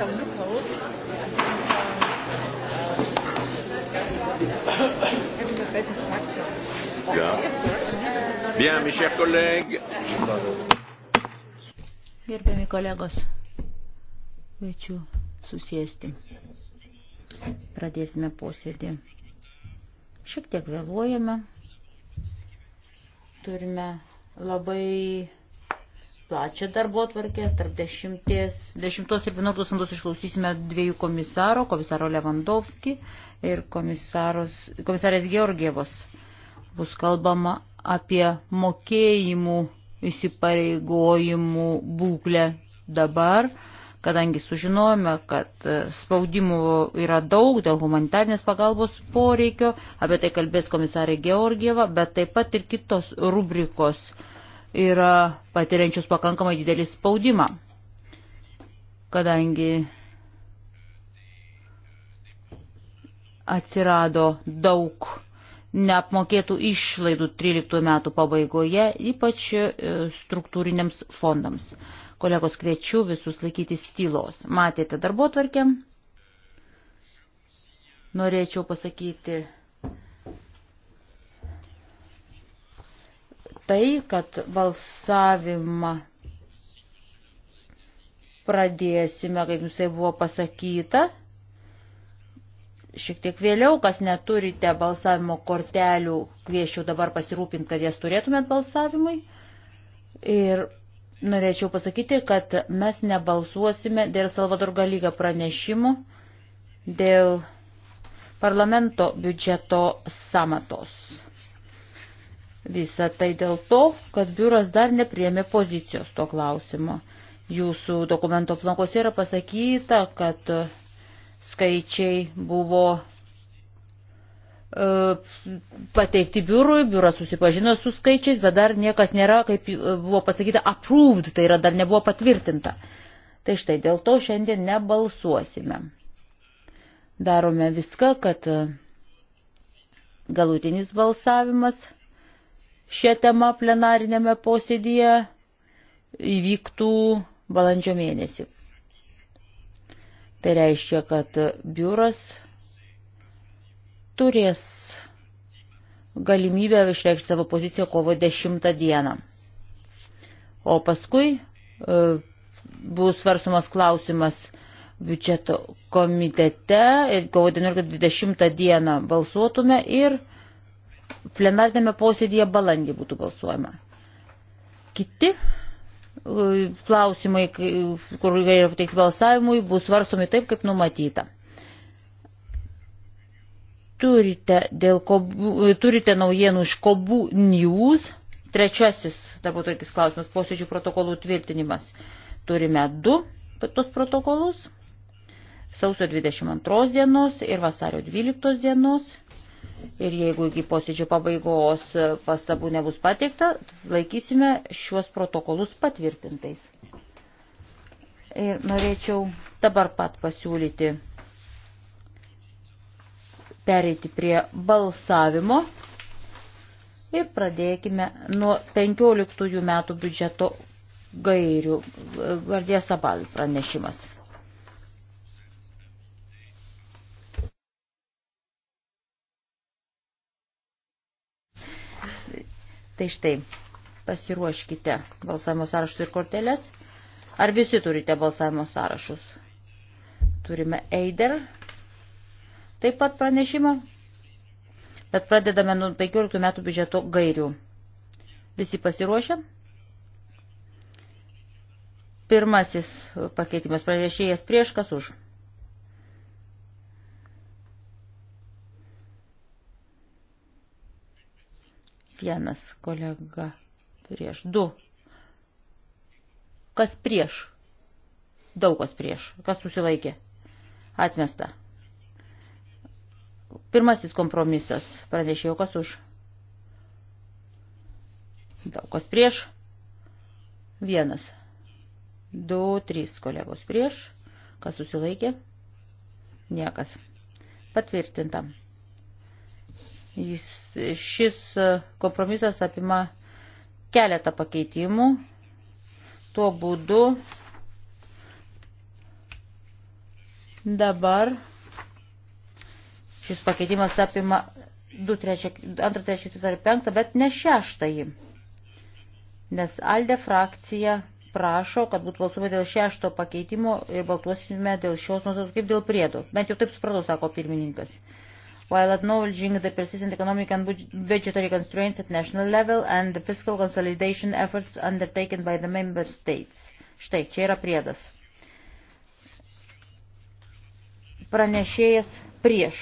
so loopholes. Ja. Bien, mes chers collègues. Gerbiami kolegos, kviečiu susėsti. Pradėsime posėdį. Šiek tiek vėluojame. Turime labai plačią darbo atvarkę. Tarp 10 ir 11 valandos išklausysime dviejų komisaro, komisaro Levandovski ir komisarės Georgievos. Bus kalbama apie mokėjimų įsipareigojimų būklę dabar, kadangi sužinojome, kad e, spaudimų yra daug dėl humanitarnės pagalbos poreikio, apie tai kalbės komisarė Georgieva, bet taip pat ir kitos rubrikos yra patiriančius pakankamai didelį spaudimą, kadangi atsirado daug neapmokėtų išlaidų 13 metų pabaigoje, ypač e, struktūriniams fondams. Kolegos kviečiu visus laikytis tylos. Matėte darbo tvarkę? Norėčiau pasakyti tai, kad balsavimą pradėsime, kaip jums tai buvo pasakyta, šiek tiek vėliau, kas neturite balsavimo kortelių, kviečiu dabar pasirūpinti, kad jas turėtumėt balsavimui. Ir norėčiau pasakyti, kad mes nebalsuosime dėl Salvador Galyga pranešimų, dėl parlamento biudžeto samatos. Visa tai dėl to, kad biuras dar nepriemė pozicijos to klausimo. Jūsų dokumento plankose yra pasakyta, kad e, skaičiai buvo e, pateikti biurui, biuras susipažino su skaičiais, bet dar niekas nėra, kaip e, buvo pasakyta, approved, tai yra dar nebuvo patvirtinta. Tai štai dėl to šiandien nebalsuosime. Darome viską, kad galutinis balsavimas šią temą plenarinėme posėdėje įvyktų balandžio mėnesį. Tai reiškia, kad biuras turės galimybę išreikšti savo poziciją kovo 10 dieną. O paskui e, bus svarsumas klausimas biudžeto komitete ir kovo 19-20 dieną balsuotume ir plenarnėme posėdėje balandį būtų balsuojama. Kiti uh, klausimai, kur yra pateikti balsavimui, bus svarstomi taip, kaip numatyta. Turite, dėl kobu, turite naujienų iš kobų news. Trečiasis, darbo tokis klausimas, posėdžių protokolų tvirtinimas. Turime du tos protokolus. Sausio 22 dienos ir vasario 12 dienos ir jeigu iki posėdžio pabaigos pastabų nebus pateikta, laikysime šiuos protokolus patvirtintais. Ir norėčiau dabar pat pasiūlyti pereiti prie balsavimo ir pradėkime nuo 15 metų biudžeto gairių. Gardės Abal pranešimas. Tai štai, pasiruoškite balsavimo sąrašus ir kortelės. Ar visi turite balsavimo sąrašus? Turime Eider, taip pat pranešimo, bet pradedame nuo 15 metų biudžeto gairių. Visi pasiruošę? Pirmasis pakeitimas pranešėjas prieš, kas už? Vienas kolega prieš. Du. Kas prieš? Daug kas prieš. Kas susilaikė? Atmesta. Pirmasis kompromisas. Pranešėjau, kas už. Daug kas prieš. Vienas. Du, trys kolegos prieš. Kas susilaikė? Niekas. Patvirtinta. Jis, šis kompromisas apima keletą pakeitimų. Tuo būdu dabar šis pakeitimas apima 2, 3, 2, 3, 4, 5, bet ne šeštąjį. Nes Alde frakcija prašo, kad būtų balsuojama dėl šešto pakeitimo ir balsuosime dėl šios nuotraukos kaip dėl priedo. Bent jau taip supratau, sako pirmininkas. Uh, while acknowledging the persistent economic and budgetary constraints at national level and the fiscal consolidation efforts undertaken by the member states. Štai, čia yra priedas. Pranešėjas prieš.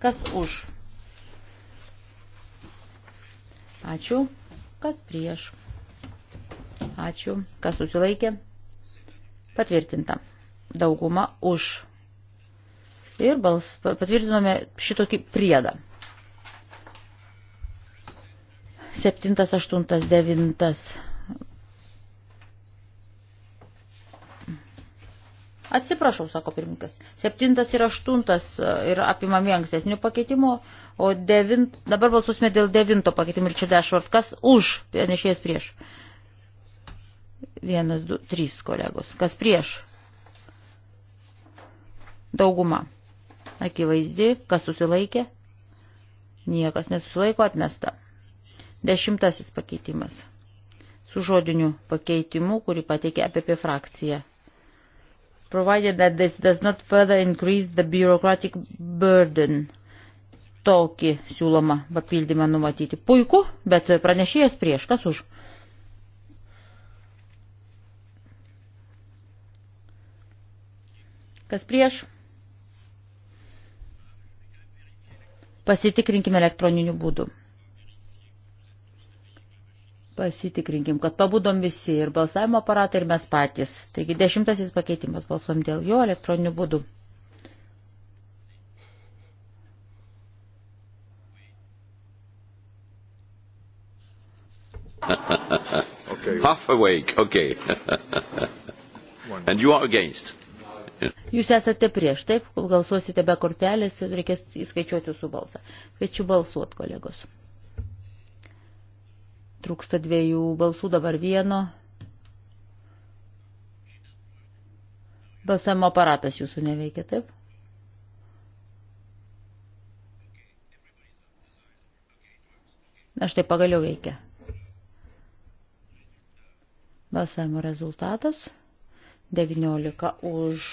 Kas už? Ačiū. Kas prieš? Ačiū. Kas susilaikė? Patvirtinta. Dauguma už ir bals, patvirtinome šitokį priedą. 7, 8, 9. Atsiprašau, sako pirmininkas. Septintas ir aštuntas yra e, apimami ankstesnių pakeitimų, o devint, dabar balsusime dėl devinto pakeitimų ir čia dešvart. Kas už, nešėjas prieš? Vienas, du, trys kolegos. Kas prieš? Dauguma akivaizdi, kas susilaikė, niekas nesusilaiko atmesta. Dešimtasis pakeitimas. Su žodiniu pakeitimu, kurį pateikė APP e frakcija. Provided that this does not further increase the bureaucratic burden. Tokį siūloma papildymą numatyti. Puiku, bet pranešėjas prieš, kas už. Kas prieš? Pasitikrinkime elektroniniu būdu. Pasitikrinkim, kad pabudom visi ir balsavimo aparatai ir mes patys. Taigi dešimtasis pakeitimas balsuom dėl jo elektroniniu būdu. okay. Half awake, okay. And you are against. Jūs esate prieš, taip, balsuosite be kortelės ir reikės įskaičiuoti jūsų balsą. Kviečiu balsuot, kolegos. Trūksta dviejų balsų, dabar vieno. Balsavimo aparatas jūsų neveikia, taip? Na štai pagaliau veikia. Balsavimo rezultatas 19 už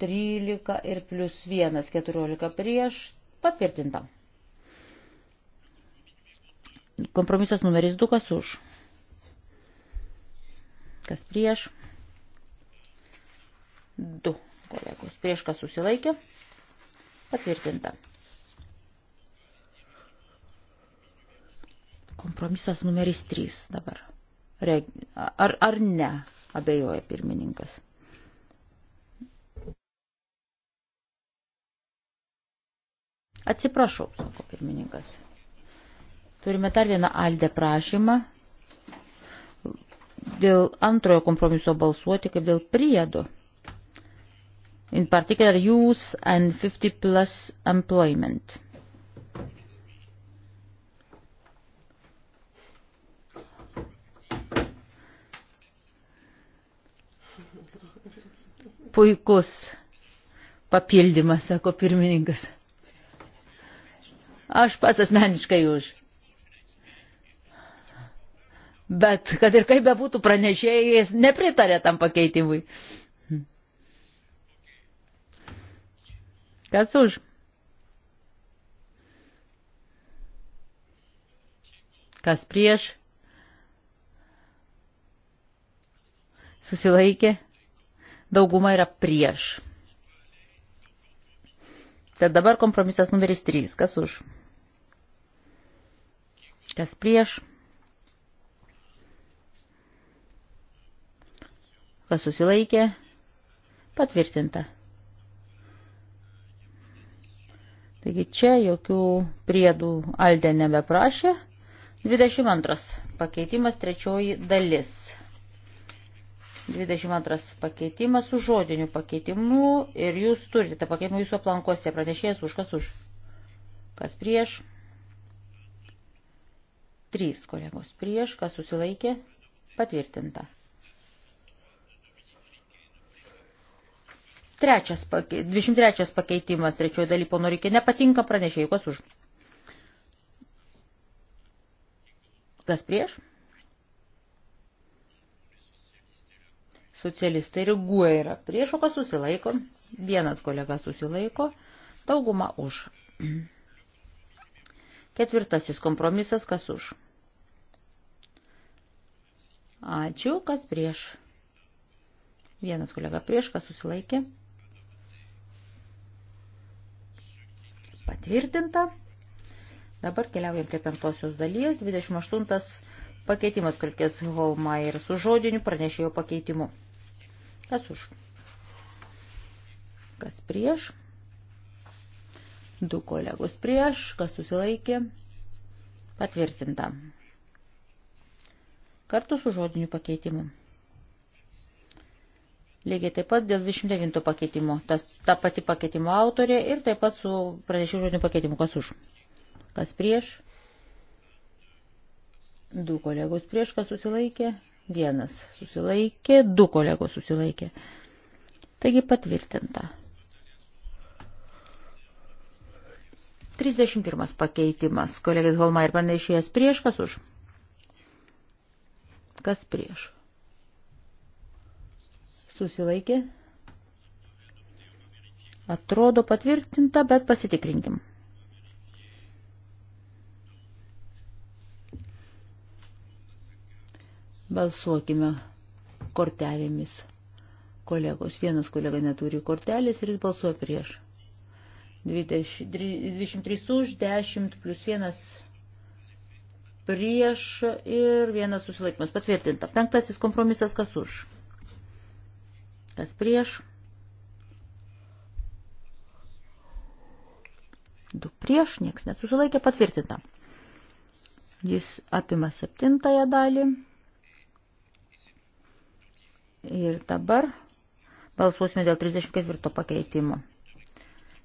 13 ir plus 1, 14 prieš patvirtinta. Kompromisas numeris 2, kas už. Kas prieš? 2 kolegos. Prieš kas susilaikė? Patvirtinta. Kompromisas numeris 3 dabar. Ar, ar ne, abejoja pirmininkas. Atsiprašau, sako pirmininkas. Turime dar vieną aldę prašymą dėl antrojo kompromiso balsuoti kaip dėl priedo. In particular, use and 50 plus employment. Puikus papildymas, sako pirmininkas. Aš pats asmeniškai už. Bet kad ir kaip bebūtų pranešėjais, nepritarė tam pakeitimui. Kas už? Kas prieš? Susilaikė? Dauguma yra prieš. Tad dabar kompromisas numeris 3. Kas už? kas prieš, kas susilaikė, patvirtinta. Taigi čia jokių priedų Aldė nebeprašė. 22 pakeitimas, trečioji dalis. 22 pakeitimas su žodiniu pakeitimu ir jūs turite pakeitimą jūsų aplankose. Pranešėjas už kas už. Kas prieš. 3 kolegos prieš, kas susilaikė, patvirtinta. Trečias, 23 pakeitimas, trečioji daly pono reikia, nepatinka pranešėjai, kas už. Kas prieš? Socialistai ir guoja yra prieš, o kas susilaiko? Vienas kolega susilaiko, dauguma už. Ketvirtasis kompromisas, kas už. Ačiū, kas prieš. Vienas kolega prieš, kas susilaikė. Patvirtinta. Dabar keliaujam prie penktosios dalies. 28 pakeitimas kalkės Holma ir su žodiniu pranešėjo pakeitimu. Kas už? Kas prieš? Du kolegos prieš, kas susilaikė, patvirtinta. Kartu su žodiniu pakeitimu. Lygiai taip pat dėl 29 pakeitimo. Tas, ta pati pakeitimo autorė ir taip pat su pranešiu žodiniu pakeitimu. Kas už? Kas prieš? Du kolegos prieš, kas susilaikė? Vienas susilaikė, du kolegos susilaikė. Taigi patvirtinta. 31 pakeitimas. Kolegis Holma ir pranešėjas prieš, kas už? Kas prieš? Susilaikė? Atrodo patvirtinta, bet pasitikrinkim. Balsuokime kortelėmis. Kolegos, vienas kolega neturi kortelės ir jis balsuoja prieš. 20, 23 už, 10 plus 1 prieš ir vienas susilaikymas patvirtinta. Penktasis kompromisas kas už? Kas prieš? Du prieš, nieks nesusilaikė patvirtinta. Jis apima septintąją dalį. Ir dabar balsuosime dėl 34 pakeitimo.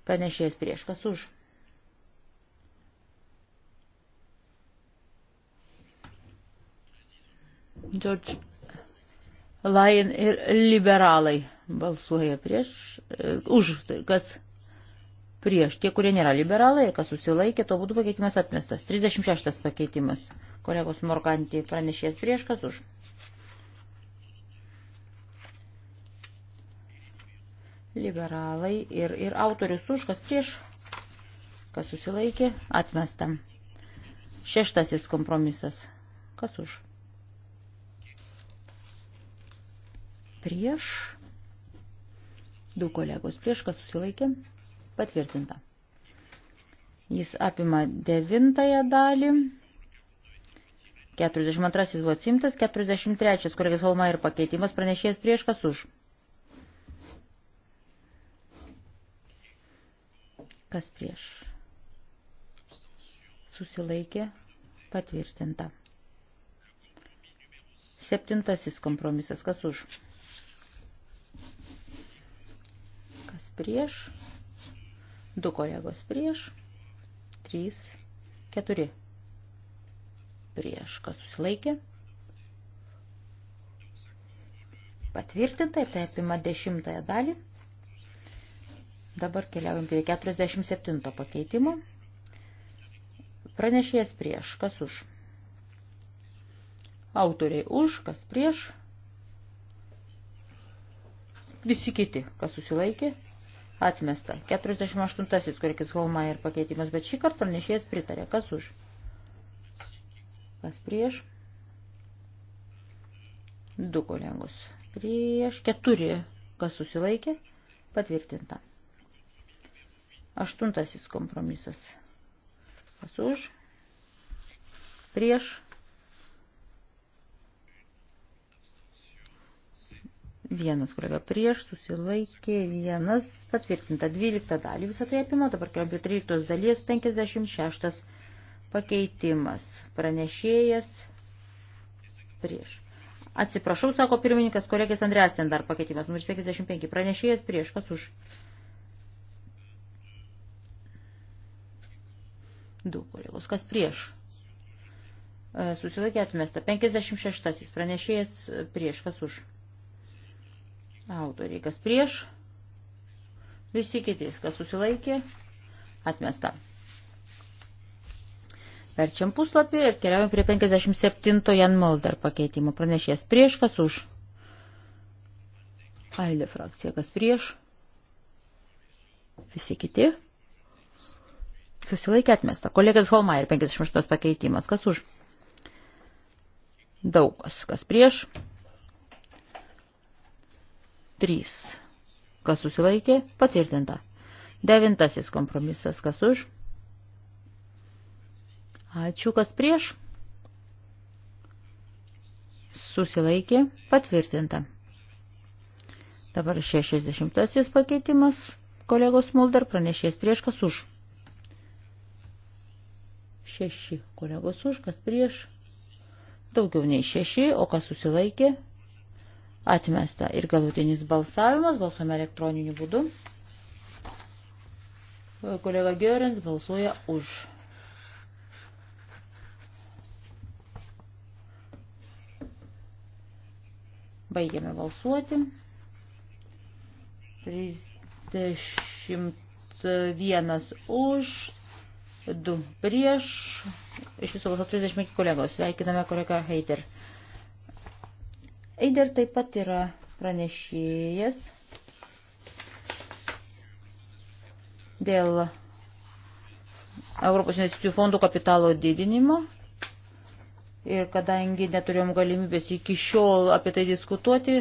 Pranešėjas prieš kas už. George Lion ir liberalai balsuoja prieš, e, už, tai kas prieš, tie, kurie nėra liberalai ir kas susilaikė, to būtų pakeitimas atmestas. 36 pakeitimas. Kolegos Morganti pranešės prieš, kas už. liberalai ir, ir autorius už, kas prieš, kas susilaikė, atmestam. Šeštasis kompromisas. Kas už? Prieš. Du kolegos prieš, kas susilaikė, patvirtinta. Jis apima devintąją dalį. 42 buvo atsimtas, 43 kolegės Holma ir pakeitimas pranešėjas prieš, kas už. Kas prieš? Susilaikė patvirtinta. Septintasis kompromisas. Kas už? Kas prieš? Du kolegos prieš. Trys. Keturi. Prieš. Kas susilaikė? Patvirtinta ir tai apima dešimtąją dalį. Dabar keliaujam prie 47 pakeitimo. Pranešėjas prieš, kas už. Autoriai už, kas prieš. Visi kiti, kas susilaikė, atmesta. 48-asis, kurikis Holmaier pakeitimas, bet šį kartą pranešėjas pritarė, kas už. Kas prieš. Du kolegos. Prieš keturi, kas susilaikė, patvirtinta. Aštuntasis kompromisas. Kas už? Prieš. Vienas kolega prieš, susilaikė, vienas patvirtinta, dvylikta dalį, visą tai apima, dabar kalbė 13 dalies, 56 pakeitimas, pranešėjas prieš. Atsiprašau, sako pirmininkas, kolegės Andresen dar pakeitimas, numeris 55, pranešėjas prieš, kas už? Du kolegos, kas prieš? Susilaikė atmesta. 56. Pranešėjas e, prieš, kas už? Autoriai, kas prieš? Visi kiti, kas susilaikė, atmesta. Verčiam puslapį ir keliaujam prie 57 Jan Mulder pakeitimo. Pranešėjas prieš, kas už? Alde frakcija, kas prieš? Visi kiti, Susilaikė atmesta. Kolegas Holmaier 58 pakeitimas. Kas už? Daug kas. Kas prieš? 3. Kas susilaikė? Patvirtinta. Devintasis kompromisas. Kas už? Ačiū. Kas prieš? Susilaikė. Patvirtinta. Dabar 60 pakeitimas. Kolegos Mulder pranešės prieš kas už. Šeši kolegos už, kas prieš. Daugiau nei šeši, o kas susilaikė. Atmesta ir galutinis balsavimas, balsuojame elektroniniu būdu. Kolega Gerens balsuoja už. Baigiame balsuoti. 31 už, 2 prieš, iš viso balsų 35 kolegos, sveikiname kolegą Heider. Heider taip pat yra pranešėjas dėl Europos investicijų fondų kapitalo didinimo. Ir kadangi neturėjom galimybės iki šiol apie tai diskutuoti,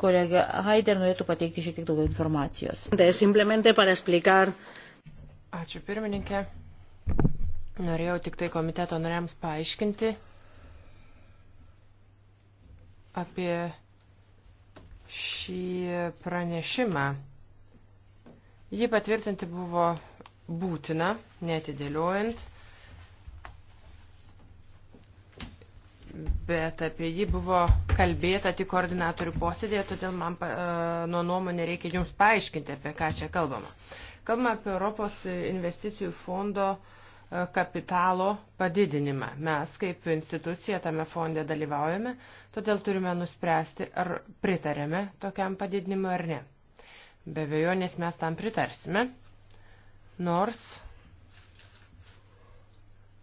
kolega Haider norėtų pateikti šiek tiek daugiau informacijos. Ačiū pirmininkė. Norėjau tik tai komiteto nariams paaiškinti apie šį pranešimą. Jį patvirtinti buvo būtina, netidėliojant, bet apie jį buvo kalbėta tik koordinatorių posėdėje, todėl man e, nuo nuomonė reikia jums paaiškinti, apie ką čia kalbama. Kalbama apie Europos investicijų fondo uh, kapitalo padidinimą. Mes kaip institucija tame fonde dalyvaujame, todėl turime nuspręsti, ar pritarėme tokiam padidinimui ar ne. Be vėjonės mes tam pritarsime, nors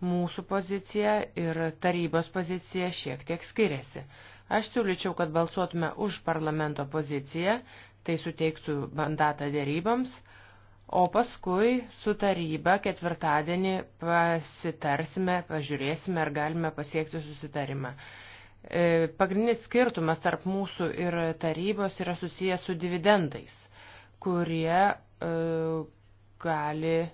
mūsų pozicija ir tarybos pozicija šiek tiek skiriasi. Aš siūlyčiau, kad balsuotume už parlamento poziciją, tai suteiktų mandatą deryboms, O paskui su taryba ketvirtadienį pasitarsime, pažiūrėsime, ar galime pasiekti susitarimą. E, pagrindinis skirtumas tarp mūsų ir tarybos yra susijęs su dividendais, kurie e, gali e,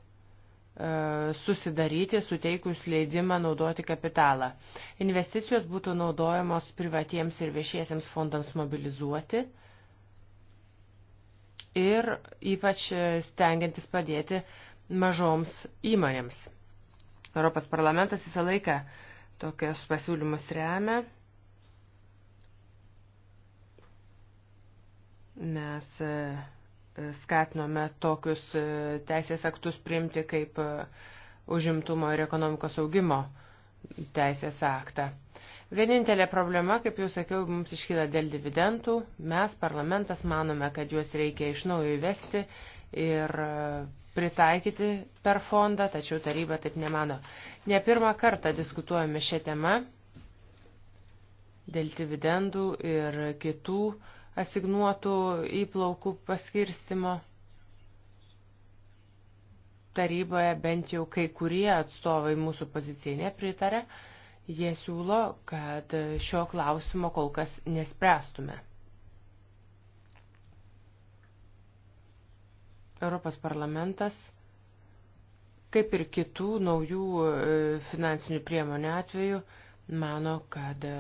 susidaryti suteikus leidimą naudoti kapitalą. Investicijos būtų naudojamos privatiems ir viešiesiems fondams mobilizuoti ir ypač stengiantis padėti mažoms įmonėms. Europos parlamentas visą laiką tokios pasiūlymus remia. Mes e, skatinome tokius e, teisės aktus priimti kaip e, užimtumo ir ekonomikos augimo teisės aktą. Vienintelė problema, kaip jau sakiau, mums iškyla dėl dividendų. Mes, parlamentas, manome, kad juos reikia iš naujo įvesti ir e, pritaikyti per fondą, tačiau taryba taip nemano. Ne pirmą kartą diskutuojame šią temą dėl dividendų ir kitų asignuotų įplaukų paskirstimo. Taryboje bent jau kai kurie atstovai mūsų pozicijai nepritarė. Jie siūlo, kad šio klausimo kol kas nespręstume. Europos parlamentas, kaip ir kitų naujų e, finansinių priemonių atveju, mano, kad e,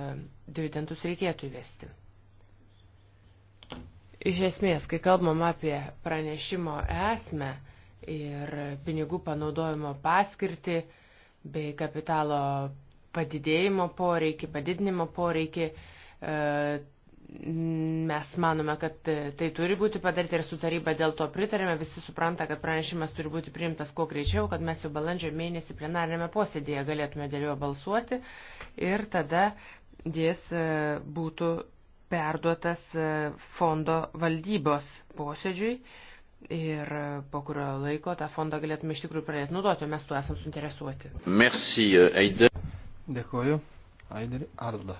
dividendus reikėtų įvesti. Iš esmės, kai kalbam apie pranešimo esmę ir pinigų panaudojimo paskirtį bei kapitalo padidėjimo poreikį, padidinimo poreikį. E, mes manome, kad tai turi būti padaryti ir su taryba dėl to pritarėme. Visi supranta, kad pranešimas turi būti priimtas kuo greičiau, kad mes jau balandžio mėnesį plenarinėme posėdėje galėtume dėl jo balsuoti ir tada jis e, būtų perduotas e, fondo valdybos posėdžiui ir po kurio laiko tą fondą galėtume iš tikrųjų pradėti naudoti, mes tuo esam suinteresuoti. Merci, Aida. Dėkuoju. Aidir Arda.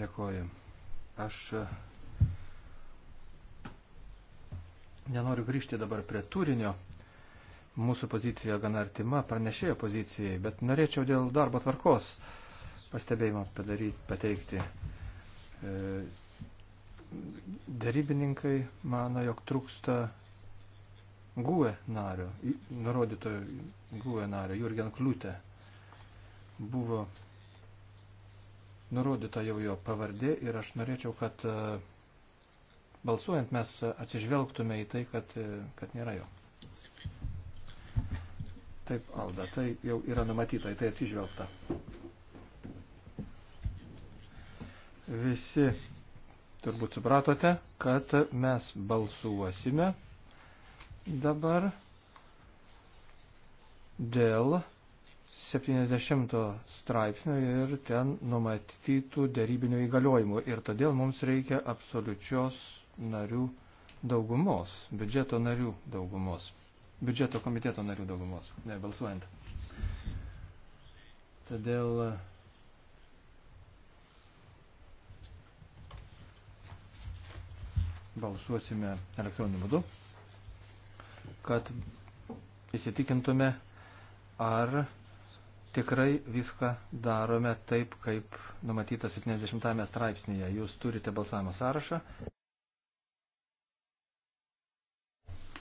Dėkuoju. Aš e, nenoriu grįžti dabar prie turinio. Mūsų pozicija gana artima pranešėjo pozicijai, bet norėčiau dėl darbo tvarkos pastebėjimo padaryti, pateikti. E, darybininkai mano, jog trūksta GUE nario, nurodytojo GUE nario, Jurgen Kliūtė, buvo nurodyta jau jo pavardė ir aš norėčiau, kad e, balsuojant mes atsižvelgtume į tai, kad, e, kad nėra jo. Taip, Alda, tai jau yra numatyta, į tai atsižvelgta. Visi turbūt supratote, kad mes balsuosime dabar dėl 70 straipsnio ir ten numatytų dėrybinių įgaliojimų. Ir todėl mums reikia absoliučios narių daugumos, biudžeto narių daugumos, biudžeto komiteto narių daugumos, ne, balsuojant. Todėl e, balsuosime elektroniniu būdu kad įsitikintume, ar tikrai viską darome taip, kaip numatyta 70 straipsnėje. Jūs turite balsavimo sąrašą.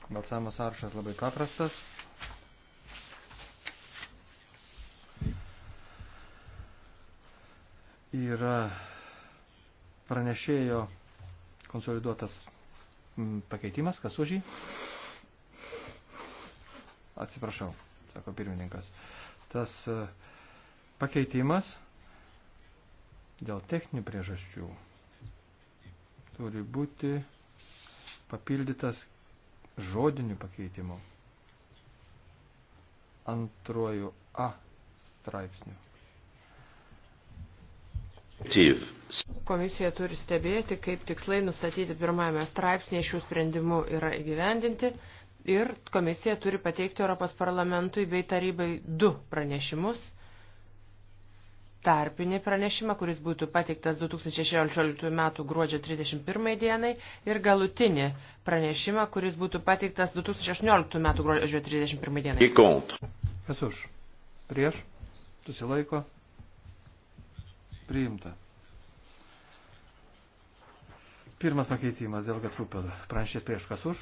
Balsavimo sąrašas labai paprastas. Yra pranešėjo konsoliduotas pakeitimas, kas už jį. Atsiprašau, sako pirmininkas. Tas e, pakeitimas dėl techninių priežasčių turi būti papildytas žodiniu pakeitimu. Antruoju A straipsniu. Komisija turi stebėti, kaip tikslai nustatyti pirmajame straipsnėje šių sprendimų yra įgyvendinti, ir komisija turi pateikti Europos parlamentui bei tarybai du pranešimus. Tarpinį pranešimą, kuris būtų pateiktas 2016 m. gruodžio 31 dienai ir galutinį pranešimą, kuris būtų pateiktas 2018 m. gruodžio 31 dienai. Įkont. Kas už? Prieš? Susilaiko? Priimta. Pirmas pakeitimas dėl Gatrupelio. Pranešės prieš kas už?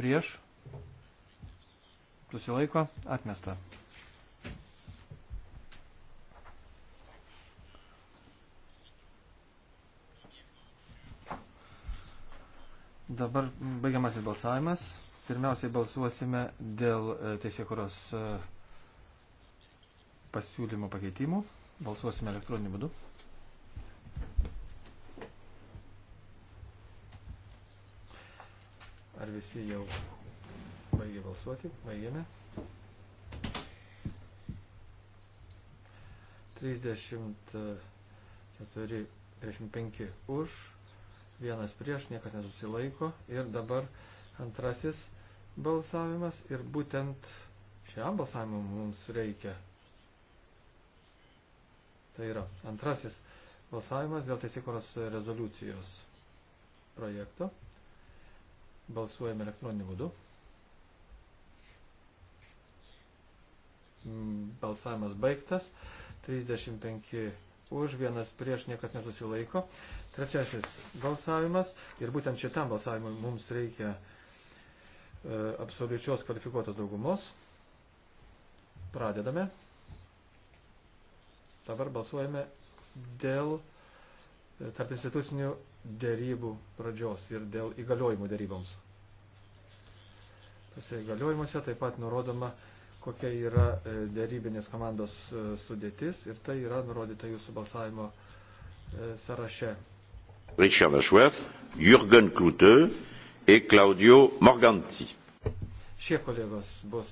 prieš, susilaiko, atmesta. Dabar baigiamasis balsavimas. Pirmiausiai balsuosime dėl e, teisėkuros e, pasiūlymo pakeitimų. Balsuosime elektroniniu būdu. Ar visi jau baigė balsuoti? Baigėme. 34, 35 e, už, vienas prieš, niekas nesusilaiko. Ir dabar antrasis balsavimas ir būtent šiam balsavimui mums reikia. Tai yra antrasis balsavimas dėl teisėkuros rezoliucijos projekto. Balsuojame elektroniniu būdu. Mm, balsavimas baigtas. 35 už, vienas prieš, niekas nesusilaiko. Trečiasis balsavimas. Ir būtent šitam balsavimui mums reikia e, absoliučios kvalifikuotos daugumos. Pradedame. Dabar balsuojame dėl e, tarp institucinių dėrybų pradžios ir dėl įgaliojimų dėryboms. Tose įgaliojimuose taip pat nurodoma, kokia yra e, dėrybinės komandos e, sudėtis ir tai yra nurodyta jūsų balsavimo e, sąraše. Richard Ashworth, Jürgen Klute ir Claudio Morganti. Šie kolegos bus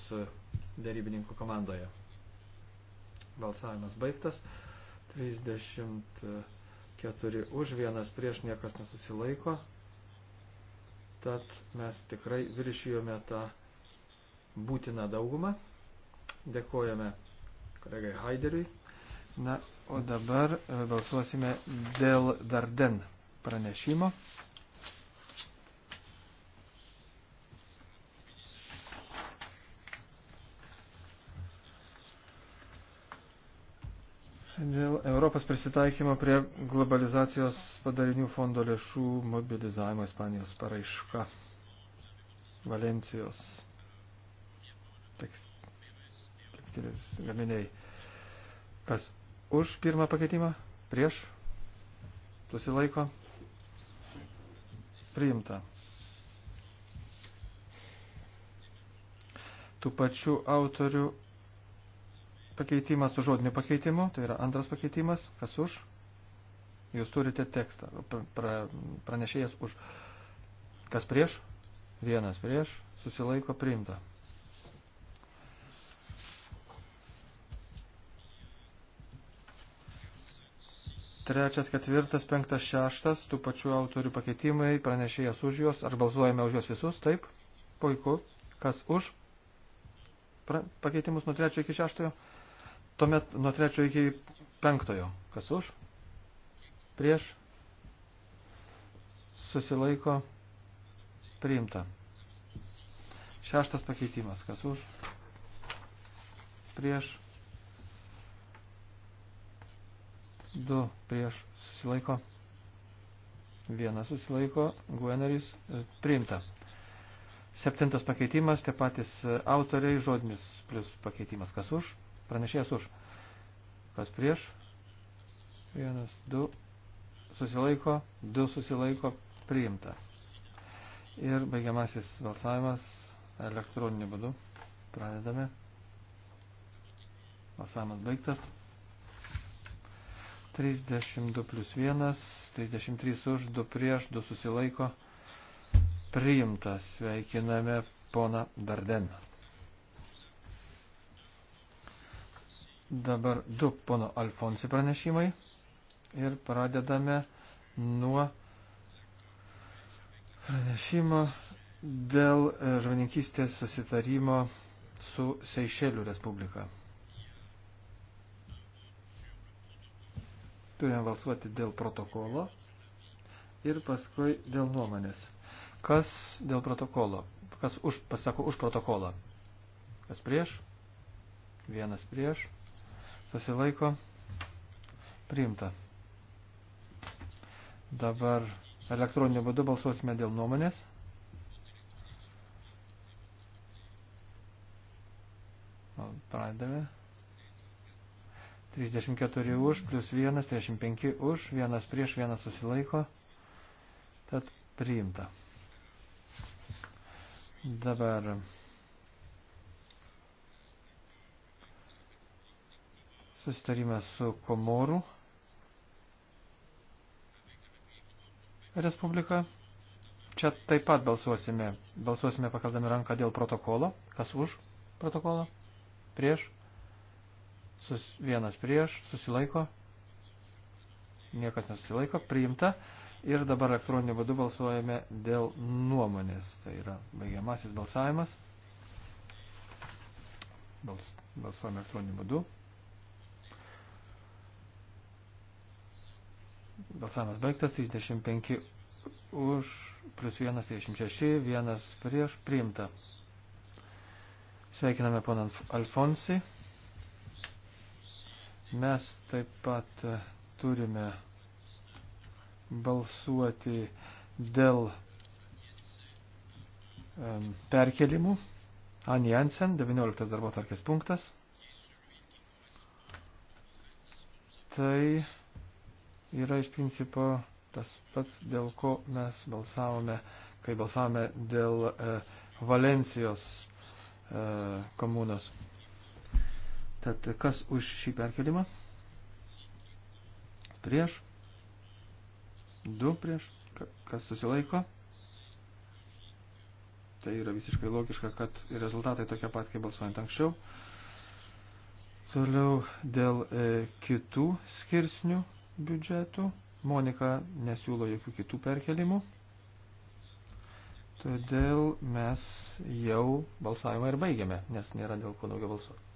dėrybininkų komandoje. Balsavimas baigtas. 30 keturi už, vienas prieš niekas nesusilaiko. Tad mes tikrai viršijome tą būtiną daugumą. Dėkojame kolegai Haideriui. Na, o dabar e, balsuosime dėl Darden pranešimo. Dėl Europos prisitaikymo prie globalizacijos padarinių fondo lėšų mobilizavimo Ispanijos paraiška Valencijos tekstilės gaminiai. Kas už pirmą pakeitimą? Prieš? Susilaiko? Priimta. Tų pačių autorių pakeitimas su žodiniu pakeitimu, tai yra antras pakeitimas, kas už. Jūs turite tekstą, pra, pranešėjas už. Kas prieš? Vienas prieš, susilaiko priimta. Trečias, ketvirtas, penktas, šeštas, tų pačių autorių pakeitimai, pranešėjas už juos, ar balsuojame už juos visus, taip, puiku, kas už pra, pakeitimus nuo trečio iki šeštojo, Tuomet nuo trečio iki penktojo. Kas už? Prieš? Susilaiko? Priimta. Šeštas pakeitimas. Kas už? Prieš? Du prieš susilaiko. Vienas susilaiko. Guenaris e, priimta. Septintas pakeitimas, tie patys e, autoriai, žodinis plus pakeitimas. Kas už? Pranešėjas už. Kas prieš? Vienas, du. Susilaiko. Du susilaiko. Priimta. Ir baigiamasis balsavimas elektroniniu būdu. Pradedame. Balsavimas baigtas. 32 plus 1, 33 už, 2 prieš, 2 susilaiko. Priimtas. Sveikiname pona Dardeną. Dabar du pono Alfonsi pranešimai ir pradedame nuo pranešimo dėl e, žvaninkystės susitarimo su Seišelių Respublika. Turime balsuoti dėl protokolo ir paskui dėl nuomonės. Kas dėl protokolo? Kas už, pasako už protokolą? Kas prieš? Vienas prieš susilaiko priimta. Dabar elektroniniu būdu balsuosime dėl nuomonės. Pradame. 34 už, plus 1, 35 už, 1 prieš, 1 susilaiko. Tad priimta. Dabar susitarimas su Komorų Respublika. Čia taip pat balsuosime. Balsuosime pakeldami ranką dėl protokolo. Kas už protokolą? Prieš. Sus, vienas prieš. Susilaiko. Niekas nesusilaiko. Priimta. Ir dabar elektroniniu būdu balsuojame dėl nuomonės. Tai yra baigiamasis balsavimas. Bals, balsuojame elektroniniu būdu. Balsavimas baigtas, 25 už, plus 1, 36, 1 prieš, priimta. Sveikiname poną Alfonsi. Mes taip pat e, turime balsuoti dėl um, perkelimų. Ani Jansen, 19 darbo tarkės punktas. Tai yra iš principo tas pats, dėl ko mes balsavome, kai balsavome dėl e, Valencijos e, komunos. Tad kas už šį perkelimą? Prieš? Du prieš? Kas susilaiko? Tai yra visiškai logiška, kad rezultatai tokie pat, kaip balsuojant anksčiau. Toliau dėl e, kitų skirsnių biudžetų. Monika nesiūlo jokių kitų perkelimų. Todėl mes jau balsavimą ir baigiame, nes nėra dėl ko daugiau balsuoti.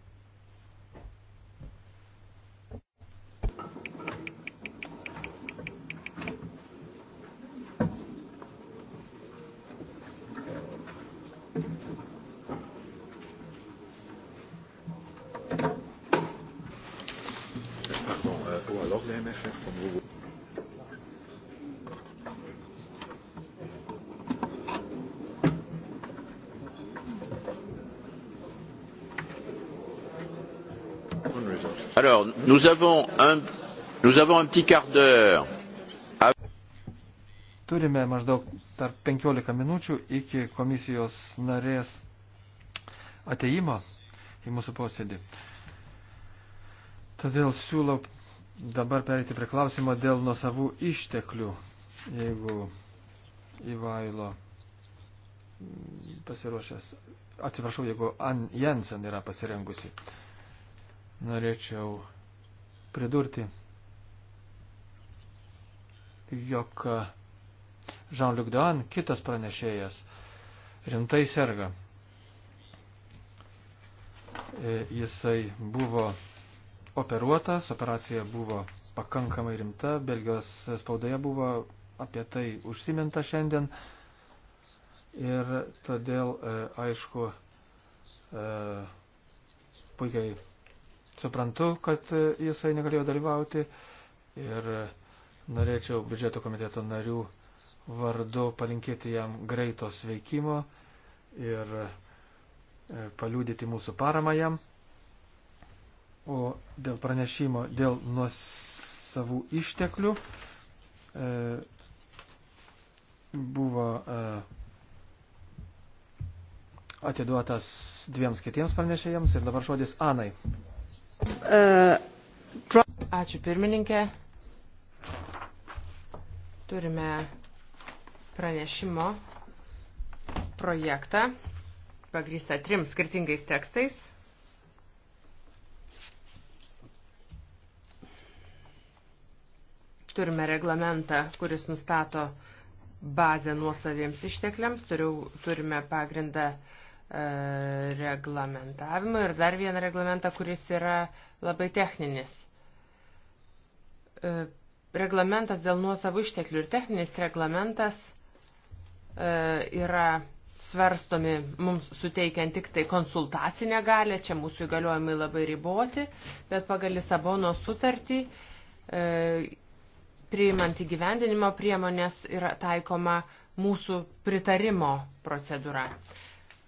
Nous avons un, nous avons un petit quart d'heure. Turime maždaug tarp 15 minučių iki komisijos narės ateimo į mūsų posėdį. Todėl siūlau dabar perėti prie klausimo dėl nusavų išteklių, jeigu Ivailo pasiruošęs. Atsiprašau, jeigu Ann Jensen yra pasirengusi. Norėčiau pridurti, jog Jean-Luc Doan, kitas pranešėjas, rimtai serga. E, jisai buvo operuotas, operacija buvo pakankamai rimta, Belgijos spaudoje buvo apie tai užsiminta šiandien ir todėl, e, aišku, e, puikiai Suprantu, kad jisai negalėjo dalyvauti ir norėčiau biudžeto komiteto narių vardu palinkėti jam greito sveikimo ir e, paliūdyti mūsų paramą jam. O dėl pranešimo, dėl nuo savų išteklių e, buvo e, atiduotas dviems kitiems pranešėjams ir dabar žodis Anai. Ačiū pirmininkė. Turime pranešimo projektą, pagrįstą trim skirtingais tekstais. Turime reglamentą, kuris nustato bazę nuosaviems ištekliams, Turiu, turime pagrindą uh, reglamentavimą ir dar vieną reglamentą, kuris yra labai techninis. E, reglamentas dėl nuosavų išteklių ir techninis reglamentas e, yra svarstomi mums suteikiant tik tai konsultacinę galę, čia mūsų įgaliojimai labai riboti, bet pagal Lisabono sutartį e, priimant įgyvendinimo priemonės yra taikoma mūsų pritarimo procedūra.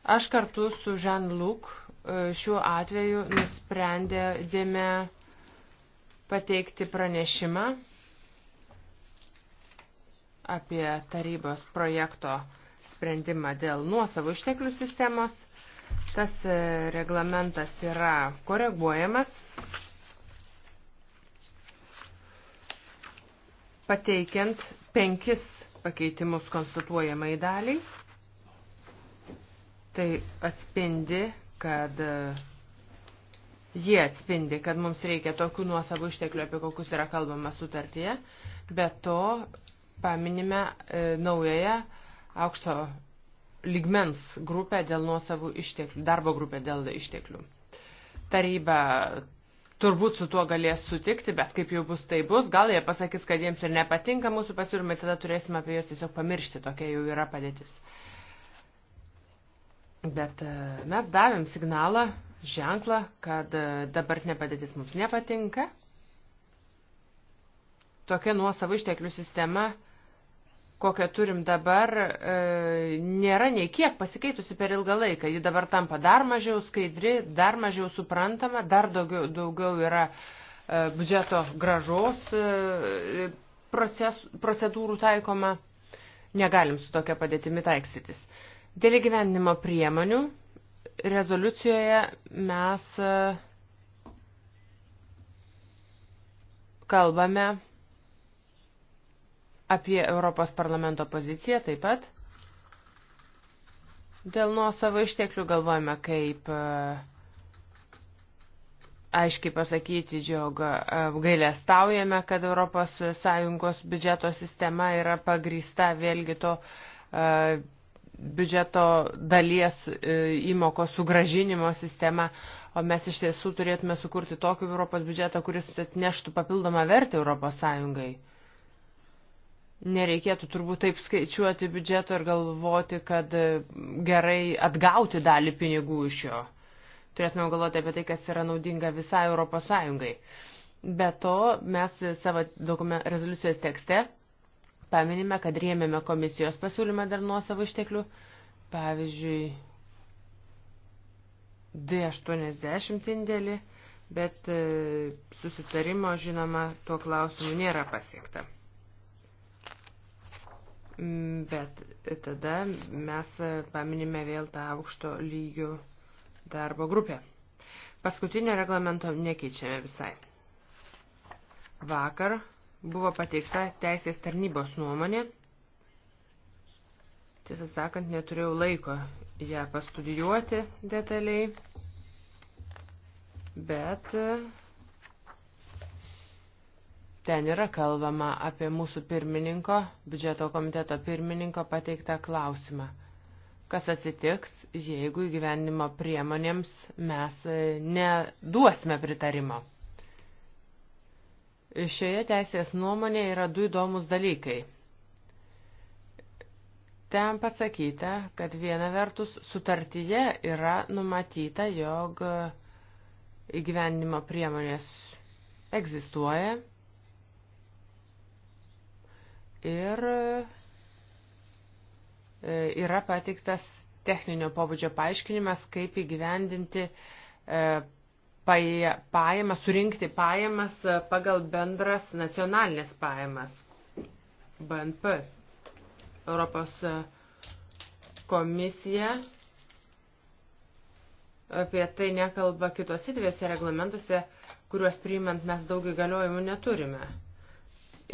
Aš kartu su Jean-Luc e, šiuo atveju nusprendėme pateikti pranešimą apie tarybos projekto sprendimą dėl nuosavų išteklių sistemos. Tas e, reglamentas yra koreguojamas. Pateikiant penkis pakeitimus konstatuojamai daliai. Tai atspindi, kad jie atspindi, kad mums reikia tokių nuosavų išteklių, apie kokius yra kalbama sutartyje. Be to paminime e, naująją aukšto ligmens grupę dėl nuosavų išteklių, darbo grupę dėl išteklių. Taryba turbūt su tuo galės sutikti, bet kaip jau bus, tai bus. Gal jie pasakys, kad jiems ir nepatinka mūsų pasiūlymai, tada turėsime apie juos tiesiog pamiršti, tokia jau yra padėtis. Bet e, mes davėm signalą, ženklą, kad e, dabartinė padėtis mums nepatinka. Tokia nuosavų išteklių sistema, kokią turim dabar, e, nėra nei kiek pasikeitusi per ilgą laiką. Ji dabar tampa dar mažiau skaidri, dar mažiau suprantama, dar daugiau, daugiau yra biudžeto gražos proces, procedūrų taikoma. Negalim su tokia padėtimi taiksytis. Dėl įgyvendinimo priemonių rezoliucijoje mes e, kalbame apie Europos parlamento poziciją taip pat. Dėl nuo savo išteklių galvojame, kaip e, aiškiai pasakyti, jog gailestaujame, kad ES biudžeto sistema yra pagrįsta vėlgi to e, biudžeto dalies e, įmoko sugražinimo sistema, o mes iš tiesų turėtume sukurti tokį Europos biudžetą, kuris atneštų papildomą vertę Europos Sąjungai. Nereikėtų turbūt taip skaičiuoti biudžeto ir galvoti, kad e, gerai atgauti dalį pinigų iš jo. Turėtume galvoti apie tai, kas yra naudinga visai Europos Sąjungai. Be to, mes savo rezoliucijos tekste paminime, kad rėmėme komisijos pasiūlymą dar nuo savo išteklių. Pavyzdžiui, D80 indėlį, bet e, susitarimo, žinoma, tuo klausimu nėra pasiekta. Mm, bet e, tada mes e, paminime vėl tą aukšto lygių darbo grupę. Paskutinio reglamento nekeičiame visai. Vakar buvo pateikta teisės tarnybos nuomonė. Tiesą sakant, neturėjau laiko ją pastudijuoti detaliai, bet ten yra kalbama apie mūsų pirmininko, biudžeto komiteto pirmininko pateiktą klausimą. Kas atsitiks, jeigu įgyvenimo priemonėms mes neduosime pritarimo? Šioje teisės nuomonėje yra du įdomus dalykai. Ten pasakyta, kad viena vertus sutartyje yra numatyta, jog įgyvendimo priemonės egzistuoja ir e, yra pateiktas techninio pobūdžio paaiškinimas, kaip įgyvendinti e, pajamas, surinkti pajamas e, pagal bendras nacionalinės pajamas. BNP. Europos e, komisija apie tai nekalba kitose dviese reglamentuose, kuriuos priimant mes daug įgaliojimų neturime.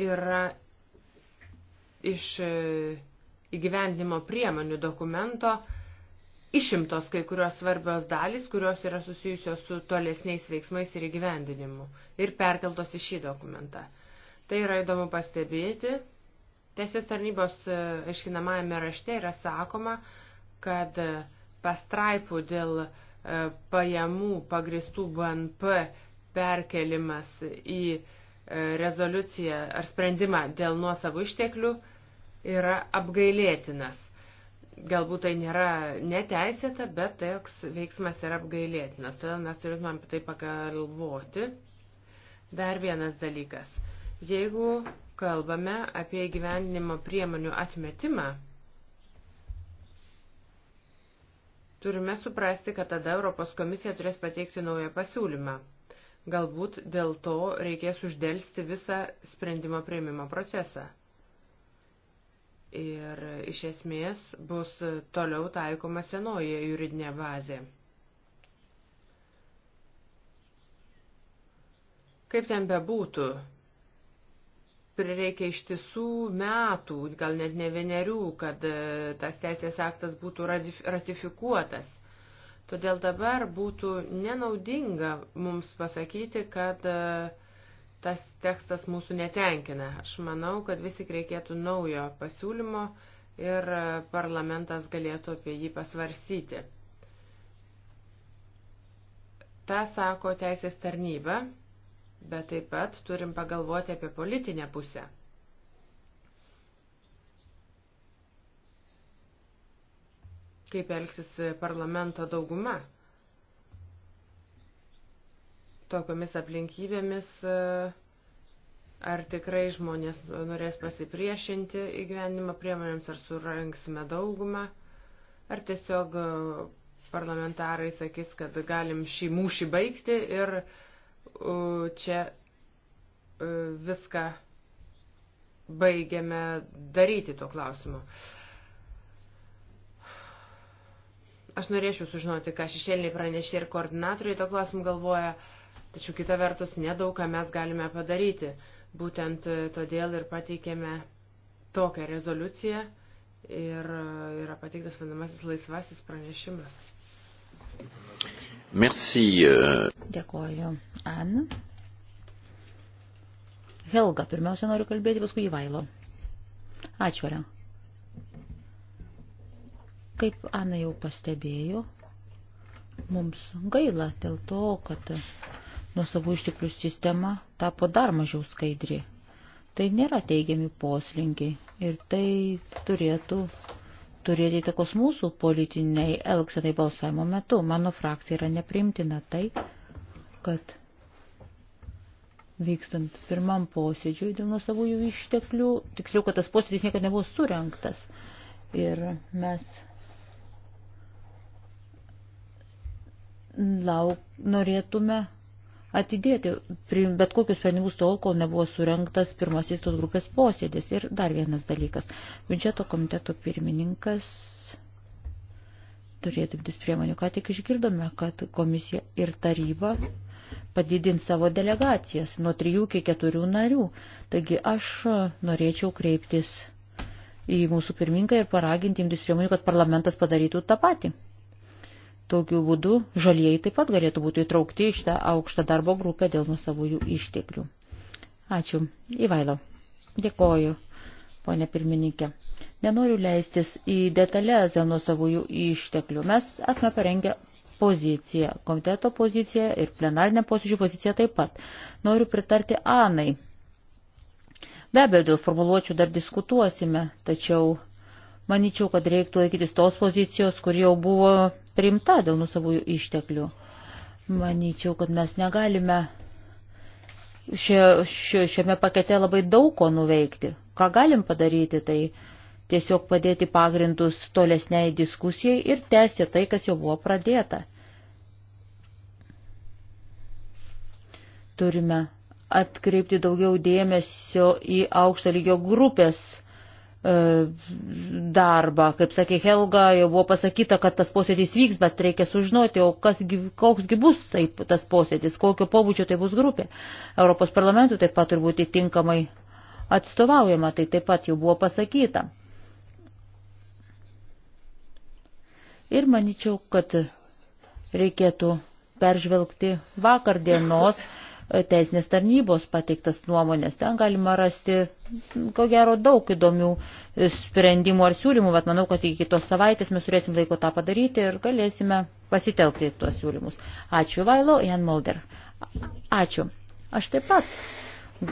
Yra iš e, įgyvendimo priemonių dokumento išimtos kai kurios svarbios dalys, kurios yra susijusios su tolesniais veiksmais ir įgyvendinimu ir perkeltos į šį dokumentą. Tai yra įdomu pastebėti. Teisės tarnybos e, aiškinamajame rašte yra sakoma, kad e, pastraipų dėl e, pajamų pagristų BNP perkelimas į rezoliuciją ar sprendimą dėl nuosavų išteklių yra apgailėtinas Galbūt tai nėra neteisėta, bet toks veiksmas yra apgailėtinas. Todėl mes turėtumėm apie tai pagalvoti. Dar vienas dalykas. Jeigu kalbame apie gyvenimo priemonių atmetimą, turime suprasti, kad tada Europos komisija turės pateikti naują pasiūlymą. Galbūt dėl to reikės uždėlsti visą sprendimo prieimimo procesą ir iš esmės bus toliau taikoma senoji juridinė bazė. Kaip ten bebūtų, prireikia ištisų metų, gal net ne vienerių, kad e, tas teisės aktas būtų ratifikuotas. Todėl dabar būtų nenaudinga mums pasakyti, kad uh, tas tekstas mūsų netenkina. Aš manau, kad vis tik reikėtų naujo pasiūlymo ir parlamentas galėtų apie jį pasvarsyti. Ta sako teisės tarnyba, bet taip pat turim pagalvoti apie politinę pusę. Kaip elgsis parlamento dauguma? tokiamis aplinkybėmis, e, ar tikrai žmonės norės pasipriešinti įgyvenimo priemonėms, ar suranksime daugumą, ar tiesiog e, parlamentarai sakys, kad galim šį mūšį baigti ir čia e, viską baigiame daryti tuo klausimu. Aš norėčiau sužinoti, ką šešėliniai pranešė ir koordinatoriai to klausimu galvoja. Uh, Tačiau kita vertus nedaug ką mes galime padaryti. Būtent e, todėl ir pateikėme tokią rezoliuciją ir e, yra pateiktas vadinamasis laisvasis pranešimas. Merci. E. Dėkoju. Anna. Helga, pirmiausia noriu kalbėti, paskui Įvailo. Ačiū, Aren. Kaip Ana jau pastebėjo, mums gaila dėl to, kad nuo savų išteklių sistema tapo dar mažiau skaidri. Tai nėra teigiami poslinkiai ir tai turėtų turėti įtakos mūsų politiniai elgsetai balsavimo metu. Mano frakcija yra neprimtina tai, kad vykstant pirmam posėdžiui dėl nusavųjų išteklių, tiksliau, kad tas posėdis niekada nebuvo surinktas. Ir mes lauk, norėtume atidėti bet kokius sprendimus tol, kol nebuvo surinktas pirmasis tos grupės posėdis. Ir dar vienas dalykas. Biudžeto komiteto pirmininkas turėtų imtis priemonių. Ką tik išgirdome, kad komisija ir taryba padidinti savo delegacijas nuo 3 iki 4 narių. Taigi aš norėčiau kreiptis į mūsų pirmininką ir paraginti imtis priemonių, kad parlamentas padarytų tą patį. Tokiu būdu žalieji taip pat galėtų būti įtraukti į šitą aukštą darbo grupę dėl nusavųjų išteklių. Ačiū. Įvailo. Dėkoju, ponė pirmininkė. Nenoriu leistis į detalės dėl nusavųjų išteklių. Mes esame parengę poziciją, komiteto poziciją ir plenarinę posėdžių poziciją taip pat. Noriu pritarti Anai. Be abejo, dėl formuluočių dar diskutuosime, tačiau manyčiau, kad reiktų laikytis tos pozicijos, kur jau buvo rimta dėl nusavųjų išteklių. Manyčiau, kad mes negalime šia, šia, šiame pakete labai daug ko nuveikti. Ką galim padaryti, tai tiesiog padėti pagrindus tolesniai diskusijai ir tęsti tai, kas jau buvo pradėta. Turime atkreipti daugiau dėmesio į aukšto lygio grupės E, darbą. Kaip sakė Helga, jau buvo pasakyta, kad tas posėdis vyks, bet reikia sužinoti, o kas, koksgi bus taip, tas posėdis, kokio pobūdžio tai bus grupė. Europos parlamentų taip pat turi būti tinkamai atstovaujama, tai taip pat jau buvo pasakyta. Ir manyčiau, kad reikėtų peržvelgti vakardienos teisinės tarnybos pateiktas nuomonės. Ten galima rasti, ko gero, daug įdomių sprendimų ar siūlymų, bet manau, kad iki kitos savaitės mes turėsim laiko tą padaryti ir galėsime pasitelkti tuos siūlymus. Ačiū Vailo, Jan Mulder. Ačiū. Aš taip pat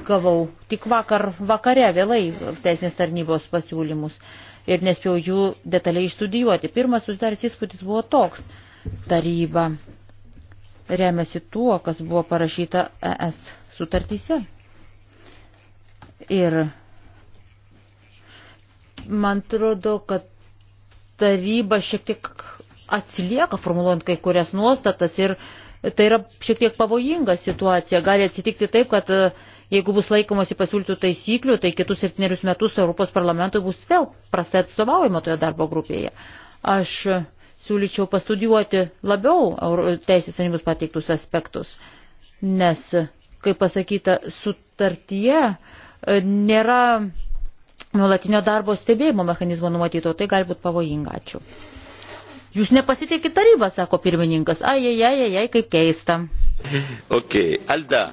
gavau tik vakar vakare vėlai teisinės tarnybos pasiūlymus ir nespėjau jų detaliai išstudijuoti. Pirmas susidaręs įspūdis buvo toks. Taryba remiasi tuo, kas buvo parašyta ES sutartyse. Ir man atrodo, kad taryba šiek tiek atsilieka formuluojant kai kurias nuostatas ir tai yra šiek tiek pavojinga situacija. Gali atsitikti taip, kad e, jeigu bus laikomasi pasiūlytų taisyklių, tai kitus septynerius metus Europos parlamentui bus vėl prastai atstovaujama toje darbo grupėje. Aš siūlyčiau pastudijuoti labiau teisės tarnybos pateiktus aspektus, nes, kaip pasakyta, sutartyje e, nėra nuolatinio darbo stebėjimo mechanizmo numatyto, tai gali būti pavojinga. Ačiū. Jūs nepasitikit tarybą, sako pirmininkas. Ai, ai, ai, ai, ai kaip keista. Ok, Alda.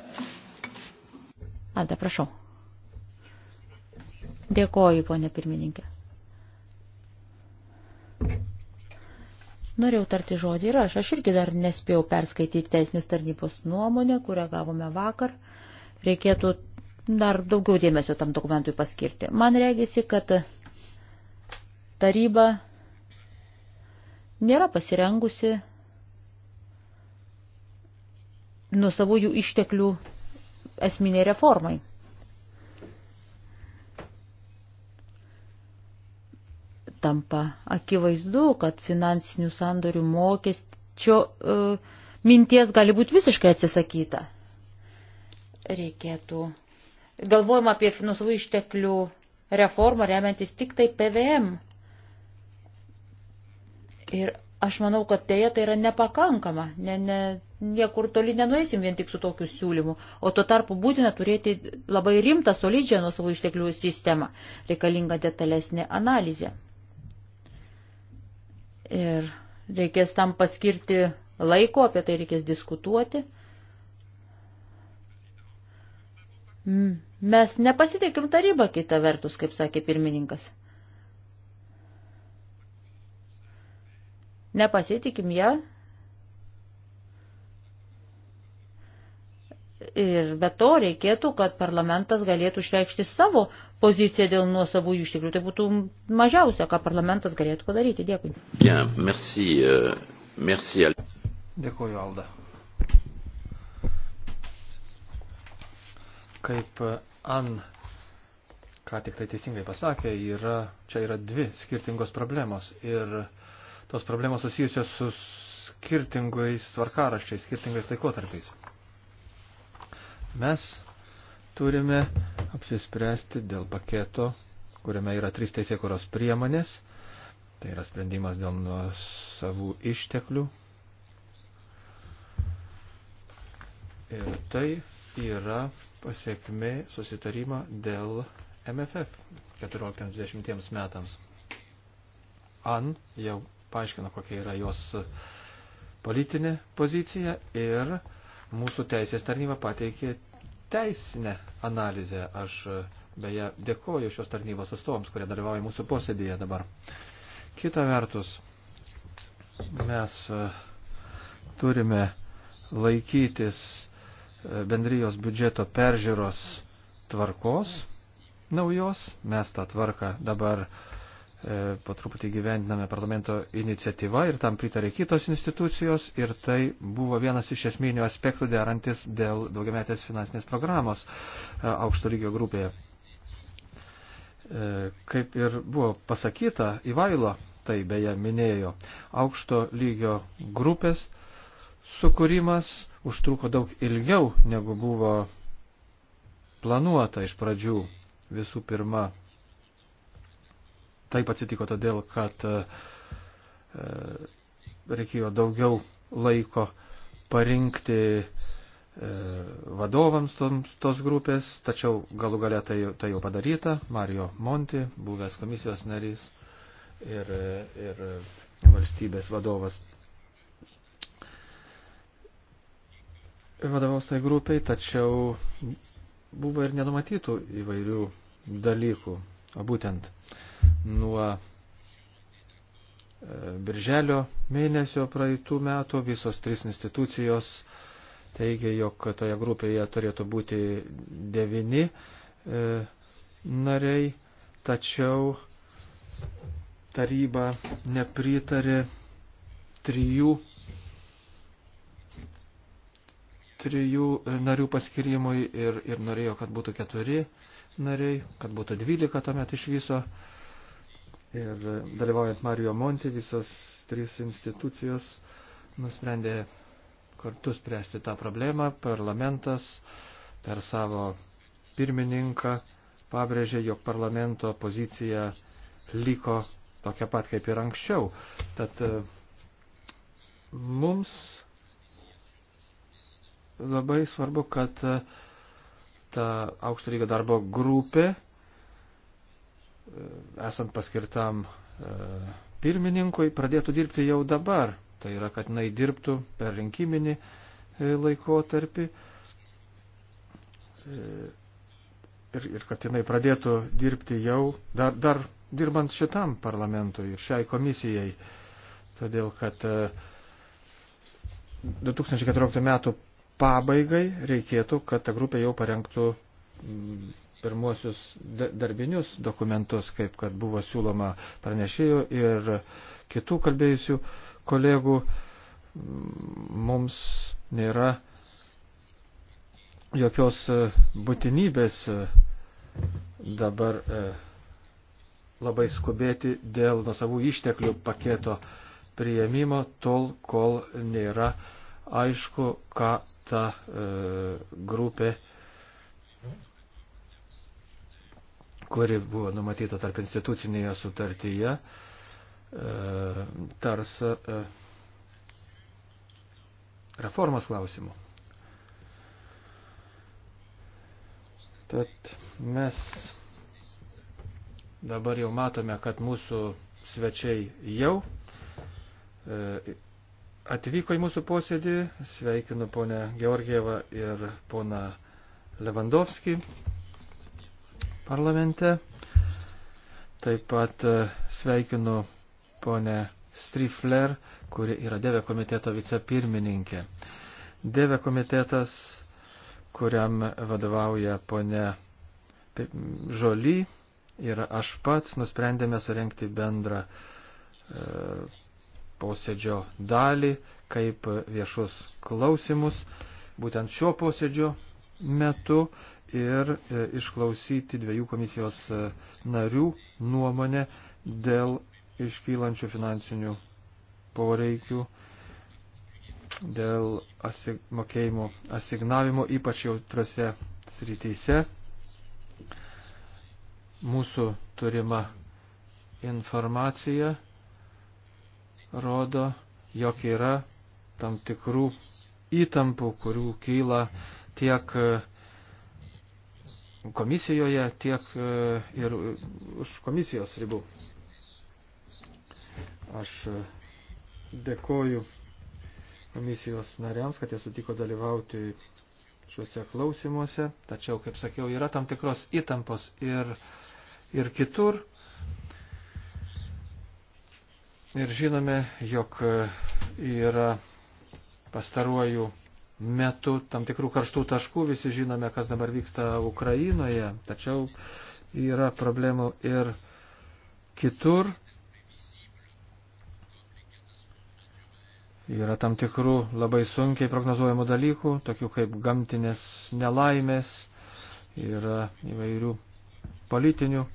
Alda, prašau. Dėkoju, ponė pirmininkė. Norėjau tarti žodį ir aš. Aš irgi dar nespėjau perskaityti teisinės tarnybos nuomonę, kurią gavome vakar. Reikėtų dar daugiau dėmesio tam dokumentui paskirti. Man regisi, kad taryba nėra pasirengusi nuo savųjų išteklių esminiai reformai. tampa akivaizdu, kad finansinių sandorių mokesčio e, minties gali būti visiškai atsisakyta. Reikėtų. Galvojama apie finansų išteklių reformą remiantis tik tai PVM. Ir aš manau, kad dėja tai yra nepakankama, ne, ne, niekur toli nenueisim vien tik su tokiu siūlymu, o tuo tarpu būtina turėti labai rimtą, solidžią nuo savo išteklių sistemą, reikalingą detalesnė analizė. Ir reikės tam paskirti laiko, apie tai reikės diskutuoti. Mes nepasitikim tarybą kitą vertus, kaip sakė pirmininkas. Nepasitikim ją, ja? Ir be to reikėtų, kad parlamentas galėtų išreikšti savo poziciją dėl nuosavų išteklių. Tai būtų mažiausia, ką parlamentas galėtų padaryti. Dėkui. Bien, merci, euh, merci. Dėkuoju, Alda. Kaip e, An ką tik tai teisingai pasakė, yra, čia yra dvi skirtingos problemos ir tos problemos susijusios su skirtingais tvarkaraščiais, skirtingais laikotarpiais. Mes turime apsispręsti dėl paketo, kuriame yra trys teisėkuros priemonės. Tai yra sprendimas dėl nuo savų išteklių. Ir tai yra pasiekmi susitarimą dėl MFF 14-20 metams. An jau paaiškino, kokia yra jos politinė pozicija ir mūsų teisės tarnyba pateikė teisinę analizę. Aš e, beje dėkoju šios tarnybos atstovams, kurie dalyvauja mūsų posėdėje dabar. Kita vertus, mes e, turime laikytis e, bendrijos biudžeto peržiūros tvarkos naujos. Mes tą tvarką dabar uh, E, po truputį gyvendiname parlamento iniciatyvą ir tam pritarė kitos institucijos ir tai buvo vienas iš esminių aspektų derantis dėl daugiametės finansinės programos e, aukšto lygio grupėje. E, kaip ir buvo pasakyta, Ivailo tai beje minėjo, aukšto lygio grupės sukūrimas užtruko daug ilgiau negu buvo planuota iš pradžių visų pirma Taip atsitiko todėl, kad e, e, reikėjo daugiau laiko parinkti e, vadovams tos grupės, tačiau galų galia tai, tai jau padaryta. Mario Monti, buvęs komisijos narys ir, ir valstybės vadovas. Vadovaus tai grupiai, tačiau buvo ir nenumatytų įvairių dalykų, o būtent uh, nuo e, birželio mėnesio praeitų metų visos trys institucijos teigia, jog toje grupėje turėtų būti devini e, nariai, tačiau taryba nepritarė trijų, trijų narių paskirimui ir, ir norėjo, kad būtų keturi nariai, kad būtų dvylika tuomet iš viso. E, ir dalyvaujant Mario Monti visos trys institucijos nusprendė kartu spręsti tą problemą. Parlamentas per savo pirmininką pabrėžė, jog parlamento pozicija liko tokia pat kaip ir anksčiau. Tad mums labai svarbu, kad ta aukšto lygio darbo grupė E, esant paskirtam e, pirmininkui, pradėtų dirbti jau dabar. Tai yra, kad jinai dirbtų per rinkiminį e, laikotarpį ir, ir kad jinai pradėtų dirbti jau dar, dar dirbant šitam parlamentui ir šiai komisijai. Todėl, kad 2014 metų pabaigai reikėtų, kad ta grupė jau parengtų pirmosius darbinius dokumentus, kaip kad buvo siūloma pranešėjų ir kitų kalbėjusių kolegų, mums nėra jokios e, būtinybės e, dabar e, labai skubėti dėl nusavų išteklių paketo prieimimo tol, kol nėra aišku, ką ta grupė kuri buvo numatyta tarp institucinėje sutartyje, e, tars e, reformos klausimų. Tad mes dabar jau matome, kad mūsų svečiai jau e, atvyko į mūsų posėdį. Sveikinu ponę Georgievą ir poną Levandovskį parlamente. Taip pat e, sveikinu ponę Strifler, kuri yra Dėvė komiteto vicepirmininkė. Dėvė komitetas, kuriam vadovauja ponė Žoly ir aš pats nusprendėme surenkti bendrą e, posėdžio dalį kaip viešus klausimus. Būtent šio posėdžio metu ir e, išklausyti dviejų komisijos e, narių nuomonę dėl iškylančių finansinių poreikių, dėl asig mokėjimo asignavimo, ypač jautrose srityse. Mūsų turima informacija rodo, jog yra tam tikrų įtampų, kurių kyla tiek uh, komisijoje, tiek e, ir už komisijos ribų. Aš e, dėkoju komisijos nariams, kad jie sutiko dalyvauti šiuose klausimuose, tačiau, kaip sakiau, yra tam tikros įtampos ir, ir kitur. Ir žinome, jog e, yra pastaruoju metu tam tikrų karštų taškų, visi žinome, kas dabar vyksta Ukrainoje, tačiau yra problemų ir kitur. Yra tam tikrų labai sunkiai prognozuojamų dalykų, tokių kaip gamtinės nelaimės, yra įvairių politinių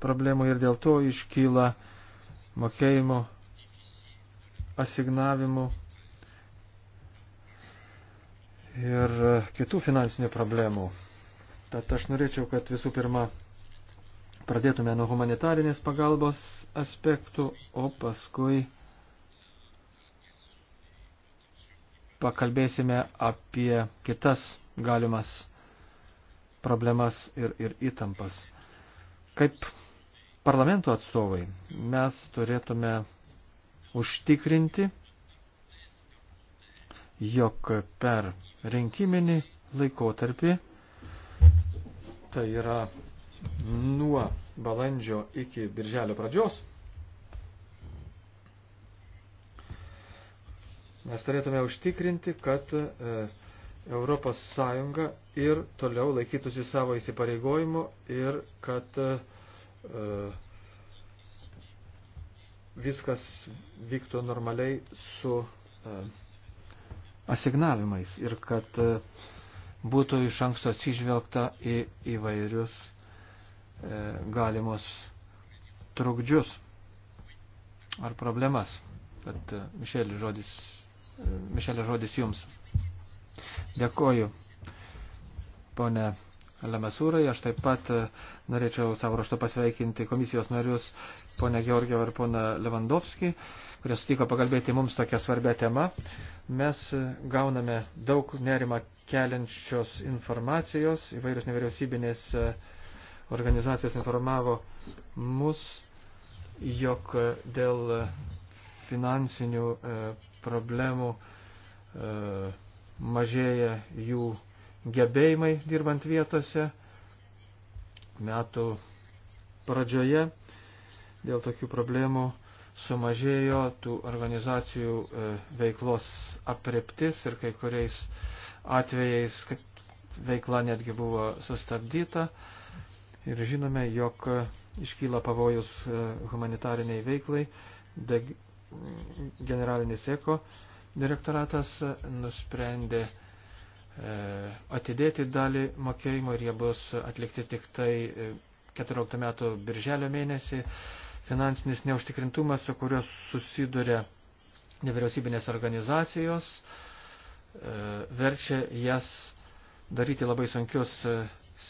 problemų ir dėl to iškyla mokėjimo asignavimų ir e, kitų finansinių problemų. Tad aš norėčiau, kad visų pirma pradėtume nuo humanitarinės pagalbos aspektų, o paskui pakalbėsime apie kitas galimas problemas ir, ir įtampas. Kaip parlamento atstovai mes turėtume užtikrinti, jog per rinkiminį laikotarpį, tai yra nuo balandžio iki birželio pradžios, mes turėtume užtikrinti, kad e, Europos Sąjunga ir toliau laikytųsi savo įsipareigojimų ir kad e, e, viskas vyktų normaliai su asignavimais ir kad e, būtų iš anksto atsižvelgta į įvairius e, galimus trukdžius ar problemas. Tad e, Mišelė žodis, e, Mišelė žodis jums. Dėkoju, ponė Lemesūrai. Aš taip pat norėčiau savo raštu pasveikinti komisijos narius ponę Georgievą ir poną Levandovskį. E, kurie sutiko pakalbėti mums tokią svarbę temą. Mes gauname daug nerima keliančios informacijos, įvairios nevyriausybinės e, organizacijos informavo mus, jog e, dėl finansinių e, problemų mažėja jų gebėjimai dirbant vietose metų pradžioje dėl tokių problemų sumažėjo tų organizacijų e, veiklos apreptis ir kai kuriais atvejais veikla netgi buvo sustabdyta. Ir žinome, jog e, iškyla pavojus e, humanitariniai veiklai. De, generalinis eko direktoratas nusprendė atidėti dalį mokėjimo ir jie bus atlikti tik tai 14 metų birželio mėnesį finansinis neužtikrintumas, su kuriuo susiduria nevyriausybinės organizacijos, e, verčia jas daryti labai sunkius e,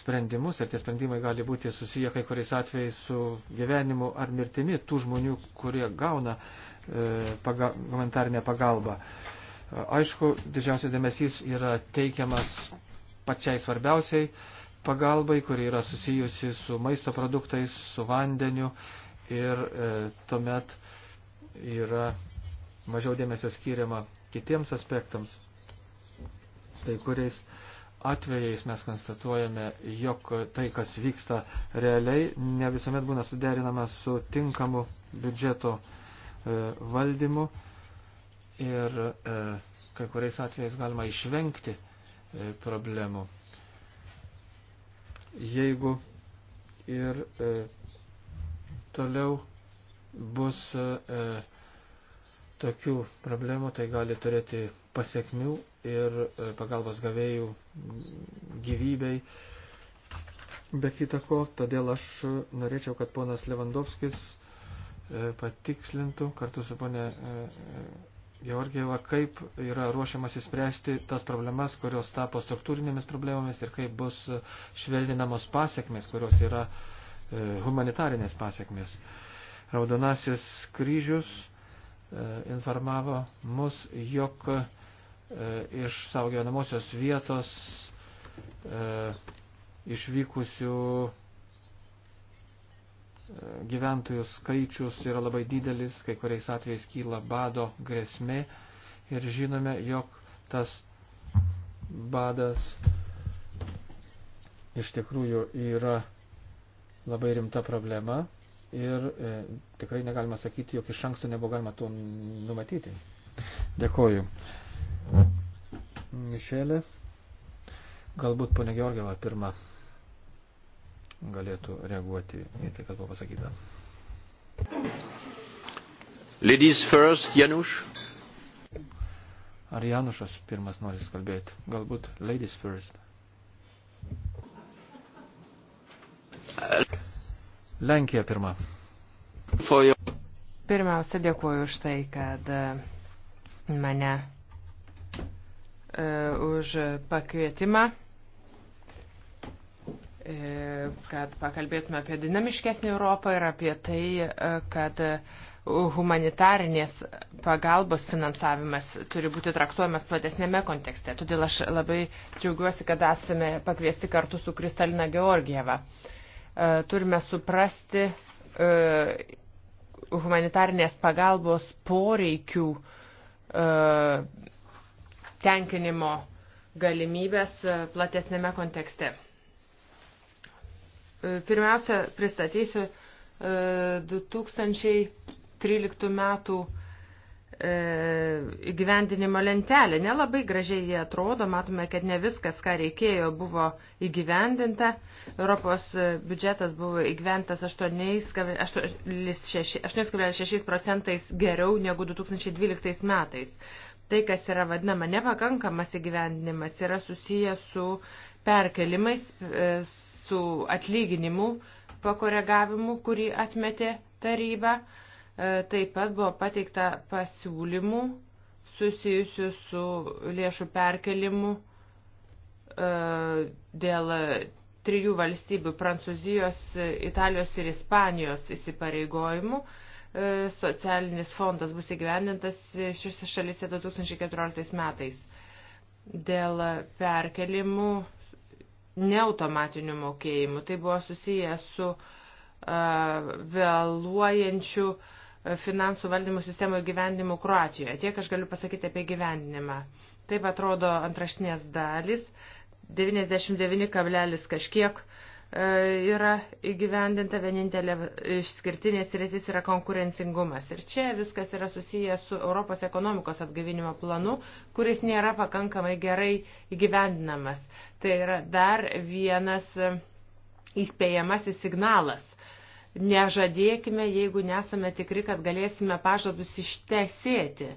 sprendimus ir tie sprendimai gali būti susiję kai kuriais atvejais su gyvenimu ar mirtimi tų žmonių, kurie gauna e, paga, humanitarinę pagalbą. Aišku, didžiausias dėmesys yra teikiamas pačiai svarbiausiai pagalbai, kuri yra susijusi su maisto produktais, su vandeniu ir e, tuomet yra mažiau dėmesio skiriama kitiems aspektams. Tai kuriais atvejais mes konstatuojame, jog tai, kas vyksta realiai, ne visuomet būna suderinama su tinkamu biudžeto e, valdymu ir e, kai kuriais atvejais galima išvengti e, problemų. Jeigu ir e, toliau bus e, tokių problemų, tai gali turėti pasiekmių ir e, pagalbos gavėjų gyvybei. Be kita ko, todėl aš norėčiau, kad ponas Levandovskis e, patikslintų kartu su ponė e, e, Georgieva, kaip yra ruošiamas įspręsti tas problemas, kurios tapo struktūrinėmis problemomis ir kaip bus švelninamos pasiekmes, kurios yra e, E, humanitarinės pasiekmes. Raudonasis kryžius e, informavo mus, jog e, iš savo gyvenamosios vietos išvykusių gyventojų skaičius yra labai didelis, kai kuriais atvejais kyla bado grėsmė ir žinome, jog tas badas iš tikrųjų yra labai rimta problema ir e, tikrai negalima sakyti, jog iš anksto nebuvo galima to numatyti. Dėkoju. Mišelė, galbūt ponė Georgieva pirmą galėtų reaguoti į tai, kas buvo pasakyta. Ladies first, Januš. Ar Janušas pirmas noris kalbėti? Galbūt ladies first. Lenkija pirma. Pirmiausia, dėkuoju už tai, kad e, mane e, už pakvietimą, e, kad pakalbėtume apie dinamiškesnį Europą ir apie tai, e, kad humanitarinės pagalbos finansavimas turi būti traktuojamas platesnėme kontekste. Todėl aš labai džiaugiuosi, kad esame pakviesti kartu su Kristalina Georgieva. E, E, turime suprasti e, humanitarnės pagalbos poreikių e, tenkinimo galimybės platesnėme kontekste. Pirmiausia, pristatysiu 2013 metų E, įgyvendinimo lentelė. Nelabai gražiai jie atrodo, matome, kad ne viskas, ką reikėjo, buvo įgyvendinta. Europos biudžetas buvo įgyventas 8,6 procentais geriau negu 2012 metais. Tai, kas yra vadinama nepakankamas įgyvendinimas, yra susijęs su perkelimais, e, su atlyginimu pakoregavimu, kurį atmetė taryba E, taip pat buvo pateikta pasiūlymų susijusių su lėšų perkelimu e, dėl trijų valstybių - Prancūzijos, Italijos ir Ispanijos įsipareigojimų. E, socialinis fondas bus įgyvendintas šiuose šalyse 2014 metais. Dėl perkelimų neautomatinių mokėjimų. Tai buvo susiję su uh, vėluojančių uh, finansų valdymo sistemų įgyvendinimu Kroatijoje. Tiek aš galiu pasakyti apie gyvendinimą. Taip atrodo antraštinės dalys. 99 kablelis kažkiek e, yra įgyvendinta vienintelė išskirtinės rytis yra konkurencingumas. Ir čia viskas yra susiję su Europos ekonomikos atgavinimo planu, kuris nėra pakankamai gerai įgyvendinamas. Tai yra dar vienas e, įspėjamasis signalas nežadėkime, jeigu nesame tikri, kad galėsime pažadus ištesėti.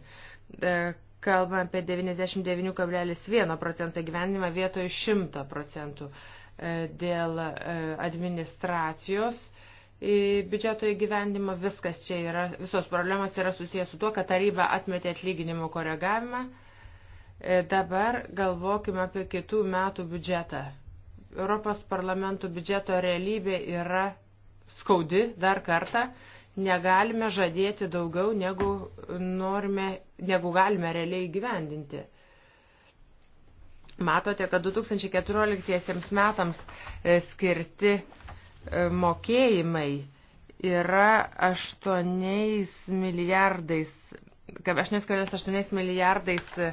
E, kalbame apie 99,1 procentą gyvenimą vietoje 100 procentų e, dėl e, administracijos biudžeto įgyvendimo. Viskas čia yra, visos problemas yra susijęs su tuo, kad taryba atmetė atlyginimo koregavimą. Dabar galvokime apie kitų metų biudžetą. Europos parlamento biudžeto realybė yra skaudi dar kartą, negalime žadėti daugiau, negu, norime, negu galime realiai gyvendinti. Matote, kad 2014 metams e, skirti e, mokėjimai yra 8 milijardais, 8,8 milijardais e,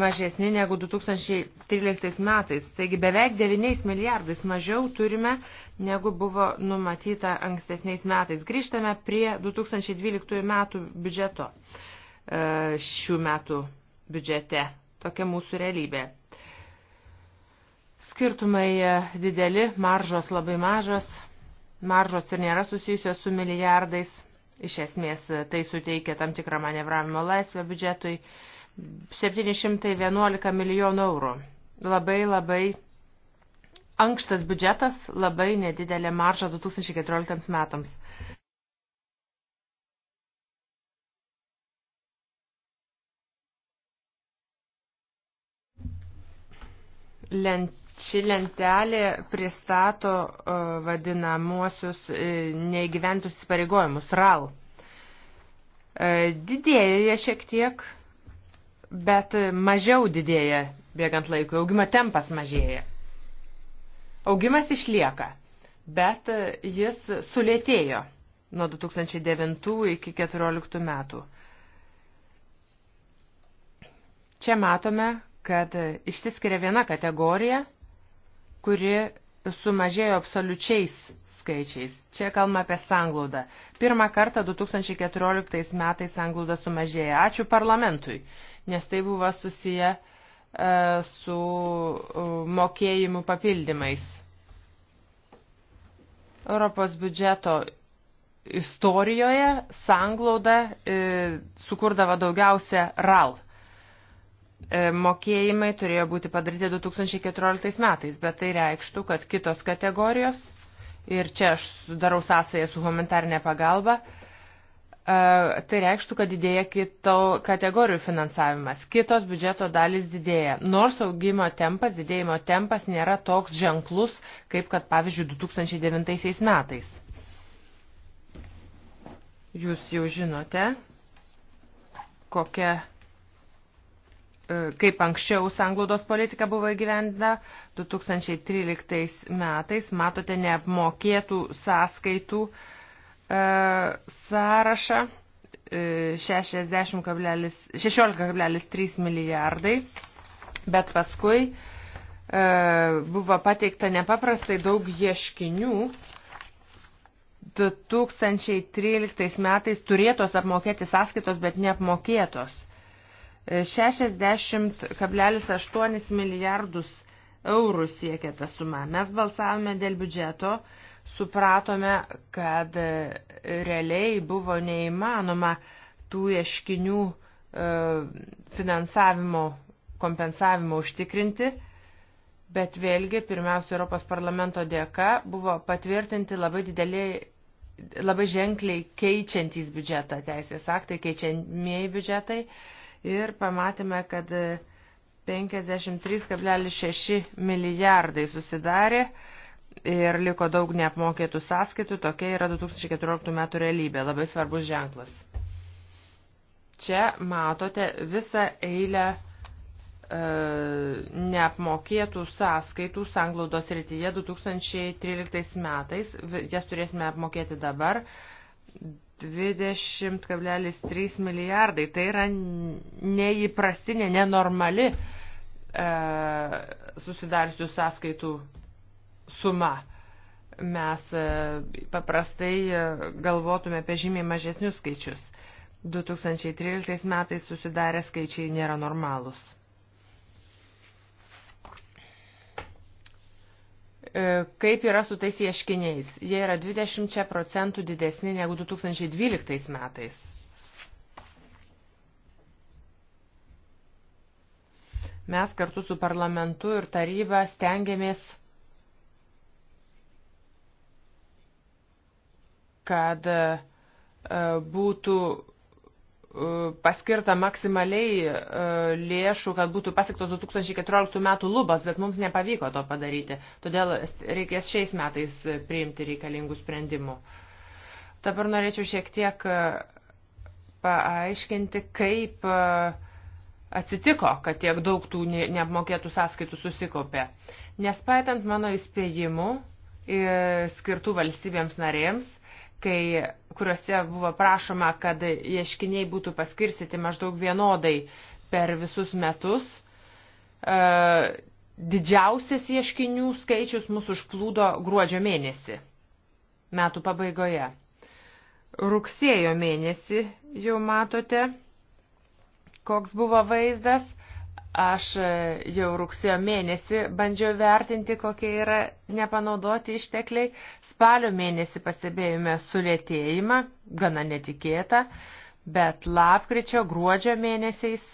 mažesni negu 2013 metais. Taigi beveik 9 milijardais mažiau turime negu buvo numatyta ankstesniais metais. Grįžtame prie 2012 metų biudžeto e, šių metų biudžete. Tokia mūsų realybė. Skirtumai e, dideli, maržos labai mažos, maržos ir nėra susijusios su milijardais. Iš esmės e, tai suteikia tam tikrą manevravimo laisvę biudžetui. 711 milijonų eurų. Labai labai ankštas biudžetas, labai nedidelė marža 2014 metams. Lent, ši lentelė pristato uh, vadinamuosius uh, neįgyventus įsipareigojimus, RAL. Uh, didėja šiek tiek, bet mažiau didėja bėgant laikui, augimo tempas mažėja. Augimas išlieka, bet jis sulėtėjo nuo 2009 iki 2014 metų. Čia matome, kad išsiskiria viena kategorija, kuri sumažėjo absoliučiais skaičiais. Čia kalbame apie sanglaudą. Pirmą kartą 2014 metais sanglauda sumažėjo. Ačiū parlamentui, nes tai buvo susiję uh, E, su e, mokėjimų papildymais. Europos biudžeto istorijoje sanglauda e, sukurdavo daugiausia RAL. Mokėjimai turėjo būti padaryti 2014 metais, bet tai reikštų, kad kitos kategorijos, ir čia aš darau sąsąją su humanitarnė pagalba, E, tai reikštų, kad didėja kito kategorijų finansavimas. Kitos biudžeto dalis didėja. Nors augimo tempas, didėjimo tempas nėra toks ženklus, kaip kad pavyzdžiui 2009 metais. Jūs jau žinote, kokia e, kaip anksčiau sanglaudos politika buvo įgyvendinta 2013 metais, matote neapmokėtų sąskaitų uh, E, sąrašą 16,3 e, milijardai, bet paskui e, buvo pateikta nepaprastai daug ieškinių. 2013 metais turėtos apmokėti sąskaitos, bet neapmokėtos. 60,8 milijardus eurų siekia ta suma. Mes balsavome dėl biudžeto, supratome, kad realiai buvo neįmanoma tų ieškinių e, finansavimo, kompensavimo užtikrinti, bet vėlgi, pirmiausia, Europos parlamento dėka buvo patvirtinti labai dideliai labai ženkliai keičiantys biudžetą teisės aktai, keičiamieji biudžetai ir pamatėme, kad 53,6 e, milijardai susidarė ir liko daug neapmokėtų sąskaitų, tokia yra 2014 metų realybė, labai svarbus ženklas. Čia matote visą eilę e, neapmokėtų sąskaitų sanglaudos rytyje 2013 metais, jas turėsime apmokėti dabar, 20,3 milijardai, tai yra neįprastinė, nenormali e, susidariusių sąskaitų suma. Mes e, paprastai e, galvotume apie žymiai mažesnius skaičius. 2013 metais susidarę skaičiai nėra normalūs. E, kaip yra su tais ieškiniais? Jie yra 20 procentų didesni negu 2012 metais. Mes kartu su parlamentu ir taryba stengiamės kad e, būtų e, paskirta maksimaliai e, lėšų, kad būtų pasiektos 2014 metų lubas, bet mums nepavyko to padaryti. Todėl reikės šiais metais priimti reikalingų sprendimų. Dabar norėčiau šiek tiek paaiškinti, kaip atsitiko, kad tiek daug tų neapmokėtų sąskaitų susikaupė. Nespaitant mano įspėjimų skirtų valstybėms narėms, kai, kuriuose buvo prašoma, kad ieškiniai būtų paskirstyti maždaug vienodai per visus metus. E, didžiausias ieškinių skaičius mus užplūdo gruodžio mėnesį, metų pabaigoje. Rugsėjo mėnesį jau matote, koks buvo vaizdas Aš jau rugsėjo mėnesį bandžiau vertinti, kokie yra nepanaudoti ištekliai. Spalio mėnesį pastebėjome sulėtėjimą, gana netikėtą, bet lapkričio, gruodžio mėnesiais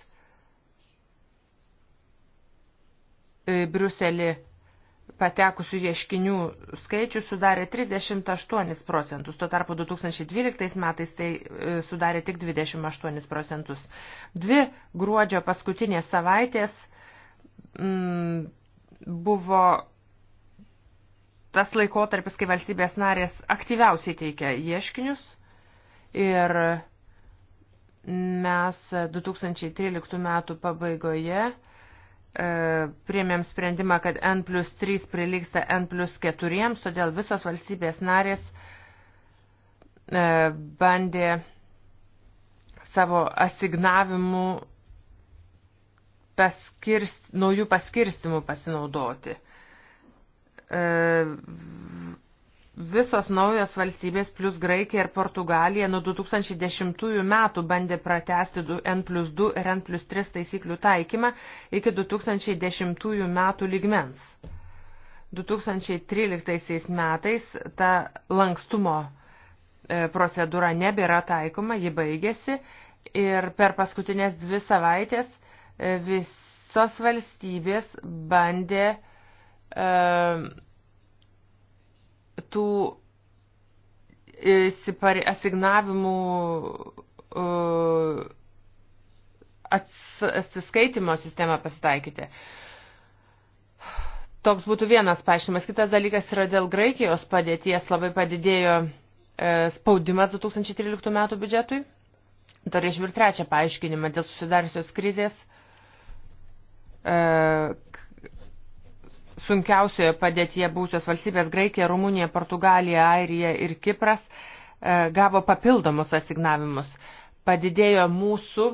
e, Briuselį patekusių ieškinių skaičius sudarė 38 procentus, tuo tarpu 2012 metais tai e, sudarė tik 28 procentus. Dvi gruodžio paskutinės savaitės m, mm, buvo tas laikotarpis, kai valstybės narės aktyviausiai teikia ieškinius ir mes 2013 metų pabaigoje E, priėmėm sprendimą, kad N plus 3 priliksta N plus 4, todėl visos valstybės narės e, bandė savo asignavimų paskirst, naujų paskirstimų pasinaudoti. E, Visos naujos valstybės plus Graikija ir Portugalija nuo 2010 metų bandė pratesti N plus 2 ir N plus 3 taisyklių taikymą iki 2010 metų ligmens. 2013 metais ta lankstumo e, procedūra nebėra taikoma, ji baigėsi ir per paskutinės dvi savaitės e, visos valstybės bandė uh, tų asignavimų e, atsiskaitimo sistemą pasitaikyti. Toks būtų vienas paaiškinimas. Kitas dalykas yra dėl Graikijos padėties labai padidėjo e, spaudimas 2013 metų biudžetui. Turėčiau ir trečią paaiškinimą dėl susidariusios krizės e, sunkiausioje padėtyje būsios valstybės Graikija, Rumunija, Portugalija, Airija ir Kipras e, gavo papildomus asignavimus. Padidėjo mūsų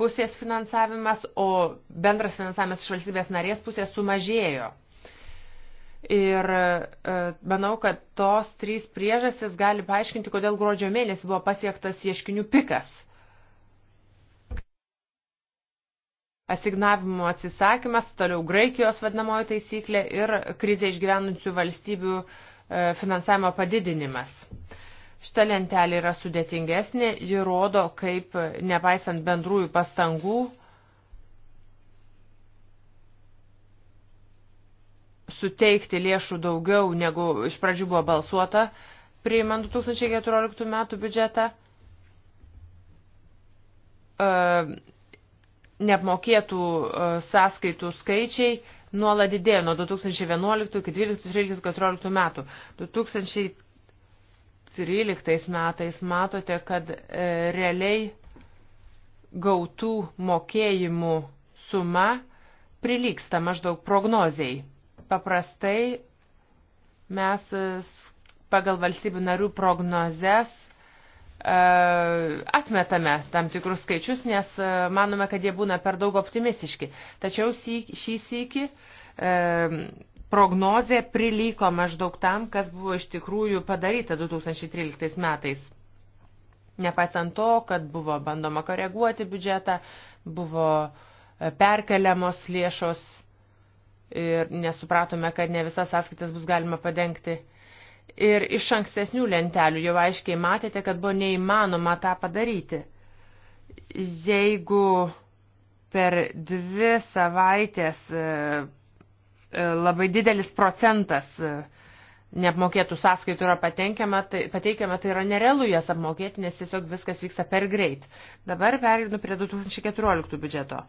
pusės finansavimas, o bendras finansavimas iš valstybės narės pusės sumažėjo. Ir e, manau, kad tos trys priežastys gali paaiškinti, kodėl gruodžio mėnesį buvo pasiektas ieškinių pikas. asignavimo atsisakymas, toliau Graikijos vadinamoji taisyklė ir krizė išgyvenančių valstybių e, finansavimo padidinimas. Šita lentelė yra sudėtingesnė, ji rodo, kaip nepaisant bendrųjų pastangų suteikti lėšų daugiau, negu iš pradžių buvo balsuota, priimant 2014 metų biudžetą, e, neapmokėtų e, sąskaitų skaičiai nuolat didėjo nuo 2011 iki 12, 13, 14 metų. 2013 metais matote, kad e, realiai gautų mokėjimų suma prilyksta maždaug prognoziai. Paprastai mes e, pagal valstybių narių prognozes E, atmetame tam tikrus skaičius, nes e, manome, kad jie būna per daug optimistiški. Tačiau šį sykį e, prognozė prilyko maždaug tam, kas buvo iš tikrųjų padaryta 2013 metais. Nepaisant to, kad buvo bandoma koreguoti biudžetą, buvo perkeliamos lėšos ir nesupratome, kad ne visas sąskaitas bus galima padengti Ir iš ankstesnių lentelių jau aiškiai matėte, kad buvo neįmanoma tą padaryti. Jeigu per dvi savaitės e, e, labai didelis procentas e, neapmokėtų sąskaitų yra pateikiama, tai, pateikiama, tai yra nerealu jas apmokėti, nes tiesiog viskas vyksta per greit. Dabar perinu prie 2014 biudžeto.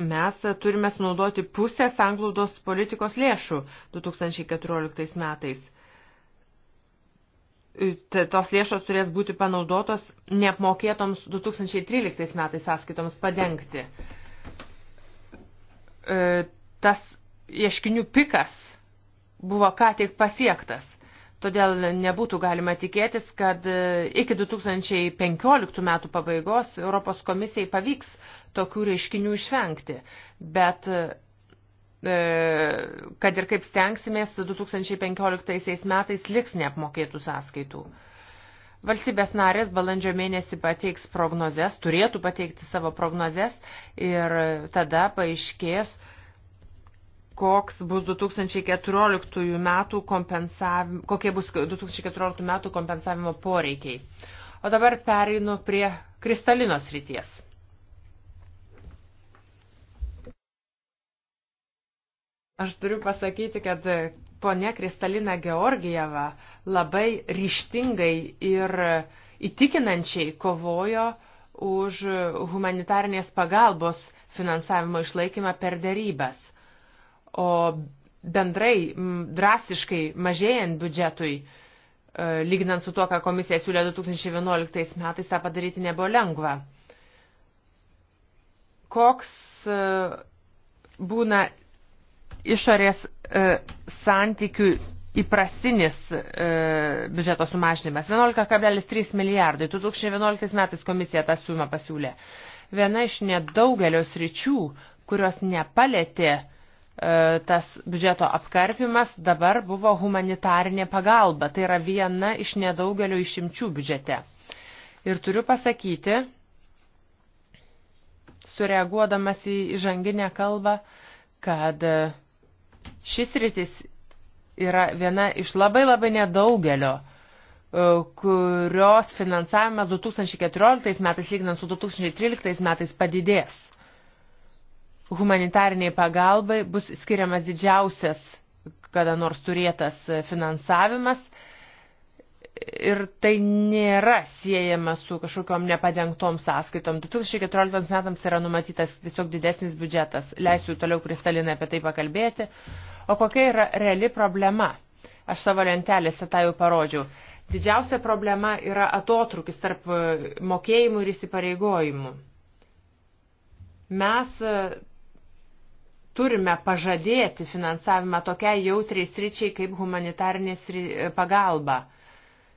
Mes turime sunaudoti pusę sanglaudos politikos lėšų 2014 metais. Tos lėšos turės būti panaudotos neapmokėtoms 2013 metais sąskaitoms padengti. E, tas ieškinių pikas buvo ką tik pasiektas. Todėl nebūtų galima tikėtis, kad e, iki 2015 metų pabaigos Europos komisijai pavyks tokių reiškinių išvengti. Bet e, e, kad ir kaip stengsimės, 2015 metais liks neapmokėtų sąskaitų. Valstybės narės balandžio mėnesį pateiks prognozes, turėtų pateikti savo prognozes ir tada paaiškės, koks bus 2014 metų kompensavimo, kokie bus 2014 metų kompensavimo poreikiai. O dabar pereinu prie kristalinos ryties. Aš turiu pasakyti, kad ponia Kristalina Georgijeva labai ryštingai ir įtikinančiai kovojo už humanitarnės pagalbos finansavimo išlaikymą per dėrybas. O bendrai drastiškai mažėjant biudžetui, e, lyginant su to, ką komisija siūlė 2011 metais, tą padaryti nebuvo lengva. Koks e, būna išorės e, santykių įprasinis e, biudžeto sumažinimas. 11,3 milijardai. 2011 metais komisija tą sumą pasiūlė. Viena iš nedaugelio sričių, kurios nepalėtė e, tas biudžeto apkarpimas, dabar buvo humanitarinė pagalba. Tai yra viena iš nedaugelio išimčių biudžete. Ir turiu pasakyti, sureaguodamas į žanginę kalbą, kad e, Šis rytis yra viena iš labai labai nedaugelio, e, kurios finansavimas 2014 metais, lyginant su 2013 metais, padidės. Humanitariniai pagalbai bus skiriamas didžiausias kada nors turėtas finansavimas – ir tai nėra siejama su kažkokiom nepadengtom sąskaitom. 2014 metams yra numatytas tiesiog didesnis biudžetas. Leisiu toliau Kristalinai apie tai pakalbėti. O kokia yra reali problema? Aš savo lentelėse tą jau parodžiau. Didžiausia problema yra atotrukis tarp e, mokėjimų ir įsipareigojimų. Mes e, turime pažadėti finansavimą tokiai jautriai sričiai kaip humanitarinė pagalba.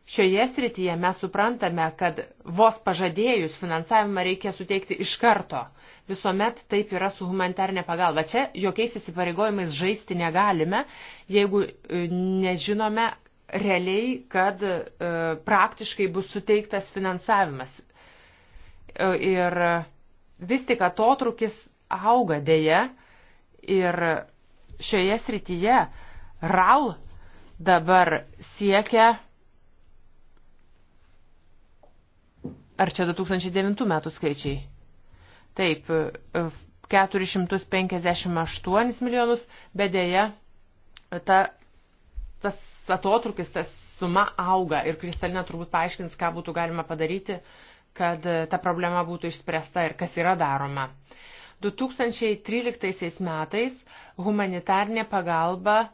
Šioje srityje mes suprantame, kad vos pažadėjus finansavimą reikia suteikti iš karto. Visuomet taip yra su humanitarnė pagalba. Čia jokiais įsipareigojimais žaisti negalime, jeigu e, nežinome realiai, kad e, praktiškai bus suteiktas finansavimas. E, ir vis tik atotrukis auga dėje ir šioje srityje RAL dabar siekia Ar čia 2009 metų skaičiai? Taip, 458 e, milijonus, bet dėja ta, tas atotrukis, tas suma auga ir Kristalina turbūt paaiškins, ką būtų galima padaryti, kad e, ta problema būtų išspręsta ir kas yra daroma. 2013 metais humanitarnė pagalba e,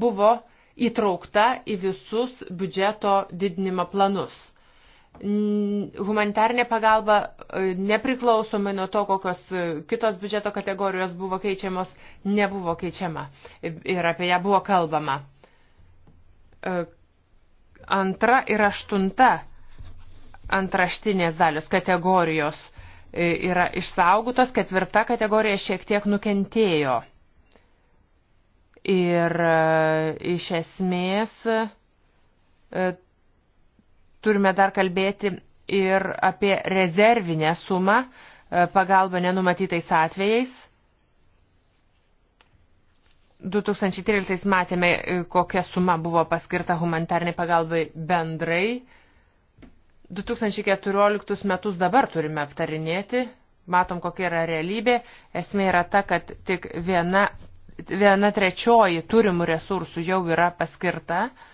buvo įtraukta į visus biudžeto didinimo planus humanitarnė pagalba e, nepriklausomai nuo to, kokios e, kitos biudžeto kategorijos buvo keičiamos, nebuvo keičiama ir apie ją buvo kalbama. E, antra ir aštunta antraštinės dalis kategorijos yra išsaugotos, ketvirta kategorija šiek tiek nukentėjo. Ir iš esmės Turime dar kalbėti ir apie rezervinę sumą e, pagalbą nenumatytais atvejais. 2013 matėme, e, kokia suma buvo paskirta humanitarniai pagalbai bendrai. 2014 metus dabar turime aptarinėti, matom, kokia yra realybė. Esmė yra ta, kad tik viena, viena trečioji turimų resursų jau yra paskirta. Uh,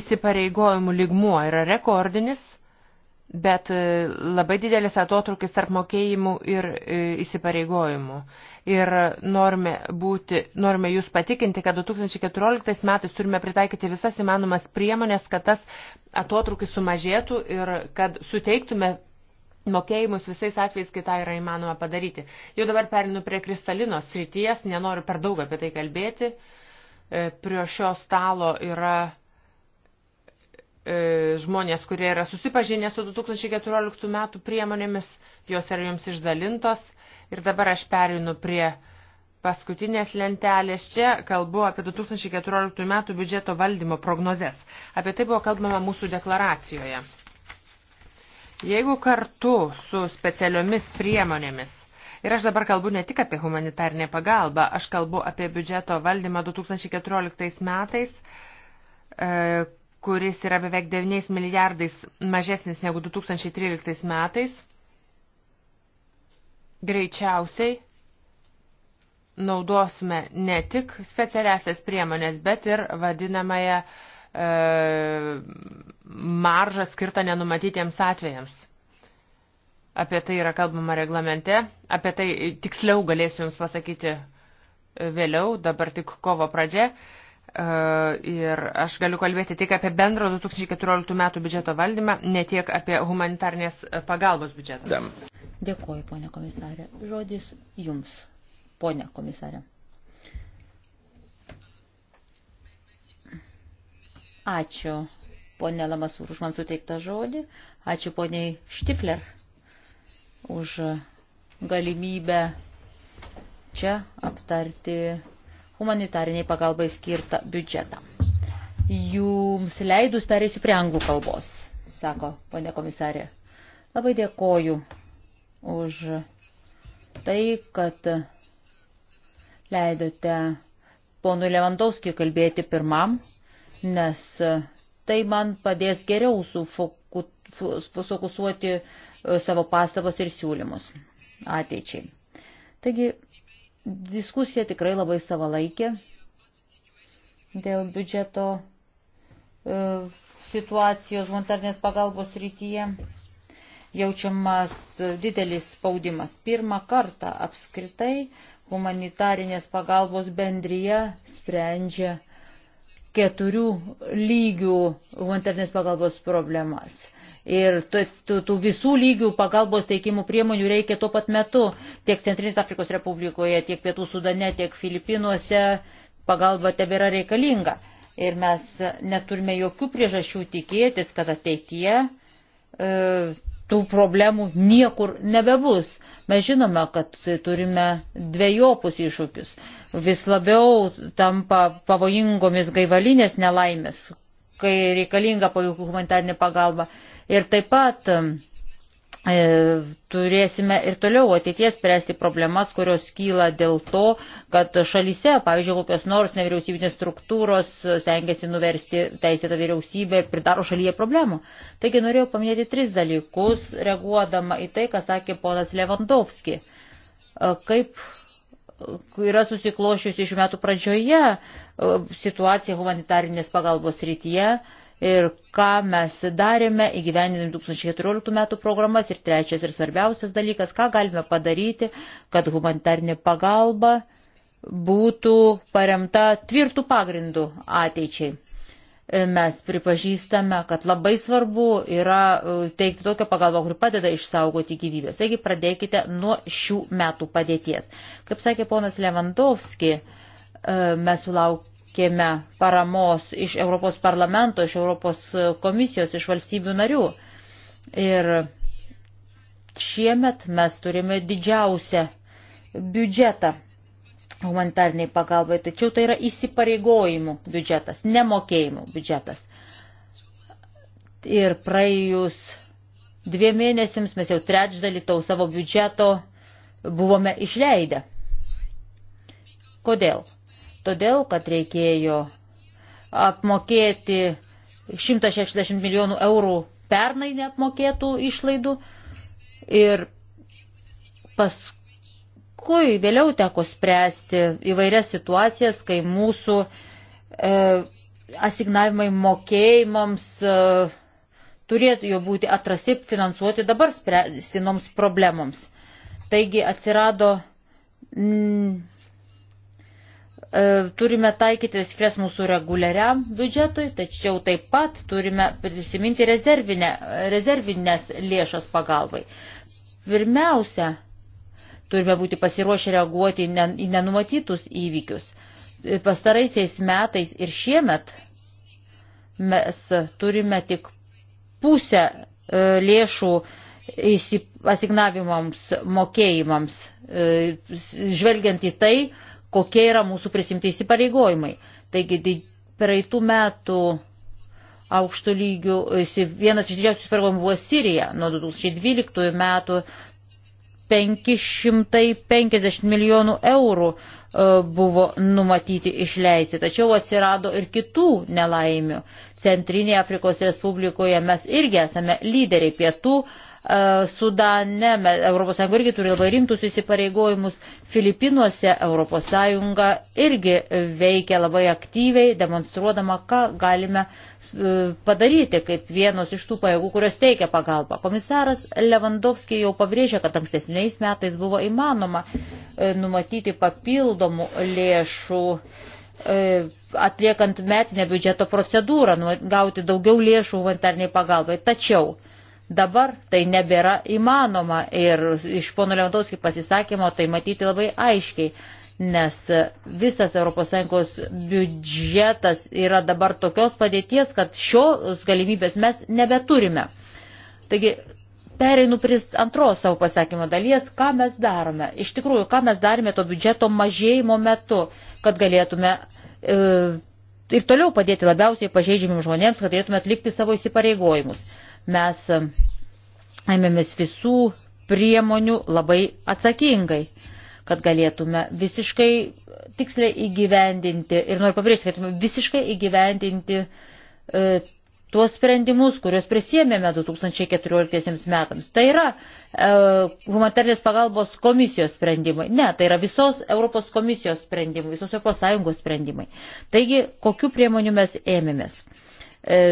įsipareigojimų ligmuo yra rekordinis, bet e, labai didelis atotrukis tarp mokėjimų ir e, įsipareigojimų. Ir norime, būti, norime jūs patikinti, kad 2014 metais turime pritaikyti visas įmanomas priemonės, kad tas atotrukis sumažėtų ir kad suteiktume mokėjimus visais atvejais, kai tą yra įmanoma padaryti. Jau dabar perinu prie kristalinos srities, nenoriu per daug apie tai kalbėti. E, prie šio stalo yra E, žmonės, kurie yra susipažinę su 2014 metų priemonėmis, jos yra jums išdalintos. Ir dabar aš perinu prie paskutinės lentelės. Čia kalbu apie 2014 metų biudžeto valdymo prognozes. Apie tai buvo kalbama mūsų deklaracijoje. Jeigu kartu su specialiomis priemonėmis Ir aš dabar kalbu ne tik apie humanitarnę pagalbą, aš kalbu apie biudžeto valdymą 2014 metais, e, kuris yra beveik 9 milijardais mažesnis negu 2013 metais, greičiausiai naudosime ne tik specialiasias priemonės, bet ir vadinamąją e, maržą skirtą nenumatytiems atvejams. Apie tai yra kalbama reglamente, apie tai tiksliau galėsiu Jums pasakyti vėliau, dabar tik kovo pradžia. E, E, ir aš galiu kalbėti tik apie bendro 2014 metų biudžeto valdymą, ne tiek apie humanitarnės pagalbos biudžetą. Dam. Dėkuoju, ponė komisarė. Žodis jums, ponė komisarė. Ačiū, ponė Lamasūr, už man suteiktą žodį. Ačiū, poniai Štifler, už galimybę čia aptarti humanitariniai pagalbai skirtą biudžetą. Jums leidus pereisiu prie anglų kalbos, sako ponė komisarė. Labai dėkoju už tai, kad leidote ponui Levandovskijui kalbėti pirmam, nes tai man padės geriau sufokusuoti savo pastabas ir siūlymus ateičiai. Taigi, Diskusija tikrai labai savalaikė dėl biudžeto e, situacijos humanitarnės pagalbos rytyje. Jaučiamas didelis spaudimas. Pirmą kartą apskritai humanitarinės pagalbos bendryje sprendžia keturių lygių humanitarnės pagalbos problemas ir tų, tų, tų visų lygių pagalbos teikimų priemonių reikia tuo pat metu tiek Centrinės Afrikos Republikoje, tiek Pietų Sudane, tiek Filipinuose pagalba tebėra reikalinga. Ir mes neturime jokių priežasčių tikėtis, kad ateityje e, tų problemų niekur nebebus. Mes žinome, kad turime dviejopus iššūkius. Vis labiau tampa pavojingomis gaivalinės nelaimės, kai reikalinga humanitarinė pagalba. Ir taip pat um, e, turėsime ir toliau ateities spręsti problemas, kurios kyla dėl to, kad šalyse, pavyzdžiui, kokios nors nevyriausybinės struktūros stengiasi nuversti teisėtą vyriausybę ir pridaro šalyje problemų. Taigi norėjau paminėti tris dalykus, reaguodama į tai, ką sakė ponas Levandovski. E, kaip yra susiklošiusi šių metų pradžioje e, situacija humanitarinės pagalbos rytyje ir ką mes darėme įgyvendinant 2014 metų programas ir trečias ir svarbiausias dalykas, ką galime padaryti, kad humanitarinė pagalba būtų paremta tvirtų pagrindų ateičiai mes pripažįstame, kad labai svarbu yra e, teikti tokią pagalbą, kuri padeda išsaugoti gyvybės. Taigi pradėkite nuo šių metų padėties. Kaip sakė ponas Levandovski, e, mes sulaukėme paramos iš Europos parlamento, iš Europos komisijos, iš valstybių narių. Ir šiemet mes turime didžiausią biudžetą humanitariniai pagalbai, tačiau tai yra įsipareigojimų biudžetas, nemokėjimų biudžetas. Ir praėjus dviem mėnesiams mes jau trečdalį to savo biudžeto buvome išleidę. Kodėl? Todėl, kad reikėjo apmokėti 160 milijonų eurų pernai neapmokėtų išlaidų ir pas paskui vėliau teko spręsti įvairias situacijas, kai mūsų e, asignavimai mokėjimams e, turėtų jau būti atrasti, finansuoti dabar spręstinoms problemoms. Taigi atsirado, mm, e, turime taikyti skres mūsų reguliariam biudžetui, tačiau taip pat turime prisiminti rezervinę, rezervinės lėšas pagalbai. Pirmiausia, Turime būti pasiruošę reaguoti į nenumatytus įvykius. Pastaraisiais metais ir šiemet mes turime tik pusę e, lėšų asignavimams, mokėjimams, e, žvelgiant į tai, kokie yra mūsų prisimti įsipareigojimai. Taigi praeitų metų aukštų lygių, e, vienas iš didžiausių įsipareigojimų buvo Sirija nuo 2012 metų, 550 milijonų eurų e, buvo numatyti išleisti. Tačiau atsirado ir kitų nelaimių. Centrinėje Afrikos Respublikoje mes irgi esame lyderiai pietų. E, Sudane, ES irgi turi labai rimtus įsipareigojimus, Filipinuose ES irgi veikia labai aktyviai, demonstruodama, ką galime E, padaryti kaip vienos iš tų pajėgų, kurios teikia pagalbą. Komisaras Levandovskis jau pabrėžė, kad ankstesniais metais buvo įmanoma e, numatyti papildomų lėšų e, atliekant metinę biudžeto procedūrą, gauti daugiau lėšų humanitarniai pagalbai. Tačiau dabar tai nebėra įmanoma ir iš pono Levandovskio pasisakymo tai matyti labai aiškiai nes visas ES biudžetas yra dabar tokios padėties, kad šios galimybės mes nebeturime. Taigi, pereinu prie antros savo pasakymo dalies, ką mes darome. Iš tikrųjų, ką mes darėme to biudžeto mažėjimo metu, kad galėtume. E, Ir toliau padėti labiausiai pažeidžiamim žmonėms, kad galėtume atlikti savo įsipareigojimus. Mes e, ėmėmės visų priemonių labai atsakingai kad galėtume visiškai tiksliai įgyvendinti ir noriu pabrėžti, kad visiškai įgyvendinti e, tuos sprendimus, kuriuos prisėmėme 2014 metams. Tai yra e, humanitarnės pagalbos komisijos sprendimai. Ne, tai yra visos Europos komisijos sprendimai, visos Europos Sąjungos sprendimai. Taigi, kokiu priemoniu mes ėmėmės? E,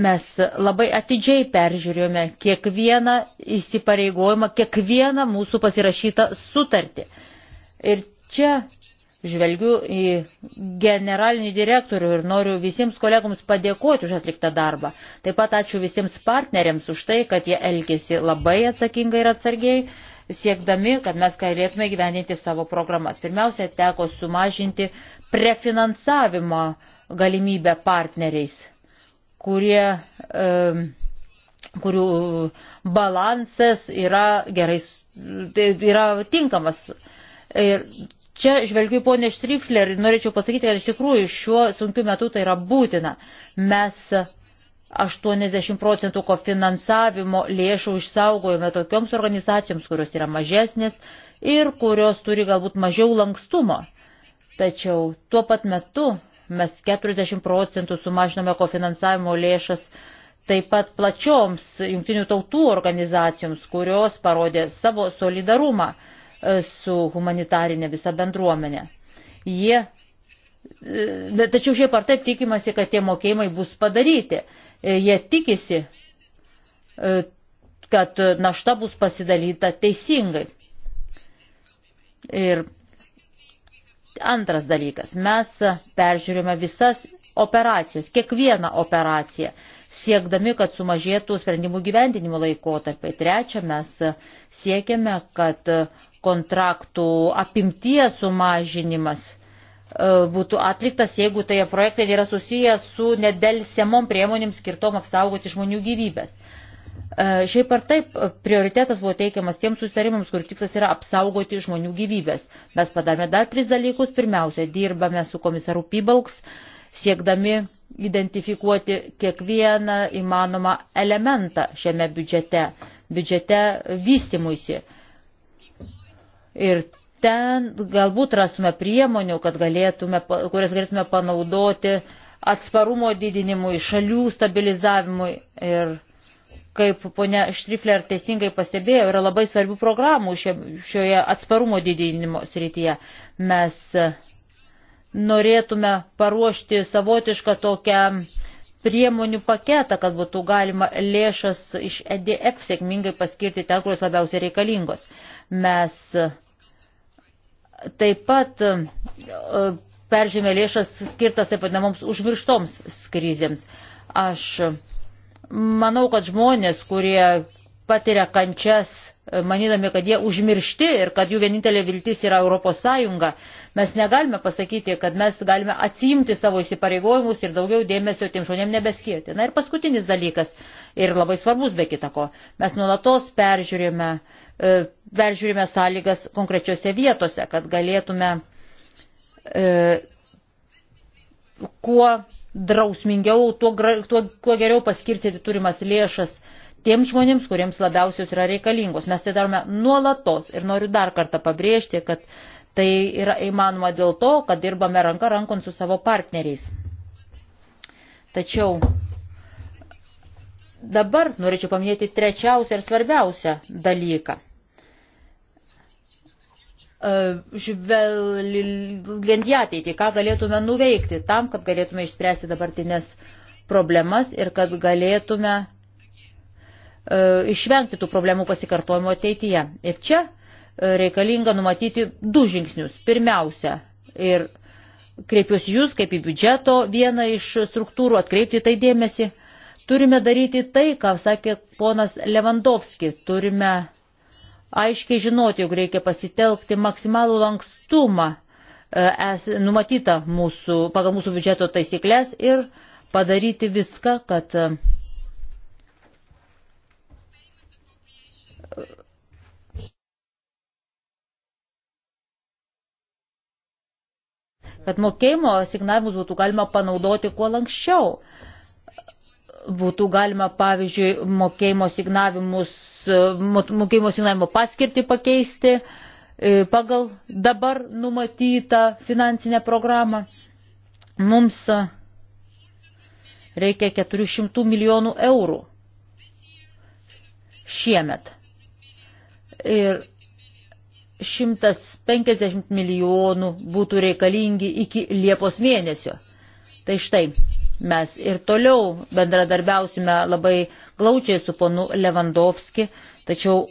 mes labai atidžiai peržiūrėjome kiekvieną įsipareigojimą, kiekvieną mūsų pasirašytą sutartį. Ir čia žvelgiu į generalinį direktorių ir noriu visiems kolegoms padėkoti už atliktą darbą. Taip pat ačiū visiems partneriams už tai, kad jie elgėsi labai atsakingai ir atsargiai, siekdami, kad mes galėtume gyveninti savo programas. Pirmiausia, teko sumažinti prefinansavimo galimybę partneriais, kurie, um, kurių balansas yra gerai, tai yra tinkamas Ir čia žvelgiu į ponę Štrifler ir norėčiau pasakyti, kad iš tikrųjų šiuo sunkiu metu tai yra būtina. Mes 80 procentų kofinansavimo lėšų išsaugojame tokioms organizacijoms, kurios yra mažesnės ir kurios turi galbūt mažiau lankstumo. Tačiau tuo pat metu mes 40 procentų sumažinome kofinansavimo lėšas taip pat plačioms jungtinių tautų organizacijoms, kurios parodė savo solidarumą. E, su humanitarinė visa bendruomenė. Jie, e, tačiau šiaip ar taip tikimasi, kad tie mokėjimai bus padaryti. E, jie tikisi, kad našta bus pasidalyta teisingai. Ir antras dalykas, mes peržiūrime visas operacijas, kiekvieną operaciją siekdami, kad sumažėtų sprendimų gyvendinimo laikotarpiai. Trečia, mes siekiame, kad kontraktų apimties sumažinimas e, būtų atliktas, jeigu tai projektai yra susijęs su nedelsiamom priemonėm skirtom apsaugoti žmonių gyvybės. E, šiaip ar taip, prioritetas buvo teikiamas tiems susitarimams, kur tikslas yra apsaugoti žmonių gyvybės. Mes padarėme dar tris dalykus. Pirmiausia, dirbame su komisaru Pibalks, siekdami identifikuoti kiekvieną įmanomą elementą šiame biudžete, biudžete vystimuisi. Ir ten galbūt rastume priemonių, galėtume, kurias galėtume panaudoti atsparumo didinimui, šalių stabilizavimui ir kaip ponia Štrifler teisingai pastebėjo, yra labai svarbių programų šioje atsparumo didinimo srityje. Mes norėtume paruošti savotišką tokią priemonių paketą, kad būtų galima lėšas iš EDF sėkmingai paskirti ten, kurios labiausiai reikalingos. Mes taip pat e, peržymė lėšas skirtas taip vadinamoms užmirštoms krizėms. Aš manau, kad žmonės, kurie patiria kančias, manydami, kad jie užmiršti ir kad jų vienintelė viltis yra Europos Sąjunga, Mes negalime pasakyti, kad mes galime atsimti savo įsipareigojimus ir daugiau dėmesio tiem žmonėm nebeskirti. Na ir paskutinis dalykas, ir labai svarbus be kitako, mes nuolatos peržiūrime, e, peržiūrime sąlygas konkrečiose vietose, kad galėtume e, kuo drausmingiau, tuo, tuo, tuo geriau paskirti turimas lėšas tiems žmonėms, kuriems labiausiai yra reikalingos. Mes tai darome nuolatos ir noriu dar kartą pabrėžti, kad Tai yra įmanoma dėl to, kad dirbame ranka rankon su savo partneriais. Tačiau dabar norėčiau paminėti trečiausią ir svarbiausią dalyką. E, žvelgiant į ateitį, ką galėtume nuveikti tam, kad galėtume išspręsti dabartinės problemas ir kad galėtume e, išvengti tų problemų pasikartojimo ateityje. Ir čia reikalinga numatyti du žingsnius. Pirmiausia, ir kreipiuosi jūs kaip į biudžeto vieną iš struktūrų, atkreipti tai dėmesį, turime daryti tai, ką sakė ponas Levandovski, turime aiškiai žinoti, jog reikia pasitelkti maksimalų lankstumą e, es, numatytą mūsų, pagal mūsų biudžeto taisyklės ir padaryti viską, kad e, kad mokėjimo asignavimus būtų galima panaudoti kuo lankščiau. Būtų galima, pavyzdžiui, mokėjimo asignavimus, mokėjimo asignavimo paskirtį pakeisti e, pagal dabar numatytą finansinę programą. Mums e, reikia 400 milijonų eurų šiemet. Ir 150 milijonų būtų reikalingi iki Liepos mėnesio. Tai štai, mes ir toliau bendradarbiausime labai glaučiai su ponu Levandovski, tačiau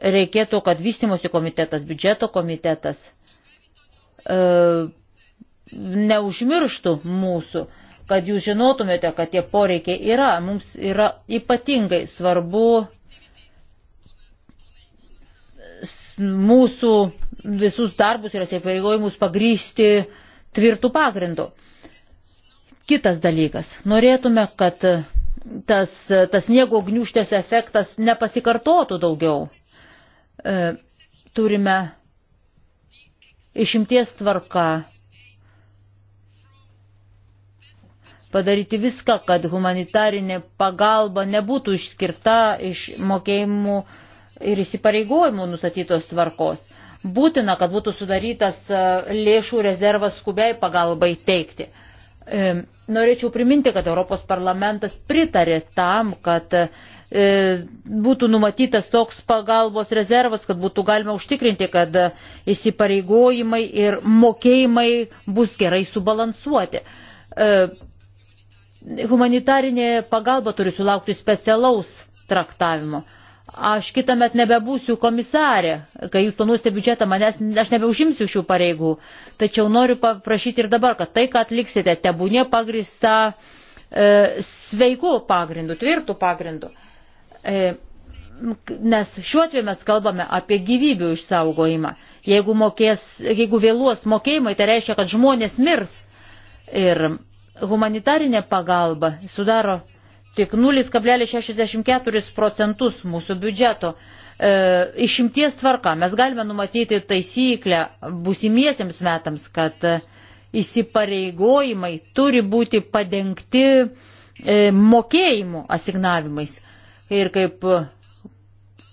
reikėtų, kad vystimosi komitetas, biudžeto komitetas e, neužmirštų mūsų, kad jūs žinotumėte, kad tie poreikiai yra. Mums yra ypatingai svarbu mūsų visus darbus ir įsipareigojimus pagrysti tvirtų pagrindų. Kitas dalykas. Norėtume, kad tas, tas sniego gniuštės efektas nepasikartotų daugiau. E, turime išimties tvarka padaryti viską, kad humanitarinė pagalba nebūtų išskirta iš mokėjimų ir įsipareigojimų nustatytos tvarkos. Būtina, kad būtų sudarytas e, lėšų rezervas skubiai pagalbai teikti. E, norėčiau priminti, kad Europos parlamentas pritarė tam, kad e, būtų numatytas toks pagalbos rezervas, kad būtų galima užtikrinti, kad įsipareigojimai ir mokėjimai bus gerai subalansuoti. Humanitarinė pagalba turi sulaukti specialaus traktavimo aš kitą met nebebūsiu komisarė, kai jūs planuosite biudžetą, manęs, aš nebeužimsiu šių pareigų. Tačiau noriu paprašyti ir dabar, kad tai, ką atliksite, tebūnė pagrista e, sveikų pagrindų, tvirtų pagrindų. E, nes šiuo atveju mes kalbame apie gyvybių išsaugojimą. Jeigu, mokės, jeigu vėluos mokėjimai, tai reiškia, kad žmonės mirs. Ir humanitarinė pagalba sudaro tik 0,64 procentus mūsų biudžeto. E, išimties tvarka mes galime numatyti taisyklę būsimiesiems metams, kad e, įsipareigojimai turi būti padengti e, mokėjimų asignavimais. Ir kaip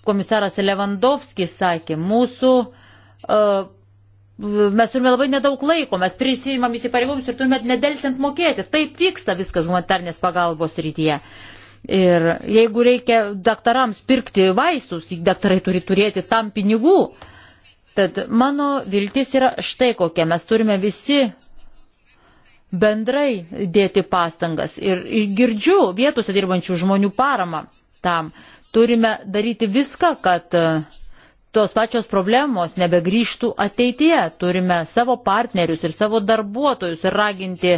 komisaras Levandovskis sakė, mūsų e, mes turime labai nedaug laiko, mes prisimam įsipareigomus ir turime nedelsiant mokėti. Taip vyksta viskas humanitarnės pagalbos rytyje. Ir jeigu reikia daktarams pirkti vaistus, daktarai turi turėti tam pinigų. Tad mano viltis yra štai kokia. Mes turime visi bendrai dėti pastangas. Ir girdžiu vietose dirbančių žmonių paramą tam. Turime daryti viską, kad uh, tos pačios problemos nebegrįžtų ateityje. Turime savo partnerius ir savo darbuotojus ir raginti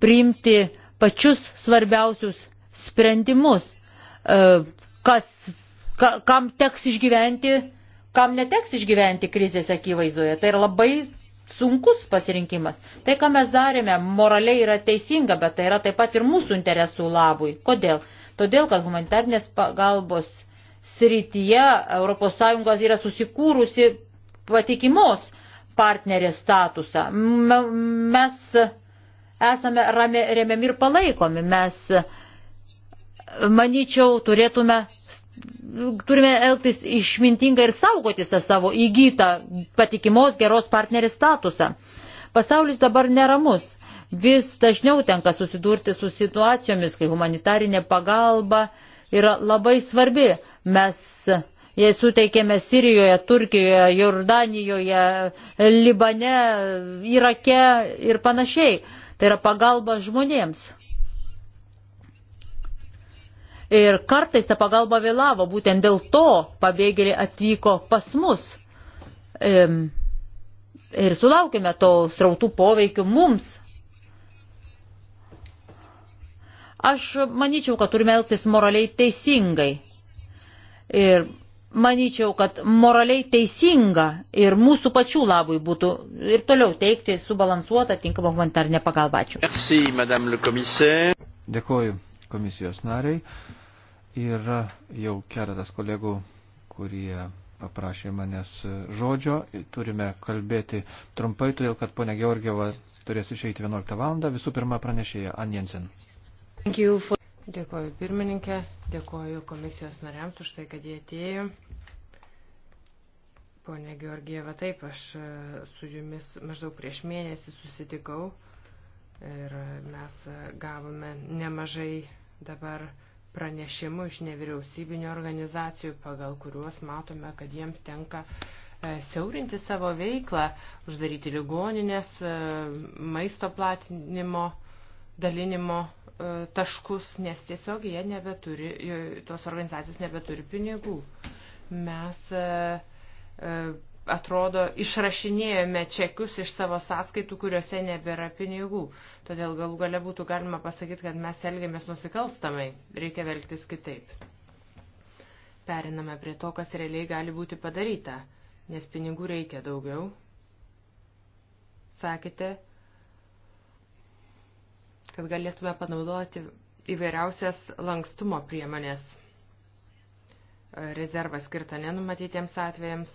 priimti pačius svarbiausius sprendimus, e, kas, ka, kam teks išgyventi, kam neteks išgyventi krizės akivaizdoje. Tai yra labai sunkus pasirinkimas. Tai, ką mes darėme, moraliai yra teisinga, bet tai yra taip pat ir mūsų interesų labui. Kodėl? Todėl, kad humanitarnės pagalbos srityje ES yra susikūrusi patikimos partnerės statusą. Mes esame remiami ir palaikomi. Mes, manyčiau, turėtume, turime elgtis išmintingai ir saugoti tą savo įgytą patikimos geros partnerės statusą. Pasaulis dabar neramus. Vis dažniau tenka susidurti su situacijomis, kai humanitarinė pagalba yra labai svarbi Mes jai suteikėme Sirijoje, Turkijoje, Jordanijoje, Libane, Irake ir panašiai. Tai yra pagalba žmonėms. Ir kartais ta pagalba vėlavo, būtent dėl to pabėgėliai atvyko pas mus. Ir sulaukime to srautų poveikių mums. Aš manyčiau, kad turime elgtis moraliai teisingai. Ir manyčiau, kad moraliai teisinga ir mūsų pačių labui būtų ir toliau teikti subalansuotą tinkamą humanitarinę pagalbą. Ačiū. Merci, Dėkuoju komisijos nariai. Yra jau keletas kolegų, kurie paprašė manęs žodžio. Turime kalbėti trumpai, todėl kad ponia Georgieva turės išeiti 11 valandą. Visų pirma pranešėja Anjensen. For... Dėkoju pirmininkė, dėkoju komisijos nariams už tai, kad jie atėjo. Pone Georgieva, taip, aš e, su jumis maždaug prieš mėnesį susitikau ir e, mes e, gavome nemažai dabar pranešimų iš nevyriausybinio organizacijų, pagal kuriuos matome, kad jiems tenka siaurinti savo veiklą, uždaryti ligoninės, maisto platinimo dalinimo e, taškus, nes tiesiog jie nebeturi, e, tos organizacijos nebeturi pinigų. Mes e, atrodo išrašinėjome čekius iš savo sąskaitų, kuriuose nebėra pinigų. Todėl galų gale būtų galima pasakyti, kad mes elgiamės nusikalstamai, reikia velgtis kitaip. Periname prie to, kas realiai gali būti padaryta, nes pinigų reikia daugiau. Sakėte, kad galėtume panaudoti įvairiausias lankstumo priemonės. E, rezervą skirtą nenumatytiems atvejams.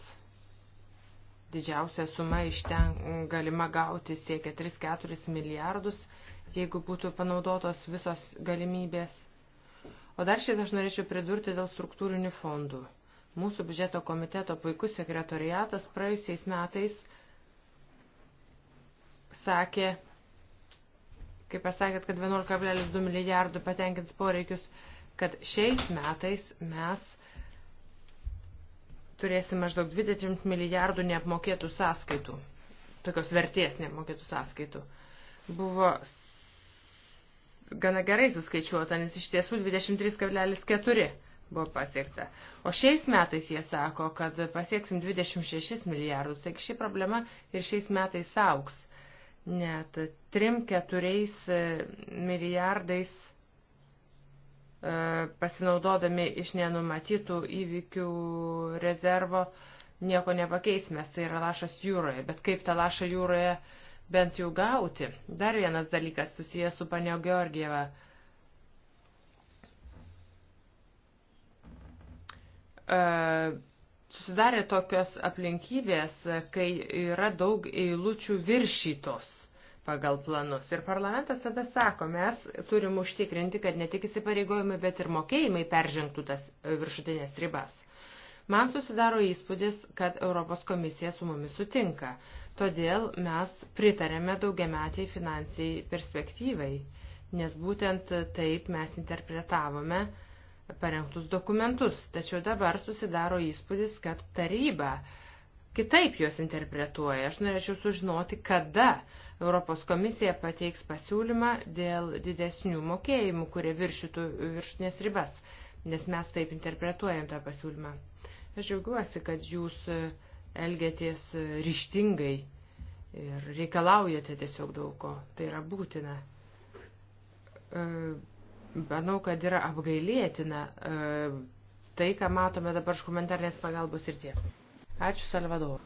Didžiausia suma iš ten galima gauti siekia 3-4 milijardus, jeigu būtų panaudotos visos galimybės. O dar šitą aš norėčiau pridurti dėl struktūrinių fondų. Mūsų biudžeto komiteto puikus sekretoriatas praėjusiais metais sakė, kai pasakėt, kad 11,2 milijardų patenkins poreikius, kad šiais metais mes turėsim maždaug 20 milijardų neapmokėtų sąskaitų, tokios vertės neapmokėtų sąskaitų. Buvo gana gerai suskaičiuota, nes iš tiesų 23,4 buvo pasiekta. O šiais metais jie sako, kad pasieksim 26 milijardus, taigi ši problema ir šiais metais auks. Net 3-4 e, milijardais e, pasinaudodami iš nenumatytų įvykių rezervo nieko nepakeisime, tai yra lašas jūroje, bet kaip tą lašą jūroje bent jau gauti. Dar vienas dalykas susijęs su panio Georgieva. E, susidarė tokios aplinkybės, kai yra daug eilučių viršytos pagal planus. Ir parlamentas tada sako, mes turim užtikrinti, kad ne tik įsipareigojimai, bet ir mokėjimai peržengtų tas e, viršutinės ribas. Man susidaro įspūdis, kad Europos komisija su mumis sutinka. Todėl mes pritarėme daugiametiai finansiai perspektyvai, nes būtent taip mes interpretavome parengtus dokumentus. Tačiau dabar susidaro įspūdis, kad taryba uh, kitaip juos interpretuoja. Aš norėčiau sužinoti, kada Europos komisija pateiks pasiūlymą dėl didesnių mokėjimų, kurie viršytų viršinės ribas, nes mes taip interpretuojam tą pasiūlymą. Aš džiaugiuosi, kad jūs elgėties ryštingai ir reikalaujate tiesiog daug ko. Tai yra būtina. E, manau, kad yra apgailėtina e, tai, ką matome dabar iš humanitarnės pagalbos ir tiek. Ačiū, Salvador.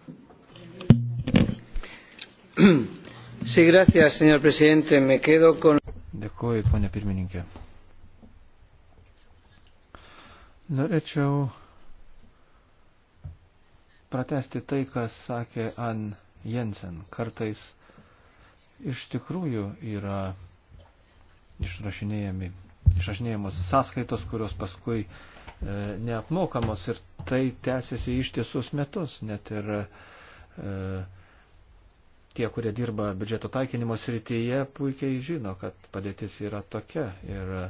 Sí, gracias, señor presidente. Me quedo con. Dėkuoju, ponia pirmininkė. Norėčiau pratesti tai, kas sakė An Jensen. Kartais iš tikrųjų yra išrašinėjami, išrašinėjamos sąskaitos, kurios paskui uh, E, neapmokamos ir tai tęsiasi ištisus metus, net ir e, tie, kurie dirba biudžeto taikinimo srityje, puikiai žino, kad padėtis yra tokia. Ir e,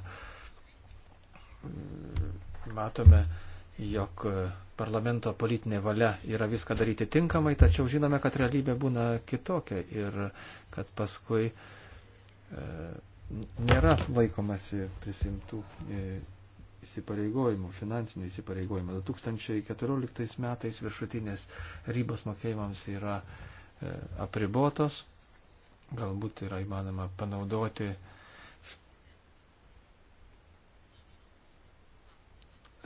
matome, jog parlamento politinė valia yra viską daryti tinkamai, tačiau žinome, kad realybė būna kitokia ir kad paskui e, nėra laikomasi prisimtų. E, įsipareigojimų, finansinių įsipareigojimų. 2014 metais viršutinės rybos mokėjimams yra e, apribotos, galbūt yra įmanoma panaudoti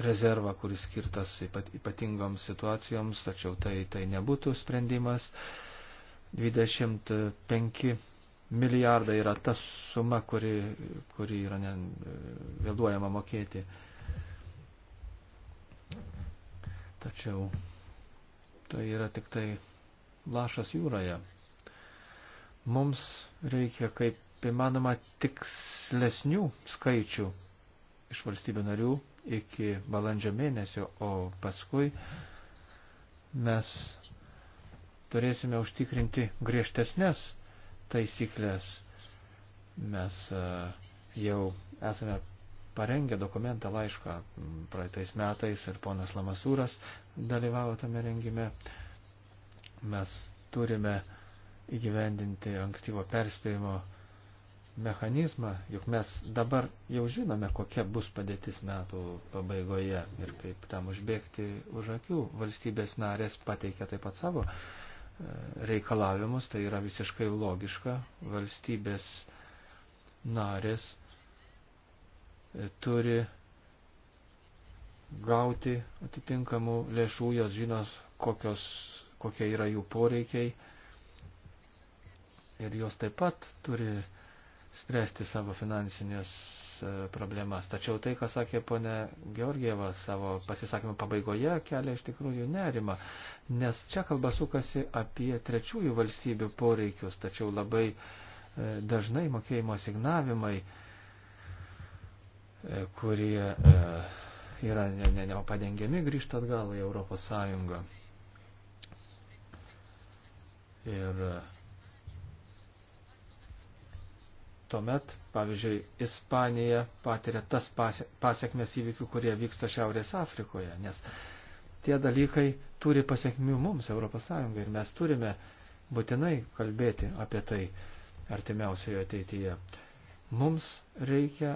rezervą, kuris skirtas ypatingoms situacijoms, tačiau tai, tai nebūtų sprendimas. 25 milijardai yra ta suma, kuri, kuri yra ne, vėluojama mokėti. Tačiau tai yra tik tai lašas jūroje. Mums reikia kaip įmanoma tikslesnių skaičių iš valstybių narių iki balandžio mėnesio, o paskui mes turėsime užtikrinti griežtesnės taisyklės. Mes e, jau esame parengę dokumentą laišką praeitais metais ir ponas Lamasūras dalyvavo tame rengime. Mes turime įgyvendinti ankstyvo perspėjimo mechanizmą, juk mes dabar jau žinome, kokia bus padėtis metų pabaigoje ir kaip tam užbėgti už akių. Valstybės narės pateikia taip pat savo reikalavimus, tai yra visiškai logiška. Valstybės narės e, turi gauti atitinkamų lėšų, jos žinos, kokios, kokie yra jų poreikiai ir jos taip pat turi spręsti savo finansinės E, problemas. Tačiau tai, ką sakė ponė Georgieva savo pasisakymą pabaigoje, kelia iš tikrųjų nerima, nes čia kalba sukasi apie trečiųjų valstybių poreikius, tačiau labai e, dažnai mokėjimo signavimai, e, kurie yra nepadengiami, ne, ne grįžta atgal į Europos Sąjungą. Ir tuomet, pavyzdžiui, Ispanija patiria tas pasiekmes įvykių, kurie vyksta Šiaurės Afrikoje, nes tie dalykai turi pasiekmių mums, ES, ir mes turime būtinai kalbėti apie tai artimiausioje ateityje. Mums reikia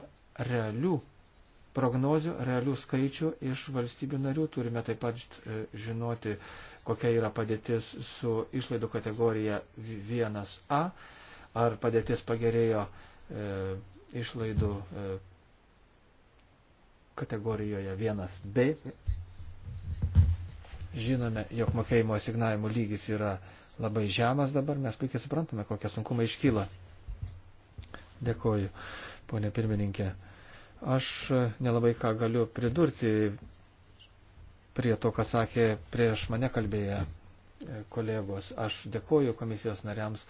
realių prognozių, realių skaičių iš valstybių narių. Turime taip pat e, žinoti, kokia yra padėtis su išlaidų kategorija 1A, ar padėtis pagerėjo E, išlaidų e, kategorijoje 1B. Žinome, jog mokėjimo asignavimo lygis yra labai žemas dabar, mes puikiai suprantame, kokie sunkumai iškyla. Dėkoju, ponė pirmininkė. Aš e, nelabai ką galiu pridurti prie to, ką sakė prieš mane kalbėję kolegos. Aš dėkoju komisijos nariams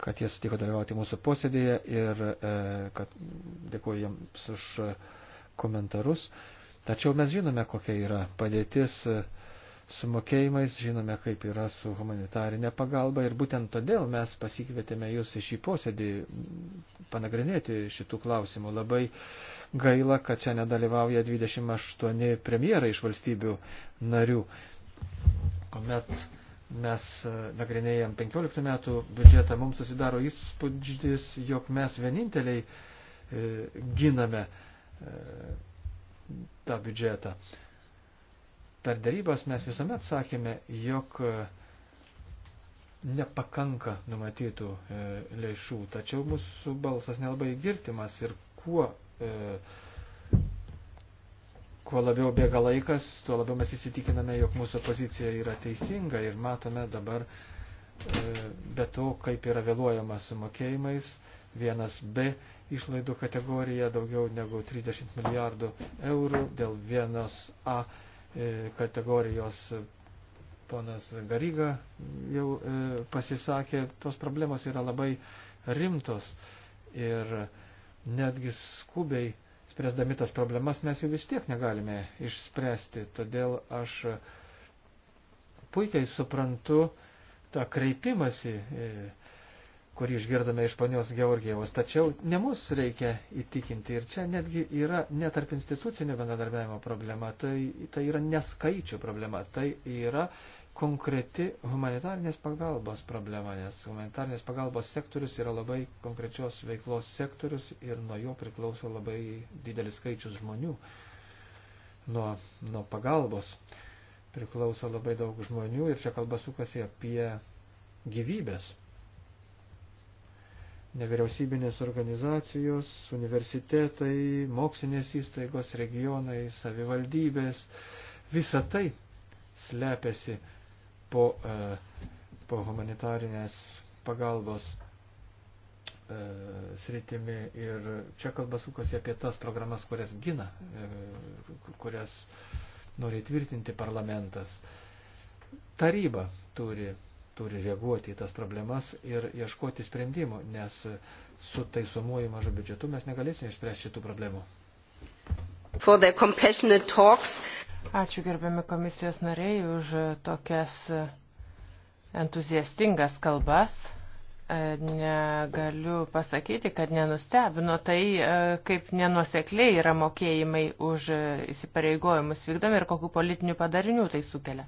kad jie sutiko dalyvauti mūsų posėdėje ir e, kad dėkuoju jiems už komentarus. Tačiau mes žinome, kokia yra padėtis e, su mokėjimais, žinome, kaip yra su humanitarinė pagalba ir būtent todėl mes pasikvietėme jūs į šį posėdį panagrinėti šitų klausimų. Labai gaila, kad čia nedalyvauja 28 premjerai iš valstybių narių. Komet mes e, nagrinėjom 15 metų biudžetą, mums susidaro įspūdis, jog mes vieninteliai e, giname e, tą biudžetą. Per darybas mes visuomet sakėme, jog nepakanka numatytų lėšų, tačiau mūsų balsas nelabai girtimas ir kuo kuo labiau bėga laikas, tuo labiau mes įsitikiname, jog mūsų pozicija yra teisinga ir matome dabar e, be to, kaip yra vėluojama su mokėjimais, vienas B išlaidų kategorija daugiau negu 30 milijardų eurų, dėl vienos A e, kategorijos ponas Garyga jau e, pasisakė, tos problemos yra labai rimtos ir netgi skubiai spręsdami tas problemas mes jų vis tiek negalime išspręsti. Todėl aš puikiai suprantu tą kreipimąsi, e, kurį išgirdome iš ponios Georgijos. Tačiau ne mus reikia įtikinti. Ir čia netgi yra netarp institucinio bendradarbiavimo problema. Tai, tai yra neskaičių problema. Tai yra konkreti humanitarnės pagalbos problema, nes humanitarnės pagalbos sektorius yra labai konkrečios veiklos sektorius ir nuo jo priklauso labai didelis skaičius žmonių. Nuo, nuo pagalbos priklauso labai daug žmonių ir čia kalba sukasi apie gyvybės. Nevyriausybinės organizacijos, universitetai, mokslinės įstaigos, regionai, savivaldybės, visa tai slepiasi po, e, po humanitarinės pagalbos e, sritimi ir čia kalba sukasi apie tas programas, kurias gina, e, kurias nori tvirtinti parlamentas. Taryba turi, turi reaguoti į tas problemas ir ieškoti sprendimų, nes su taisomuoju mažu biudžetu mes negalėsime išspręsti šitų problemų. Ačiū gerbiami komisijos nariai už tokias entuziastingas kalbas. E, negaliu pasakyti, kad nenustebino tai, e, kaip nenusekliai yra mokėjimai už įsipareigojimus vykdomi ir kokiu politiniu padariniu tai sukelia.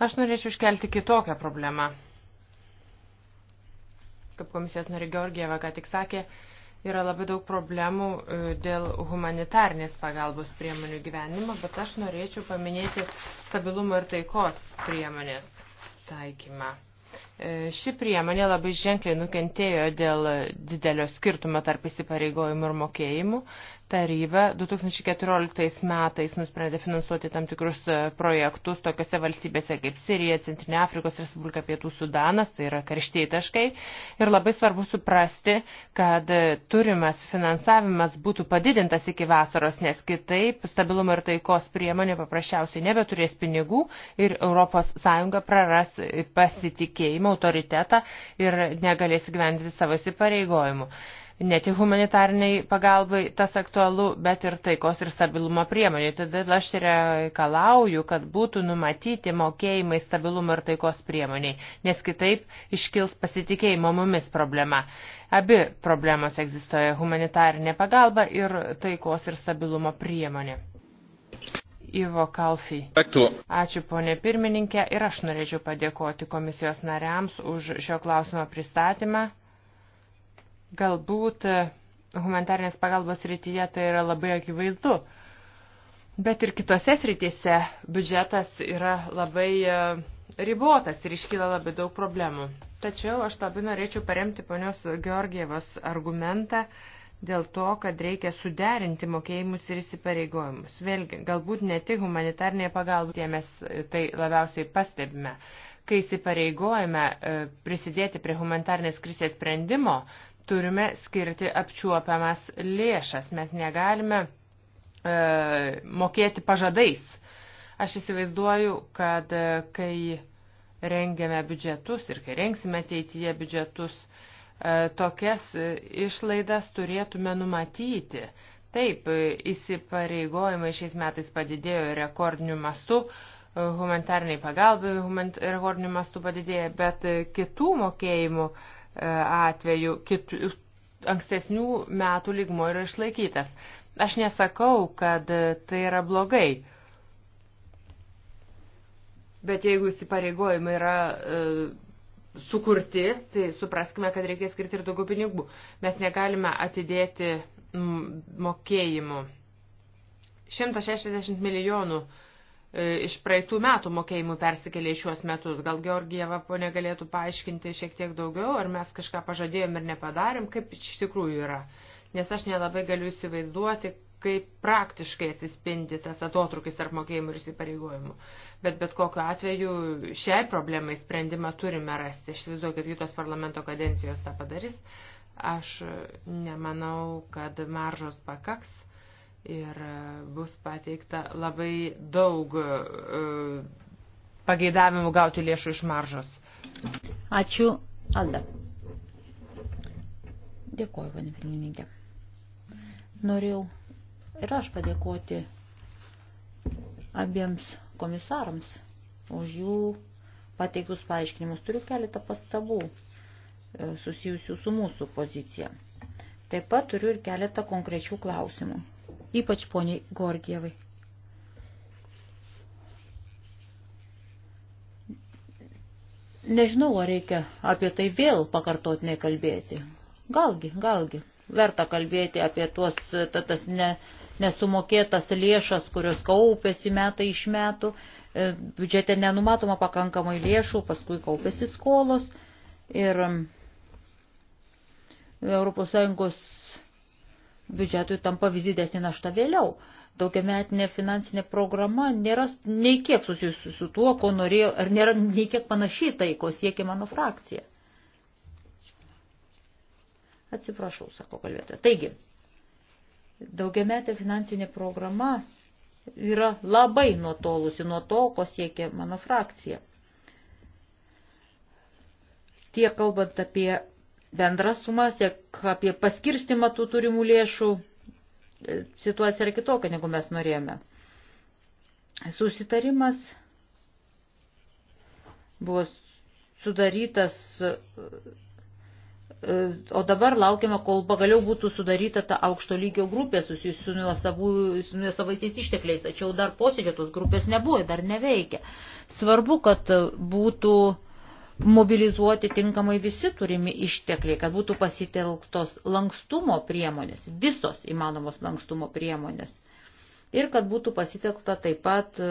Aš norėčiau iškelti kitokią problemą. Kaip komisijos nari Georgieva ką tik sakė, Yra labai daug problemų e, dėl humanitarnės pagalbos priemonių gyvenimo, bet aš norėčiau paminėti stabilumo ir taikos priemonės taikymą. E, ši priemonė labai ženkliai nukentėjo dėl didelio skirtumo tarp įsipareigojimų ir mokėjimų taryba 2014 metais nusprendė finansuoti tam tikrus e, projektus tokiose valstybėse kaip Sirija, Centrinė Afrikos Respublika, Pietų Sudanas, tai yra karštieji taškai. Ir labai svarbu suprasti, kad e, turimas finansavimas būtų padidintas iki vasaros, nes kitaip stabilumo ir taikos priemonė paprasčiausiai nebeturės pinigų ir ES praras pasitikėjimą, autoritetą ir negalės gyventi savo įsipareigojimų ne tik humanitariniai pagalbai tas aktualu, bet ir taikos ir stabilumo priemonė. Tada aš reikalauju, kad būtų numatyti mokėjimai stabilumo ir taikos priemoniai, nes kitaip iškils pasitikėjimo mumis problema. Abi problemos egzistuoja - humanitarinė pagalba ir taikos ir stabilumo priemonė. Ivo Kalfi. Ačiū ponė pirmininkė ir aš norėčiau padėkoti komisijos nariams už šio klausimo pristatymą Galbūt e, humanitarnės pagalbos rytyje tai yra labai akivaizdu, bet ir kitose srityse biudžetas yra labai e, ribotas ir iškyla labai daug problemų. Tačiau aš labai norėčiau paremti ponios Georgievos argumentą dėl to, kad reikia suderinti mokėjimus ir įsipareigojimus. Vėlgi, galbūt ne tik humanitarnėje pagalboje mes tai labiausiai pastebime. Kai įsipareigojame e, prisidėti prie humanitarnės krisės sprendimo, turime skirti apčiuopiamas lėšas. Mes negalime e, mokėti pažadais. Aš įsivaizduoju, kad e, kai rengiame biudžetus ir kai rengsime ateityje biudžetus, e, tokias e, išlaidas turėtume numatyti. Taip, e, įsipareigojimai šiais metais padidėjo rekordiniu mastu, e, humanitarniai pagalbai humant, rekordiniu mastu padidėjo, bet e, kitų mokėjimų e, atveju kitų, ankstesnių metų lygmo yra išlaikytas. Aš nesakau, kad tai yra blogai. Bet jeigu įsipareigojimai yra e, sukurti, tai supraskime, kad reikės skirti ir daugiau pinigų. Mes negalime atidėti mokėjimų. 160 milijonų e, E, iš praeitų metų mokėjimų persikėlė į šiuos metus. Gal Georgieva ponė galėtų paaiškinti šiek tiek daugiau, ar mes kažką pažadėjom ir nepadarėm, kaip iš tikrųjų yra. Nes aš nelabai galiu įsivaizduoti, kaip praktiškai atsispindi tas atotrukis tarp mokėjimų ir įsipareigojimų. Bet bet kokiu atveju šiai problemai sprendimą turime rasti. Aš įsivaizduoju, kad kitos parlamento kadencijos tą padarys. Aš nemanau, kad maržos pakaks ir e, bus pateikta labai daug e, pageidavimų gauti lėšų iš maržos. Ačiū, Alda. Dėkuoju, panė pirmininkė. Norėjau ir aš padėkoti abiems komisarams už jų pateiktus paaiškinimus. Turiu keletą pastabų e, susijusių su mūsų pozicija. Taip pat turiu ir keletą konkrečių klausimų ypač poniai Gorgievai. Nežinau, ar reikia apie tai vėl pakartotinai kalbėti. Galgi, galgi, verta kalbėti apie tuos, tas ne, nesumokėtas lėšas, kurios kaupėsi metai iš metų, e, biudžete nenumatoma pakankamai lėšų, paskui kaupėsi skolos ir ES biudžetui tampa vis didesnė našta vėliau. Tokia metinė finansinė programa nėra nei kiek susijusi su tuo, ko norėjo, ar nėra nei kiek panašiai tai, ko siekia mano frakcija. Atsiprašau, sako kalbėtoja. Taigi, daugiametė finansinė programa yra labai nuotolusi nuo to, ko siekia mano frakcija. Tiek kalbant apie bendrą sumą, tiek apie paskirstimą tų turimų lėšų. E, situacija yra kitokia, negu mes norėjome. Susitarimas buvo sudarytas, e, e, o dabar laukiame, kol pagaliau būtų sudaryta ta aukšto lygio grupė susijusi su nuosavaisiais ištekliais, tačiau dar posėdžio tos grupės nebuvo, dar neveikia. Svarbu, kad būtų uh, mobilizuoti tinkamai visi turimi ištekliai, kad būtų pasitelktos lankstumo priemonės, visos įmanomos lankstumo priemonės. Ir kad būtų pasitelkta taip pat e,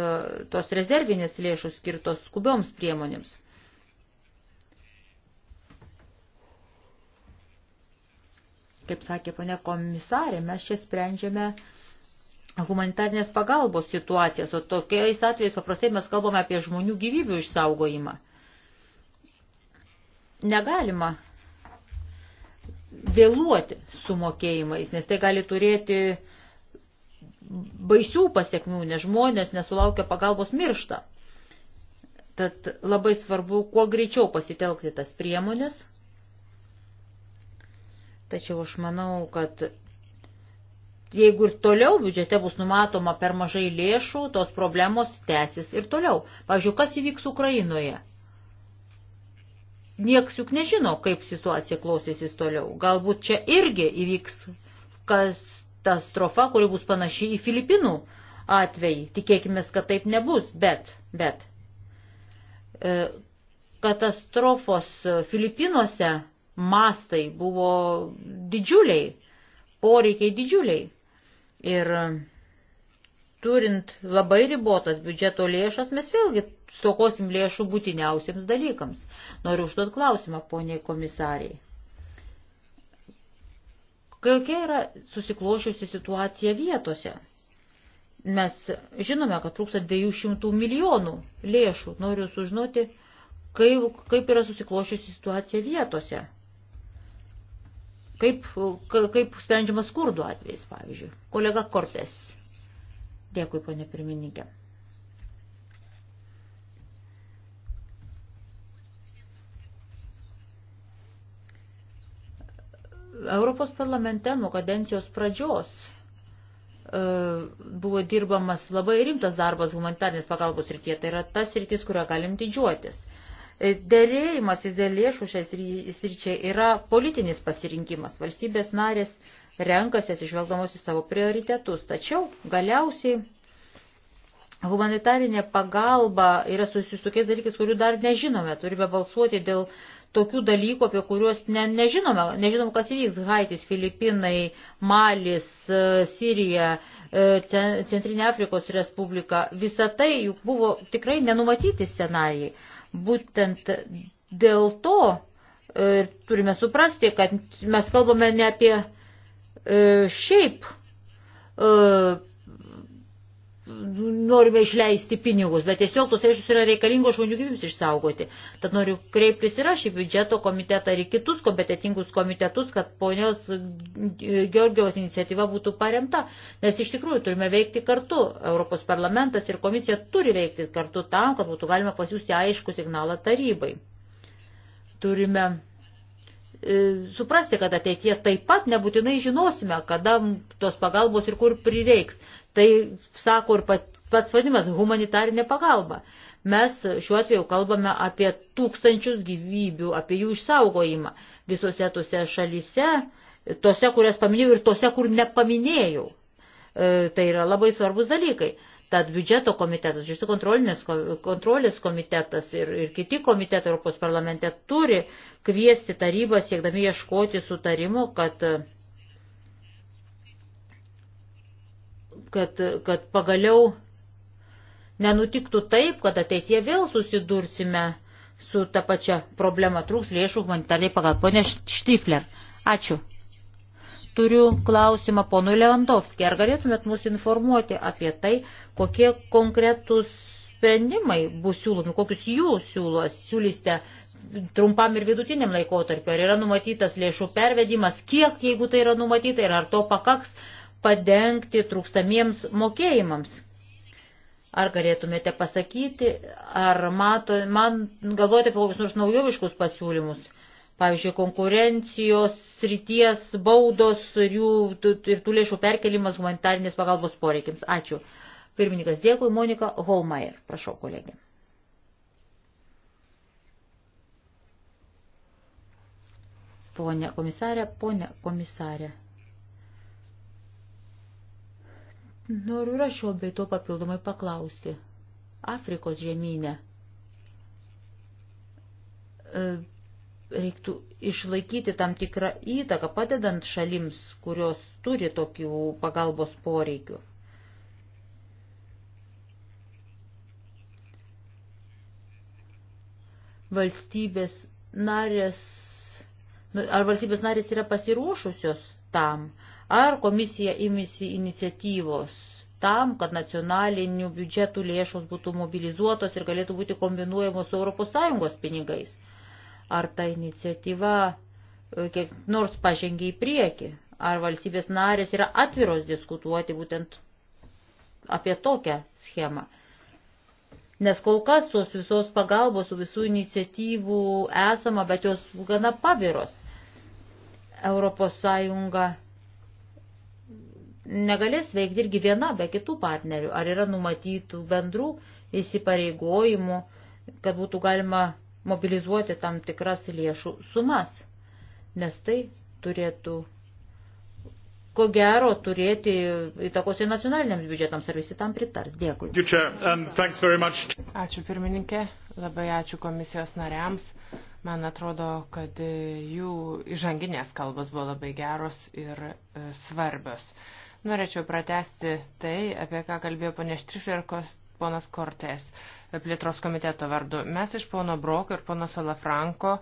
tos rezervinės lėšos skirtos skubioms priemonėms. Kaip sakė ponia komisarė, mes čia sprendžiame humanitarnės pagalbos situacijas, o tokiais atvejais paprastai mes kalbame apie žmonių gyvybių išsaugojimą negalima vėluoti su mokėjimais, nes tai gali turėti baisių pasiekmių, nes žmonės nesulaukia pagalbos miršta. Tad labai svarbu kuo greičiau pasitelkti tas priemonės. Tačiau aš manau, kad jeigu ir toliau biudžete bus numatoma per mažai lėšų, tos problemos tęsis ir toliau. Pavyzdžiui, kas įvyks Ukrainoje? nieks juk nežino, kaip situacija klausysis toliau. Galbūt čia irgi įvyks katastrofa, kuri bus panaši į Filipinų atvejį. Tikėkime, kad taip nebus, bet, bet. E, katastrofos Filipinuose mastai buvo didžiuliai, poreikiai didžiuliai. Ir turint labai ribotas biudžeto lėšas, mes vėlgi stokosim lėšų būtiniausiems dalykams. Noriu užduoti klausimą, poniai komisariai. Kokia yra susiklošiusi situacija vietose? Mes žinome, kad trūksta 200 milijonų lėšų. Noriu sužinoti, kaip, kaip yra susiklošiusi situacija vietose. Kaip, ka, kaip sprendžiamas skurdų atvejais, pavyzdžiui. Kolega Kortes. Dėkui, ponė pirmininkė. Europos parlamente nuo kadencijos pradžios e, buvo dirbamas labai rimtas darbas humanitarnės pagalbos rytie. Tai yra tas rytis, kurią galim didžiuotis. E, Dėrėjimasis dėl lėšų šiais ryčiai yra politinis pasirinkimas. Valstybės narės renkasi atsižvelgdamos į savo prioritetus. Tačiau galiausiai humanitarinė pagalba yra susijusi su tokiais dalykais, kurių dar nežinome. Turime balsuoti dėl uh, tokių dalykų, apie kuriuos ne, nežinome, nežinom, kas įvyks Haitis, Filipinai, Malis, e, Sirija, e, Centrinė Afrikos Respublika. Visa tai juk buvo tikrai nenumatyti scenarijai. Būtent dėl to e, turime suprasti, kad mes kalbame ne apie e, šiaip e, norime išleisti pinigus, bet tiesiog tos lėšos yra reikalingos žmonių gyvybėms išsaugoti. Tad noriu kreiptis ir aš į biudžeto komitetą ir į kitus kompetitingus komitetus, kad ponios Georgijos iniciatyva būtų paremta, nes iš tikrųjų turime veikti kartu. Europos parlamentas ir komisija turi veikti kartu tam, kad būtų galima pasiūsti aišku signalą tarybai. Turime e, suprasti, kad ateitie taip pat nebūtinai žinosime, kada tos pagalbos ir kur prireiks. Tai sako ir pats vadinimas humanitarinė pagalba. Mes šiuo atveju kalbame apie tūkstančius gyvybių, apie jų išsaugojimą visose tose šalise, tose, kurias paminėjau ir tose, kur nepaminėjau. E, tai yra labai svarbus dalykai. Tad biudžeto komitetas, šis kontrolės komitetas ir, ir kiti komitetai Europos parlamente turi kviesti tarybą siekdami ieškoti sutarimo, kad kad, kad pagaliau nenutiktų taip, kad ateitie vėl susidursime su ta pačia problema trūks lėšų humanitariai pagal. Pone Štifler, ačiū. Turiu klausimą ponui Levandovskijai. Ar galėtumėt mus informuoti apie tai, kokie konkretūs sprendimai bus siūlomi, kokius jų siūlos, siūlysite trumpam ir vidutiniam laikotarpiu, ar yra numatytas lėšų pervedimas, kiek, jeigu tai yra numatyta ir ar to pakaks, padengti trūkstamiems mokėjimams. Ar galėtumėte pasakyti, ar mato, man galvojate apie kokius nors naujoviškus pasiūlymus, pavyzdžiui, konkurencijos srities baudos ir, jų, ir tų lėšų perkelimas humanitarinės pagalbos poreikiams. Ačiū. Pirmininkas, dėkui, Monika Holmeier. Prašau, kolegė. Pone komisarė, pone komisarė. Noriu ir aš jo bei to papildomai paklausti. Afrikos žemynė. E, reiktų išlaikyti tam tikrą įtaką, padedant šalims, kurios turi tokių pagalbos poreikių. Valstybės narės, nu, ar valstybės narės yra pasiruošusios tam, uh, Ar komisija imisi iniciatyvos tam, kad nacionalinių biudžetų lėšos būtų mobilizuotos ir galėtų būti kombinuojamos su ES pinigais? Ar ta iniciatyva e, kiek nors pažengia į priekį? Ar valstybės narės yra atviros diskutuoti būtent apie tokią schemą? Nes kol kas tos visos pagalbos, visų iniciatyvų esama, bet jos gana paviros. Europos Sąjunga negalės veikti irgi viena be kitų partnerių. Ar yra numatytų bendrų įsipareigojimų, kad būtų galima mobilizuoti tam tikras lėšų sumas, nes tai turėtų ko gero turėti įtakos ir nacionaliniams biudžetams, ar visi tam pritars. Dėkui. Ačiū pirmininkė, labai ačiū komisijos nariams. Man atrodo, kad e, jų įžanginės kalbos buvo labai geros ir e, svarbios. Norėčiau pratesti tai, apie ką kalbėjo ponė Štrifer ir ponas Kortės plėtros komiteto vardu. Mes iš pono Broko ir pono Salafranko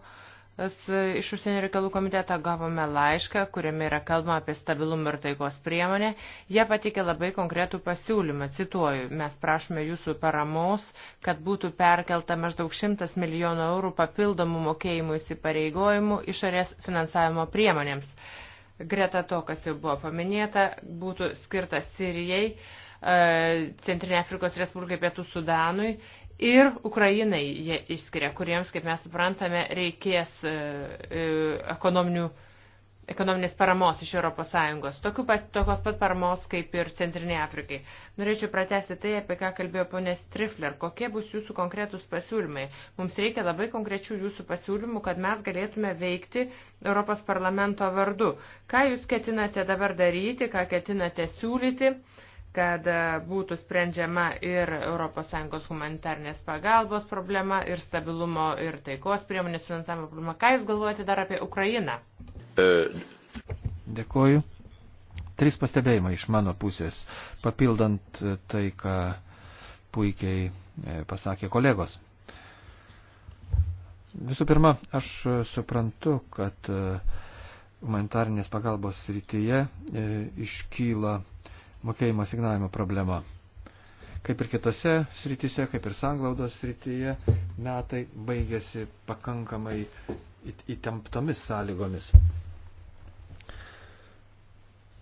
iš užsienio reikalų komiteto gavome laišką, kuriame yra kalbama apie stabilumą ir taikos priemonę. Jie patikė labai konkretų pasiūlymą. Cituoju, mes prašome jūsų paramos, kad būtų perkelta maždaug 100 milijonų eurų papildomų mokėjimų įsipareigojimų išorės finansavimo priemonėms Greta to, kas jau buvo paminėta, būtų skirta Sirijai, e, Centrinė Afrikos Respublikai, Pietų Sudanui ir Ukrainai jie išskiria, kuriems, kaip mes suprantame, reikės e, e, ekonominių ekonominės paramos iš ES, Tokiu pat, tokios pat paramos kaip ir Centriniai Afrikai. Norėčiau pratesti tai, apie ką kalbėjo ponė Strifler. Kokie bus jūsų konkretūs pasiūlymai? Mums reikia labai konkrečių jūsų pasiūlymų, kad mes galėtume veikti Europos parlamento vardu. Ką jūs ketinate dabar daryti, ką ketinate siūlyti? kad e, būtų sprendžiama ir ES humanitarnės pagalbos problema, ir stabilumo, ir taikos priemonės finansavimo problema. Ką Jūs galvojate dar apie Ukrainą? Dėkoju. Trys pastebėjimai iš mano pusės, papildant e, tai, ką puikiai e, pasakė kolegos. Visų pirma, aš e, suprantu, kad humanitarnės pagalbos srityje iškyla mokėjimo signavimo problema. Kaip ir kitose srityse, kaip ir sanglaudos srityje, metai baigėsi pakankamai įtemptomis sąlygomis.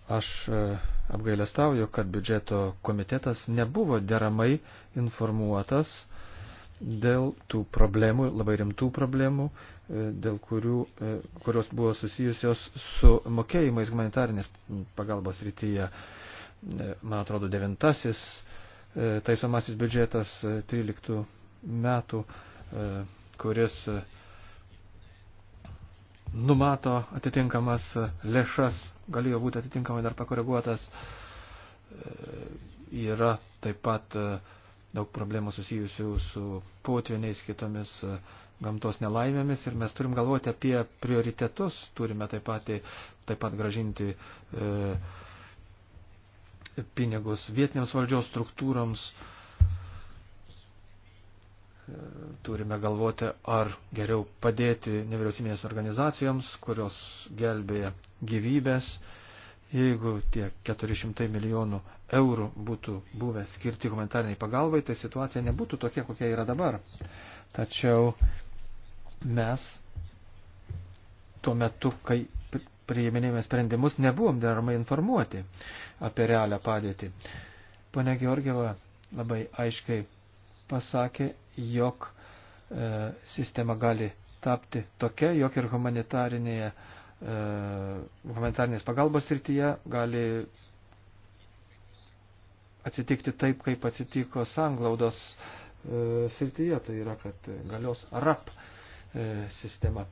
Aš e, apgailestauju, kad biudžeto komitetas nebuvo deramai informuotas dėl tų problemų, labai rimtų problemų, e, dėl kurių, e, kurios buvo susijusios su mokėjimais humanitarinės pagalbos rytyje. Man atrodo, devintasis taisomasis biudžetas 13 metų, kuris numato atitinkamas lėšas galėjo būti atitinkamai dar pakoreguotas. E, yra taip pat e, daug problemų susijusių su potviniais kitomis e, gamtos nelaimėmis ir mes turim galvoti apie prioritetus, turime taip pat, taip pat gražinti e, pinigus vietiniams valdžios struktūroms. E, turime galvoti, ar geriau padėti nevyriausybinės organizacijoms, kurios gelbėja gyvybės. Jeigu tie 400 milijonų eurų būtų buvę skirti humanitariniai pagalbai, tai situacija nebūtų tokia, kokia yra dabar. Tačiau mes tuo metu, kai priiminėjome sprendimus, nebuvom deramai informuoti apie realią padėtį. Pone Georgieva labai aiškiai pasakė jog e, sistema gali tapti tokia, jog ir humanitarinėje, e, humanitarinės pagalbos srityje gali atsitikti taip, kaip atsitiko sanglaudos e, srityje, tai yra, kad galios RAP e, sistema.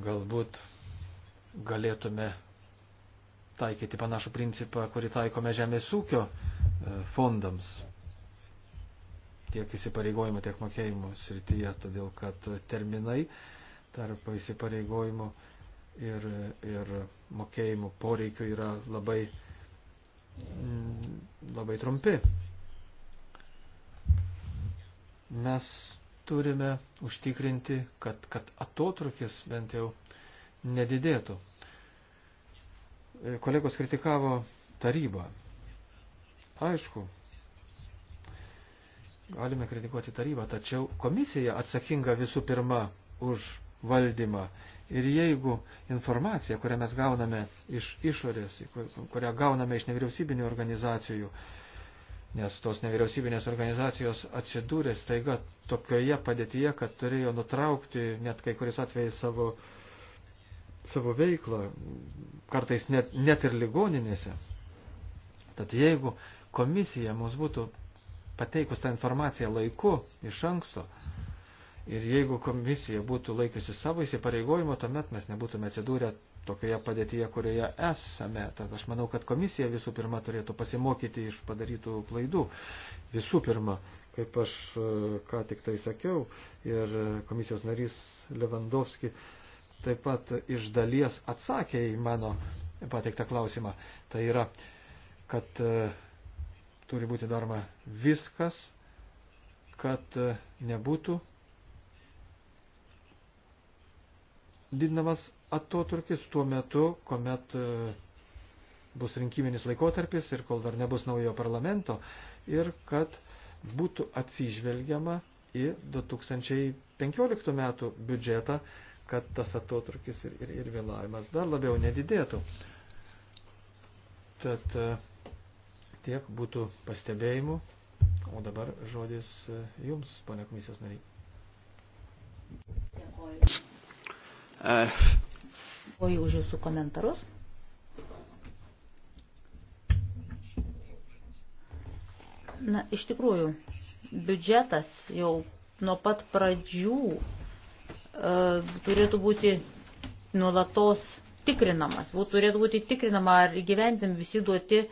Galbūt galėtume taikyti panašų principą, kurį taikome žemės ūkio e, fondams tiek įsipareigojimo, tiek mokėjimo srityje, todėl kad terminai tarp įsipareigojimo ir, ir mokėjimų poreikių yra labai, mm, labai trumpi. Mes turime užtikrinti, kad, kad atotrukis bent jau nedidėtų. Kolegos kritikavo tarybą. Aišku, Galime kritikuoti tarybą, tačiau komisija atsakinga visų pirma už valdymą. Ir jeigu informacija, kurią mes gauname iš išorės, kurią gauname iš nevyriausybinių organizacijų, nes tos nevyriausybinės organizacijos atsidūrė staiga tokioje padėtyje, kad turėjo nutraukti net kai kuris atvejais savo, savo veiklą, kartais net, net ir ligoninėse. Tad jeigu komisija mums būtų pateikus tą informaciją laiku iš anksto. Ir jeigu komisija būtų laikiusi savo įsipareigojimo, tuomet mes nebūtume atsidūrę tokioje padėtyje, kurioje esame. Tad aš manau, kad komisija visų pirma turėtų pasimokyti iš padarytų klaidų. Visų pirma, kaip aš e, ką tik tai sakiau, ir komisijos narys Levandovski taip pat iš dalies atsakė į mano pateiktą klausimą. Tai yra, kad e, turi būti daroma viskas, kad e, nebūtų didinamas atotrukis tuo metu, kuomet e, bus rinkiminis laikotarpis ir kol dar nebus naujo parlamento ir kad būtų atsižvelgiama į 2015 metų biudžetą, kad tas atotrukis ir, ir, ir vėlavimas dar labiau nedidėtų. Tad uh, Tiek būtų pastebėjimų. O dabar žodis e, jums, ponia komisijos nariai. Dėkoju už jūsų komentarus. Na, iš tikrųjų, biudžetas jau nuo pat pradžių e, turėtų būti nuolatos tikrinamas. Būtų, turėtų būti tikrinama, ar gyventim visi duoti e,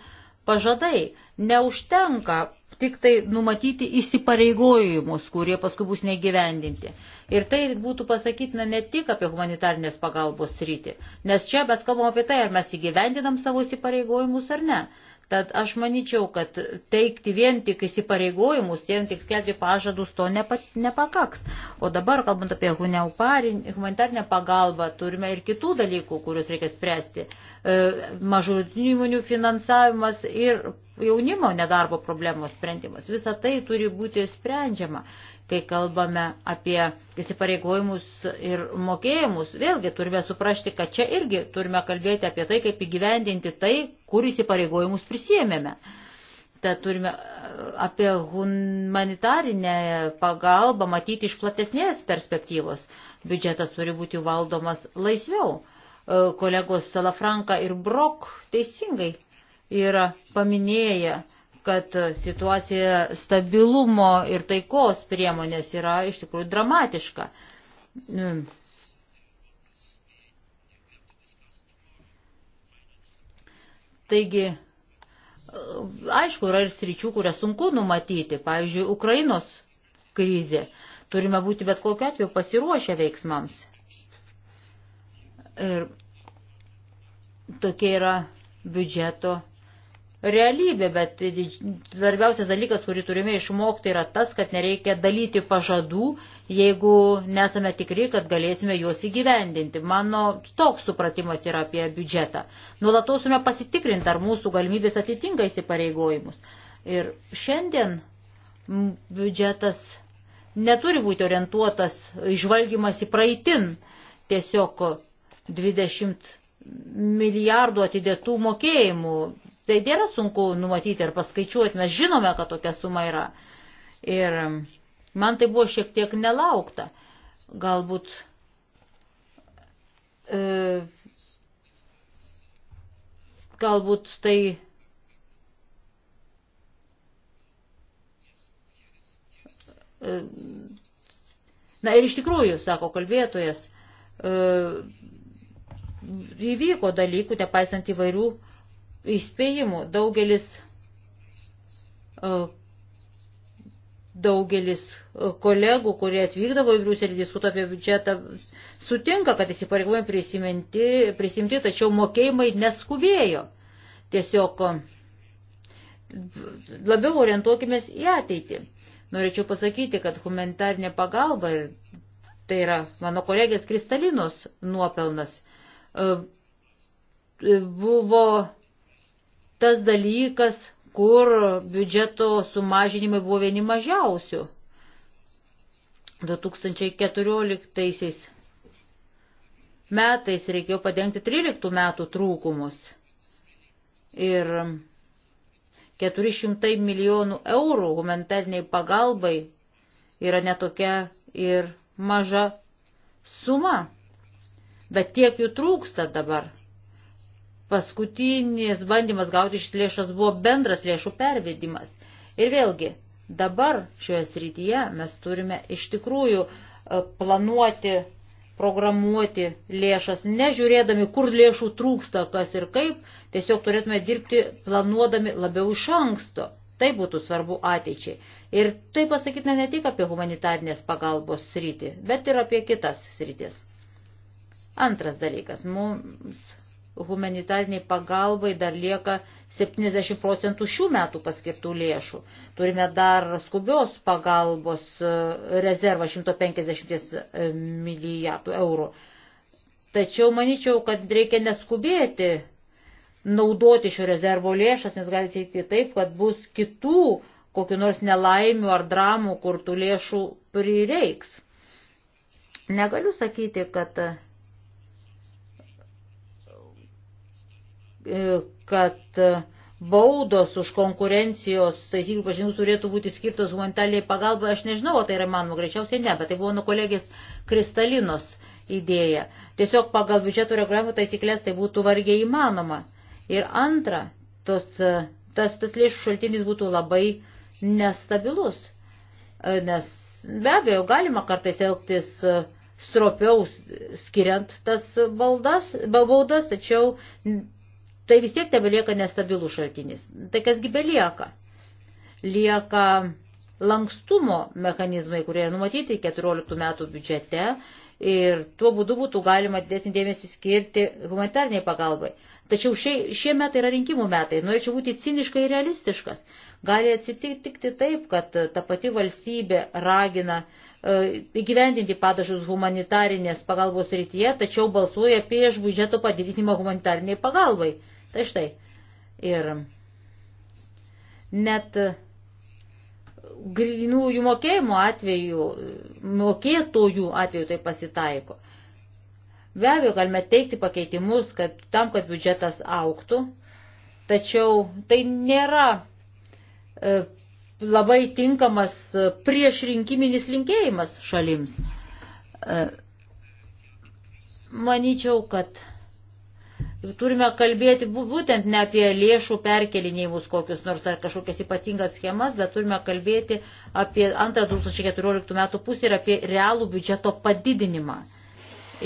pažadai. Neužtenka tik tai numatyti įsipareigojimus, kurie paskui bus negyvendinti. Ir tai būtų pasakytina ne tik apie humanitarnės pagalbos rytį, nes čia mes kalbam apie tai, ar mes įgyvendinam savo įsipareigojimus ar ne. Tad aš manyčiau, kad teikti vien tik įsipareigojimus, vien tik skelbti pažadus, to nepa, nepakaks. O dabar, kalbant apie humanitarinę pagalbą, turime ir kitų dalykų, kuriuos reikia spręsti. E, Mažutinių įmonių finansavimas ir jaunimo nedarbo problemos sprendimas. Visa tai turi būti sprendžiama kai kalbame apie įsipareigojimus ir mokėjimus, vėlgi turime suprasti, kad čia irgi turime kalbėti apie tai, kaip įgyvendinti tai, kur įsipareigojimus prisėmėme. Tad turime e, apie humanitarinę pagalbą matyti iš platesnės perspektyvos. Biudžetas turi būti valdomas laisviau. E, kolegos Salafranka ir Brok teisingai yra paminėję kad situacija stabilumo ir taikos priemonės yra iš tikrųjų dramatiška. Taigi, aišku, yra ir sričių, kurias sunku numatyti. Pavyzdžiui, Ukrainos krizė. Turime būti bet kokiu atveju pasiruošę veiksmams. Ir tokie yra biudžeto realybė, bet svarbiausias dalykas, kurį turime išmokti, yra tas, kad nereikia dalyti pažadų, jeigu nesame tikri, kad galėsime juos įgyvendinti. Mano toks supratimas yra apie biudžetą. Nulatos turime pasitikrinti, ar mūsų galimybės atitinka įsipareigojimus. Ir šiandien biudžetas neturi būti orientuotas išvalgymas į praeitin. Tiesiog 20 milijardų atidėtų mokėjimų Tai nėra sunku numatyti ir paskaičiuoti, mes žinome, kad tokia suma yra. Ir man tai buvo šiek tiek nelaukta. Galbūt. E, galbūt tai. E, na ir iš tikrųjų, sako kalbėtojas, e, įvyko dalykų, nepaisant įvairių įspėjimų. Daugelis, e, daugelis e, kolegų, kurie atvykdavo į Briuselį diskutuoti apie biudžetą, sutinka, kad įsipareigojimai prisimti, tačiau mokėjimai neskubėjo. Tiesiog e, labiau orientuokimės į ateitį. Norėčiau pasakyti, kad humanitarinė pagalba, tai yra mano kolegės Kristalinos nuopelnas, buvo tas dalykas, kur biudžeto sumažinimai buvo vieni mažiausių. 2014 metais reikėjo padengti 13 metų trūkumus. Ir 400 milijonų eurų humanitariniai pagalbai yra netokia ir maža suma. Bet tiek jų trūksta dabar paskutinis bandymas gauti šis lėšas buvo bendras lėšų pervedimas. Ir vėlgi, dabar šioje srityje mes turime iš tikrųjų e, planuoti, programuoti lėšas, nežiūrėdami, kur lėšų trūksta, kas ir kaip, tiesiog turėtume dirbti planuodami labiau iš anksto. Tai būtų svarbu ateičiai. Ir tai pasakytume ne tik apie humanitarnės pagalbos sritį, bet ir apie kitas sritis. Antras dalykas, mums humanitariniai pagalbai dar lieka 70 procentų šių metų paskirtų lėšų. Turime dar skubios pagalbos e, rezervą 150 e, milijardų eurų. Tačiau manyčiau, kad reikia neskubėti naudoti šio rezervo lėšas, nes gali atsitikti taip, kad bus kitų kokiu nors nelaimių ar dramų, kur tų lėšų prireiks. Negaliu sakyti, kad kad baudos už konkurencijos taisyklių pažinimus turėtų būti skirtos humanitariai pagalbai. Aš nežinau, o tai yra manoma, greičiausiai ne, bet tai buvo nuo kolegės Kristalinos idėja. Tiesiog pagal biudžeto reguliavimo taisyklės tai būtų vargiai įmanoma. Ir antra, tos, tas, tas lėšų šaltinis būtų labai nestabilus, nes be abejo galima kartais elgtis stropiau skiriant tas baldas, baudas, tačiau tai vis tiek tebelieka nestabilų šaltinis. Tai kasgi belieka? Lieka lankstumo mechanizmai, kurie yra numatyti 14 metų biudžete ir tuo būdu būtų galima didesnį dėmesį skirti humanitarniai pagalbai. Tačiau šie, šie metai yra rinkimų metai. Norėčiau būti ciniškai realistiškas. Gali atsitikti taip, kad ta pati valstybė ragina e, įgyvendinti e, padažus humanitarinės pagalbos rytyje, tačiau balsuoja prieš biudžeto padidinimą humanitariniai pagalbai. Tai štai. Ir net grinųjų mokėjimų atveju, mokėtojų atveju tai pasitaiko. Be abejo, galime teikti pakeitimus, kad tam, kad biudžetas auktų, tačiau tai nėra e, labai tinkamas priešrinkiminis linkėjimas šalims. E, manyčiau, kad turime kalbėti būtent ne apie lėšų perkelinėjimus kokius nors ar kažkokias ypatingas schemas, bet turime kalbėti apie antrą 2014 metų pusę ir apie realų biudžeto padidinimą.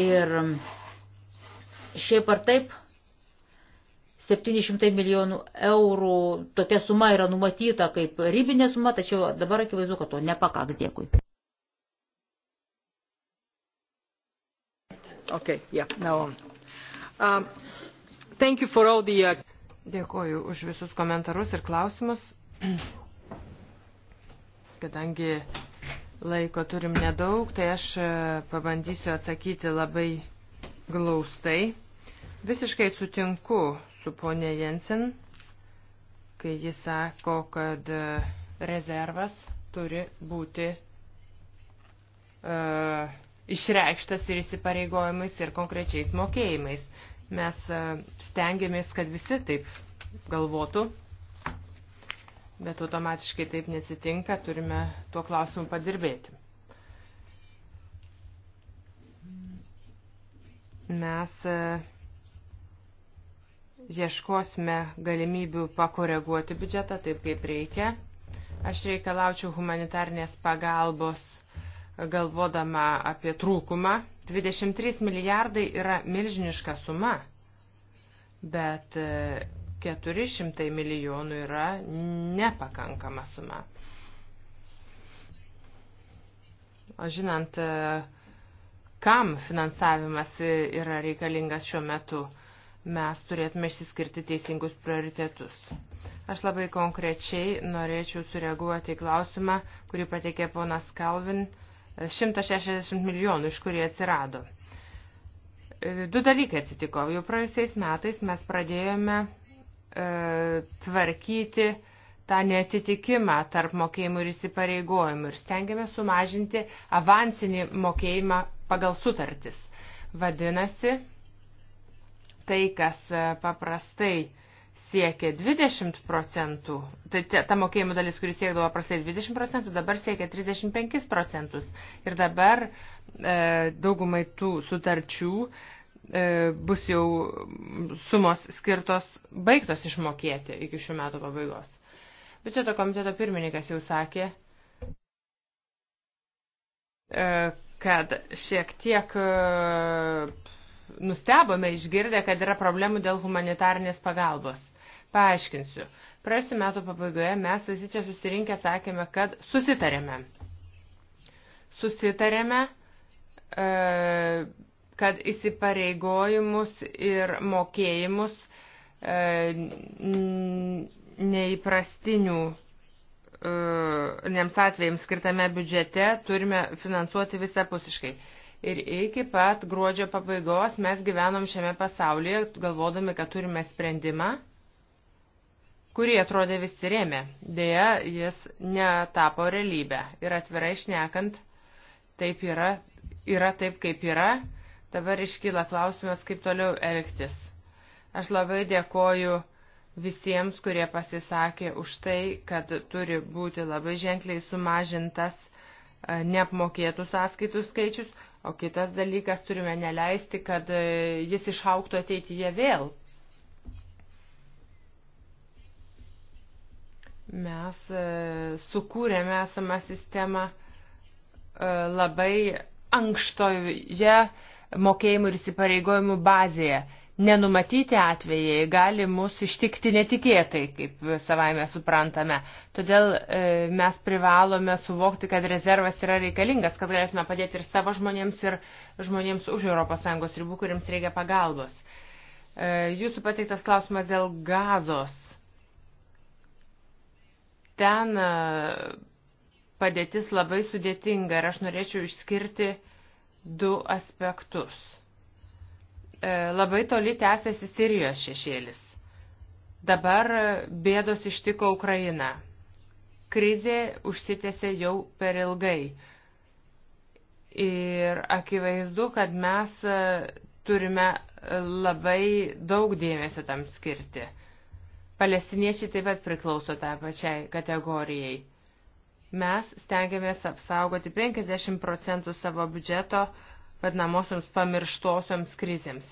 Ir mm, šiaip ar taip 700 milijonų eurų tokia suma yra numatyta kaip ribinė suma, tačiau dabar akivaizdu, kad to nepakaks. Dėkui. Okay, yeah, now on. Um, The... Uh, Dėkoju už visus komentarus ir klausimus. Kadangi laiko turim nedaug, tai aš e, pabandysiu atsakyti labai glaustai. Visiškai sutinku su ponė Jensen, kai jis sako, kad e, rezervas turi būti uh, išreikštas ir įsipareigojimais ir konkrečiais mokėjimais. Mes e, stengiamės, kad visi taip galvotų, bet automatiškai taip nesitinka, turime tuo klausimu padirbėti. Mes e, ieškosime galimybių pakoreguoti biudžetą taip, kaip reikia. Aš reikalaučiau humanitarnės pagalbos galvodama apie trūkumą 23 milijardai yra milžiniška suma, bet 400 e, milijonų yra nepakankama suma. O žinant, e, kam finansavimas yra reikalingas šiuo metu, mes turėtume išsiskirti teisingus prioritetus. Aš labai konkrečiai norėčiau sureaguoti į klausimą, kurį pateikė ponas Kalvin 160 milijonų, iš kurie atsirado. Du dalykai atsitiko. Jau praėjusiais metais mes pradėjome e, tvarkyti tą netitikimą tarp mokėjimų ir įsipareigojimų ir stengiame sumažinti avansinį mokėjimą pagal sutartis. Vadinasi, tai, kas e, paprastai e, siekia 20 procentų, tai ta mokėjimų dalis, kuris siekdavo prastai 20 procentų, dabar siekia 35 procentus. Ir dabar e, daugumai tų sutarčių e, bus jau sumos skirtos baigtos išmokėti iki šių metų pabaigos. Biudžeto komiteto pirmininkas jau sakė, e, kad šiek tiek. E, nustebome išgirdę, kad yra problemų dėl humanitarnės pagalbos. Paaiškinsiu. Praėjusiu metu pabaigoje mes visi čia susirinkę sakėme, kad susitarėme. Susitarėme, e, kad įsipareigojimus ir mokėjimus e, neįprastinių e, nems atvejams skirtame biudžete turime finansuoti visapusiškai. Ir iki pat gruodžio pabaigos mes gyvenom šiame pasaulyje, galvodami, kad turime sprendimą kurį atrodė visi rėmė. Deja, jis netapo realybę. Ir atvirai šnekant, taip yra, yra taip, kaip yra. Dabar iškyla klausimas, kaip toliau elgtis. Aš labai dėkoju visiems, kurie pasisakė už tai, kad turi būti labai ženkliai sumažintas e, neapmokėtų sąskaitų skaičius, o kitas dalykas turime neleisti, kad e, jis išauktų ateityje vėl Mes e, sukūrėme esamą sistemą e, labai ankštoje mokėjimų ir įsipareigojimų bazėje. Nenumatyti atvejai gali mus ištikti netikėtai, kaip savaime suprantame. Todėl e, mes privalome suvokti, kad rezervas yra reikalingas, kad galėsime padėti ir savo žmonėms, ir žmonėms už ES ribų, kuriems reikia pagalbos. Jūsų pateiktas klausimas dėl gazos ten e, padėtis labai sudėtinga ir aš norėčiau išskirti du aspektus. E, labai toli tęsiasi Sirijos šešėlis. Dabar bėdos ištiko Ukrainą. Krizė užsitėse jau per ilgai. Ir akivaizdu, kad mes e, turime labai daug dėmesio tam skirti. Palestiniečiai taip pat priklauso tą pačiai kategorijai. Mes stengiamės apsaugoti 50 procentų savo biudžeto vadinamosioms pamirštosioms krizėms.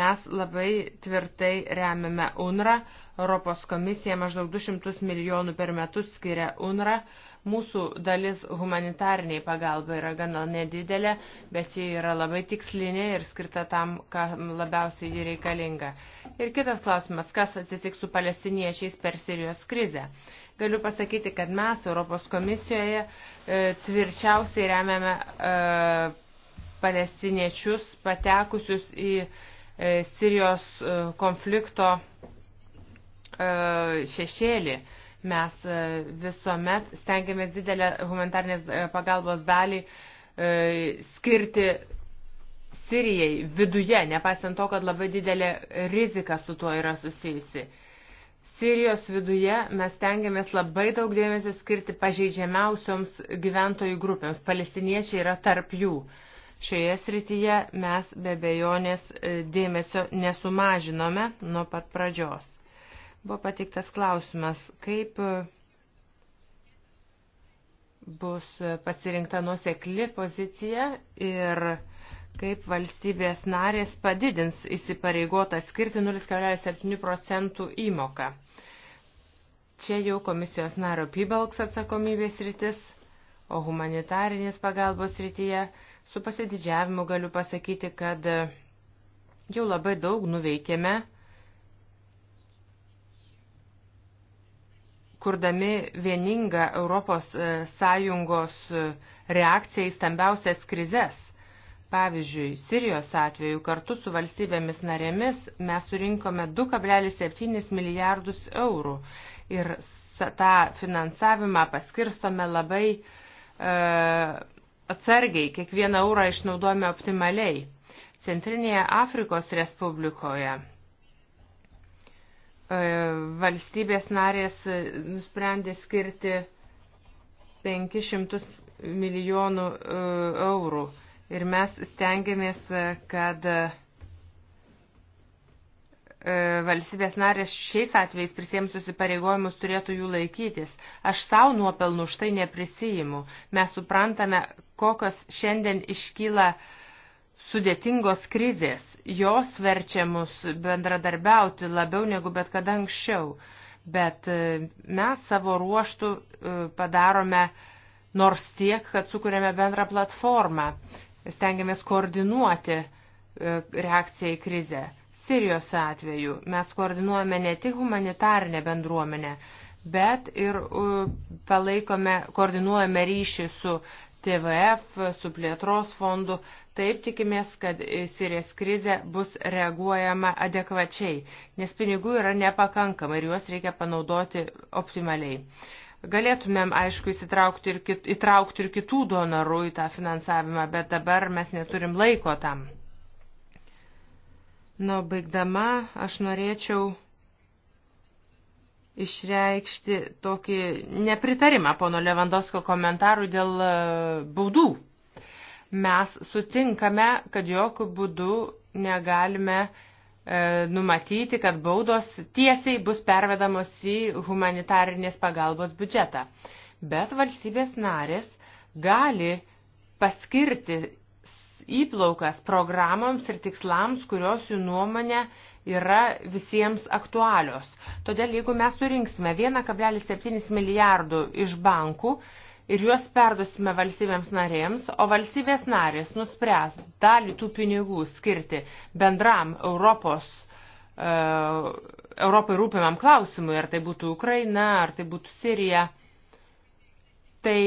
Mes labai tvirtai remiame UNRA, Europos komisija maždaug 200 milijonų per metus skiria UNRA, uh, Mūsų dalis humanitariniai pagalba yra gana nedidelė, bet ji yra labai tikslinė ir skirta tam, kam labiausiai ji reikalinga. Ir kitas klausimas, kas atsitiks su palestiniečiais per Sirijos krizę galiu pasakyti, kad mes Europos komisijoje e, tvirčiausiai remiame e, palestiniečius patekusius į e, Sirijos e, konflikto e, šešėlį. E, Mes e, visuomet stengiamės didelę humanitarnės e, pagalbos dalį e, skirti Sirijai viduje, nepaisant to, kad labai didelė rizika su tuo yra susijusi. Sirijos viduje mes tengiamės labai daug dėmesio skirti pažeidžiamiausioms gyventojų grupėms. Palestiniečiai yra tarp jų. Šioje srityje mes be bejonės dėmesio nesumažinome nuo pat pradžios. Buvo pateiktas klausimas, kaip e, bus pasirinkta nusekli pozicija ir kaip valstybės narės padidins įsipareigotą skirti 0,7 procentų įmoką. Čia jau komisijos nario Pybalks atsakomybės rytis, o humanitarinės pagalbos rytyje su pasididžiavimu galiu pasakyti, kad e, jau labai daug nuveikėme kurdami vieningą Europos e, Sąjungos e, reakciją į stambiausias krizes. Pavyzdžiui, Sirijos atveju kartu su valstybėmis narėmis mes surinkome 2,7 milijardus eurų ir tą finansavimą paskirstome labai e, atsargiai, kiekvieną eurą išnaudojame optimaliai. Centrinėje Afrikos Respublikoje E, valstybės narės nusprendė skirti 500 milijonų e, eurų. Ir mes stengiamės, kad e, valstybės narės šiais atvejais prisėmusius įpareigojimus turėtų jų laikytis. Aš savo nuopelnų štai neprisijimu. Mes suprantame, kokios šiandien iškyla uh, sudėtingos krizės, jos verčia mus bendradarbiauti labiau negu bet kada anksčiau, bet e, mes savo ruoštų e, padarome nors tiek, kad sukūrėme bendrą platformą, stengiamės koordinuoti e, reakciją į krizę. Sirijos atveju mes koordinuojame ne tik humanitarinę bendruomenę, bet ir palaikome, koordinuojame ryšį su TVF, su plėtros fondu, Taip tikimės, kad į Sirijos krizę bus reaguojama adekvačiai, nes pinigų yra nepakankama ir juos reikia panaudoti optimaliai. Galėtumėm, aišku, įtraukti ir, kit, įtraukti ir kitų donorų į tą finansavimą, bet dabar mes neturim laiko tam. Nu, baigdama, aš norėčiau išreikšti tokį nepritarimą pono Levandosko komentarų dėl e, baudų mes sutinkame, kad jokių būdų negalime e, numatyti, kad baudos tiesiai bus pervedamos į humanitarinės pagalbos biudžetą. Bet valstybės narės gali paskirti įplaukas programoms ir tikslams, kurios jų nuomonė yra visiems aktualios. Todėl jeigu mes surinksime 1,7 milijardų iš bankų, ir juos perdosime valstybėms narėms, o valstybės narės nuspręs dalį tų pinigų skirti bendram Europos, e, Europai rūpimam klausimui, ar tai būtų Ukraina, ar tai būtų Sirija. Tai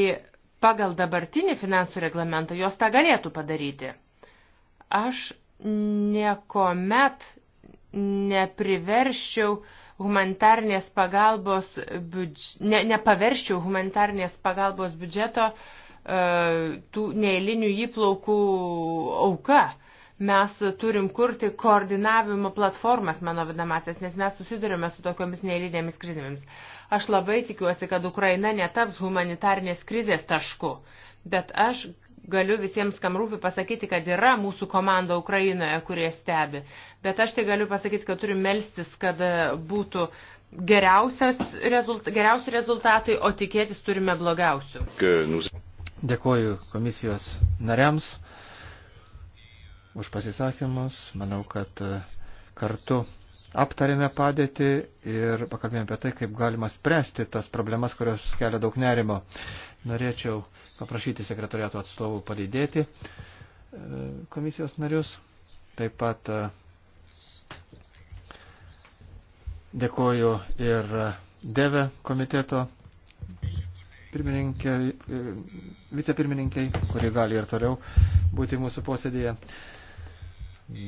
pagal dabartinį finansų reglamentą jos tą galėtų padaryti. Aš niekuomet nepriverščiau uh, humanitarnės pagalbos biudž... ne, nepaverščiau humanitarnės pagalbos biudžeto e, tų neįlinių įplaukų auka mes turim kurti koordinavimo platformas, mano vadinamasias, nes mes susidurime su tokiomis neįlydėmis krizėmis. Aš labai tikiuosi, kad Ukraina netaps humanitarnės krizės tašku, bet aš galiu visiems, kam rūpi, pasakyti, kad yra mūsų komanda Ukrainoje, kurie stebi. Bet aš tai galiu pasakyti, kad turim melstis, kad e, būtų rezult, geriausi rezultatai, o tikėtis turime blogiausių. Dėkuoju komisijos nariams už pasisakymus. Manau, kad e, kartu aptarėme padėtį ir pakalbėjome apie tai, kaip galima spręsti tas problemas, kurios kelia daug nerimo norėčiau paprašyti sekretariato atstovų palydėti e, komisijos narius. Taip pat e, dėkoju ir e, Deve komiteto vicepirmininkiai, kuri gali ir toliau būti mūsų posėdėje,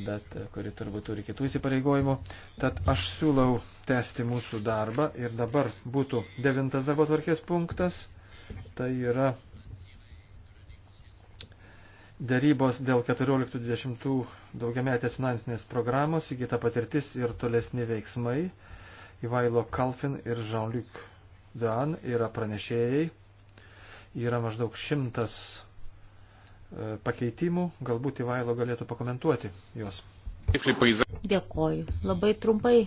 bet kuri turbūt turi kitų įsipareigojimų. Tad aš siūlau tęsti mūsų darbą ir dabar būtų devintas darbo tvarkės punktas Tai yra dėrybos dėl 14-20 daugiametės finansinės programos, įgyta patirtis ir tolesni veiksmai. Ivailo Kalfin ir Jean-Luc Dan yra pranešėjai. Yra maždaug šimtas e, pakeitimų, galbūt Ivailo galėtų pakomentuoti juos. Dėkoju. Labai trumpai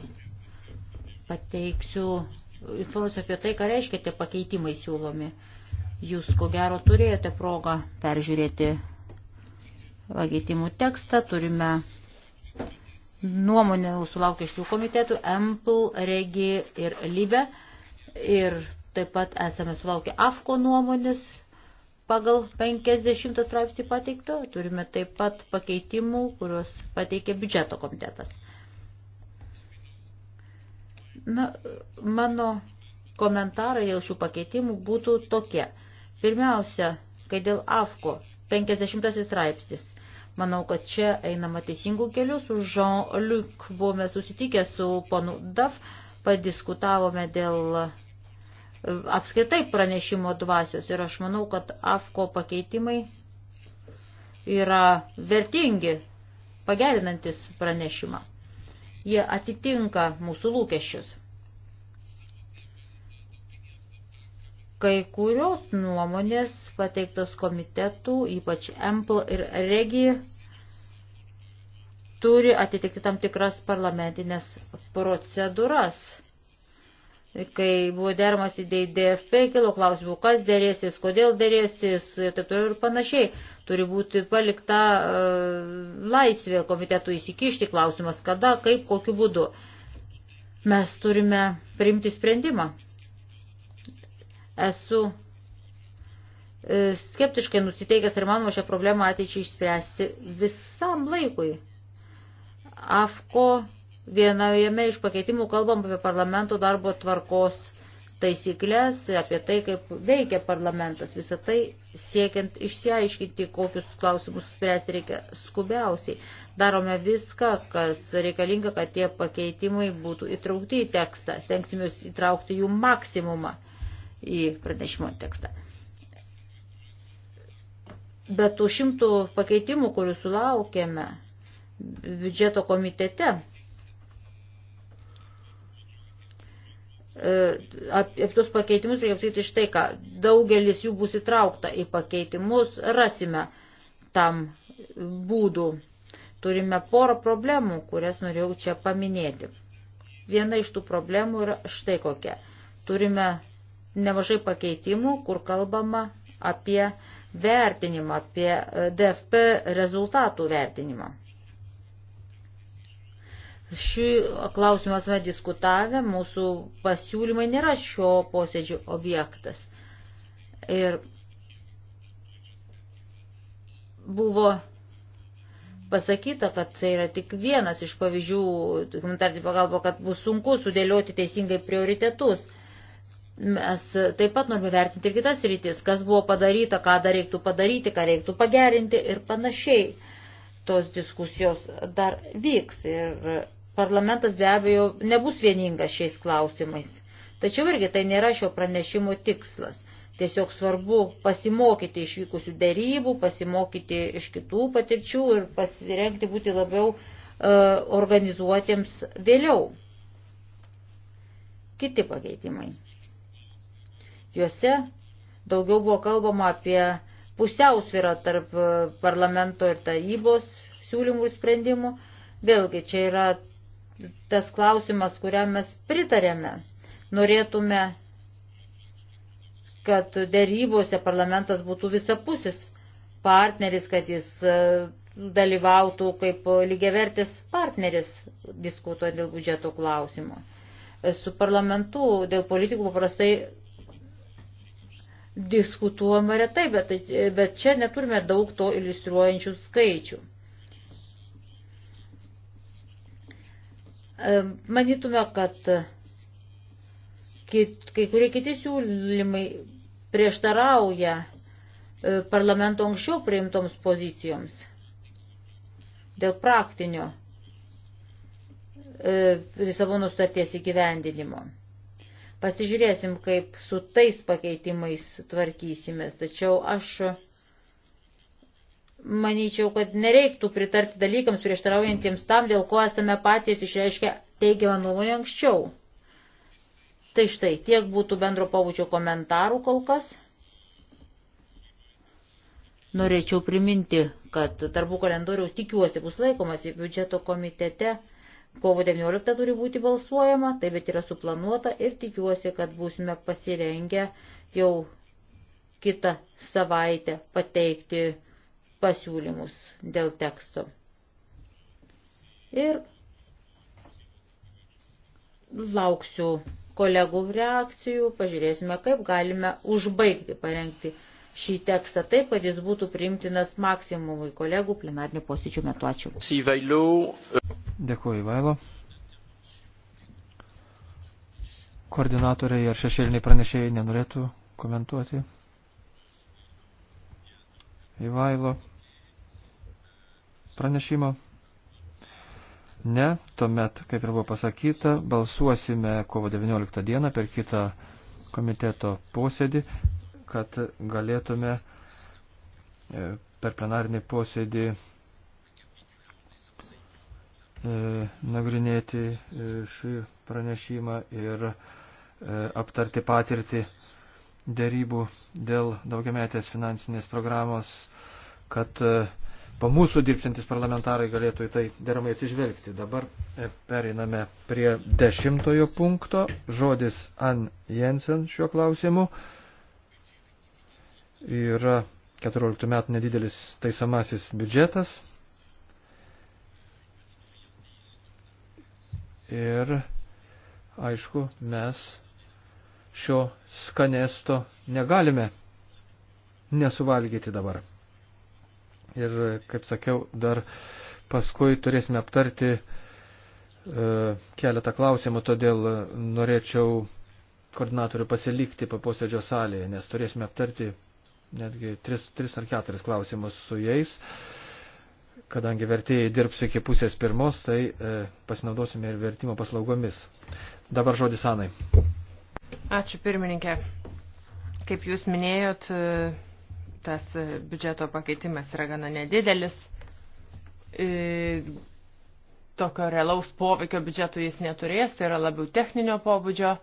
pateiksiu informaciją apie tai, ką reiškia tie pakeitimai siūlomi. Jūs ko gero turėjote progą peržiūrėti pakeitimų tekstą. Turime nuomonę sulaukę šių komitetų EMPL, REGI ir LIBE. Ir taip pat esame sulaukę AFKO nuomonės pagal 50 straipsnį pateikto. Turime taip pat pakeitimų, kuriuos pateikė biudžeto komitetas. Na, mano komentarai dėl šių pakeitimų būtų tokie. Pirmiausia, kai dėl AFKO 50 straipsnis. Manau, kad čia einama teisingų kelių. Su Jean-Luc buvome susitikę su ponu Daf, padiskutavome dėl e, apskritai pranešimo dvasios ir aš manau, kad AFKO pakeitimai yra vertingi, pagerinantis pranešimą. Jie atitinka mūsų lūkesčius. Kai kurios nuomonės pateiktos komitetų, ypač EMPL ir REGI, turi atitikti tam tikras parlamentinės procedūras. Kai buvo dermas į DFP, kilo klausimų, kas dėrėsis, kodėl dėrėsis, taip toliau ir panašiai. Turi būti palikta e, laisvė komitetų įsikišti klausimas, kada, kaip, kokiu būdu. Mes turime priimti sprendimą. Esu e, skeptiškai nusiteikęs ir manoma šią problemą ateičiai išspręsti visam laikui. AFKO vienojame iš pakeitimų kalbam apie parlamento darbo tvarkos taisyklės, apie tai, kaip veikia parlamentas. Visą tai siekiant išsiaiškinti, kokius klausimus spręsti reikia skubiausiai. Darome viską, kas reikalinga, kad tie pakeitimai būtų įtraukti į tekstą. Stengsime įtraukti jų maksimumą į pranešimo tekstą. Bet tų šimtų pakeitimų, kurių sulaukėme biudžeto komitete, e, apie ap tos pakeitimus reikia sakyti štai ką, daugelis jų bus įtraukta į pakeitimus, rasime tam būdų. Turime porą problemų, kurias norėjau čia paminėti. Viena iš tų problemų yra štai kokia. Turime nemažai pakeitimų, kur kalbama apie vertinimą, apie e, DFP rezultatų vertinimą. Šį klausimą mes diskutavę, mūsų pasiūlymai nėra šio posėdžio objektas. Ir buvo pasakyta, kad tai yra tik vienas iš pavyzdžių, humanitarnį pagalbą, kad bus sunku sudėlioti teisingai prioritetus. Mes taip pat norime vertinti ir kitas rytis, kas buvo padaryta, ką dar reiktų padaryti, ką reiktų pagerinti ir panašiai. Tos diskusijos dar vyks ir parlamentas be abejo nebus vieningas šiais klausimais. Tačiau irgi tai nėra šio pranešimo tikslas. Tiesiog svarbu pasimokyti iš vykusių dėrybų, pasimokyti iš kitų patirčių ir pasirengti būti labiau e, organizuotiems vėliau. Kiti pakeitimai. Juose daugiau buvo kalbama apie pusiausvyrą tarp e, parlamento ir tarybos siūlymų ir sprendimų. Vėlgi čia yra tas klausimas, kuriam mes pritarėme. Norėtume, kad dėrybose parlamentas būtų visapusis partneris, kad jis e, dalyvautų kaip lygiavertis partneris diskutuojant dėl biudžeto klausimo. E, su parlamentu dėl politikų paprastai diskutuojama retai, bet, bet čia neturime daug to iliustruojančių skaičių. E, manytume, kad kit, kai kurie kiti siūlymai prieštarauja e, parlamento anksčiau priimtoms pozicijoms dėl praktinio e, Lisabono sutarties įgyvendinimo. Pasižiūrėsim, kaip su tais pakeitimais tvarkysimės. Tačiau aš manyčiau, kad nereiktų pritarti dalykams prieštaraujantiems tam, dėl ko esame patys išreiškę teigiamą nuomonę anksčiau. Tai štai, tiek būtų bendro pavučio komentarų kol kas. Norėčiau priminti, kad darbų kalendoriaus tikiuosi bus laikomas biudžeto komitete Kovo 19 turi būti balsuojama, tai bet yra suplanuota ir tikiuosi, kad būsime pasirengę jau kitą savaitę pateikti pasiūlymus dėl teksto. Ir lauksiu kolegų reakcijų, pažiūrėsime, kaip galime užbaigti parengti šį tekstą taip, kad jis būtų priimtinas maksimumui kolegų plenarnių posėdžių metu. Ačiū. Dėkuoju, Vailo. Koordinatoriai ar šešėliniai pranešėjai nenorėtų komentuoti. Įvailo pranešimo. Ne, tuomet, kaip ir buvo pasakyta, balsuosime kovo 19 dieną per kitą komiteto posėdį kad galėtume e, per plenarinį posėdį e, nagrinėti e, šį pranešimą ir aptarti patirtį dėrybų dėl daugiametės finansinės programos, kad po mūsų dirbsintis parlamentarai galėtų į tai deramai atsižvelgti. Dabar pereiname prie dešimtojo punkto. Žodis An Jensen šiuo klausimu yra 14 metų nedidelis taisamasis biudžetas. Ir aišku, mes šio skanesto negalime nesuvalgyti dabar. Ir, kaip sakiau, dar paskui turėsime aptarti e, keletą klausimų, todėl norėčiau koordinatorių pasilikti po posėdžio salėje, nes turėsime aptarti netgi tris, tris ar keturis klausimus su jais. Kadangi vertėjai dirbs iki pusės pirmos, tai e, pasinaudosime ir vertimo paslaugomis. Dabar žodis Anai. Ačiū pirmininkė. Kaip jūs minėjot, e, tas e, biudžeto pakeitimas yra gana nedidelis. E, tokio realaus poveikio biudžeto jis neturės, tai yra labiau techninio pobūdžio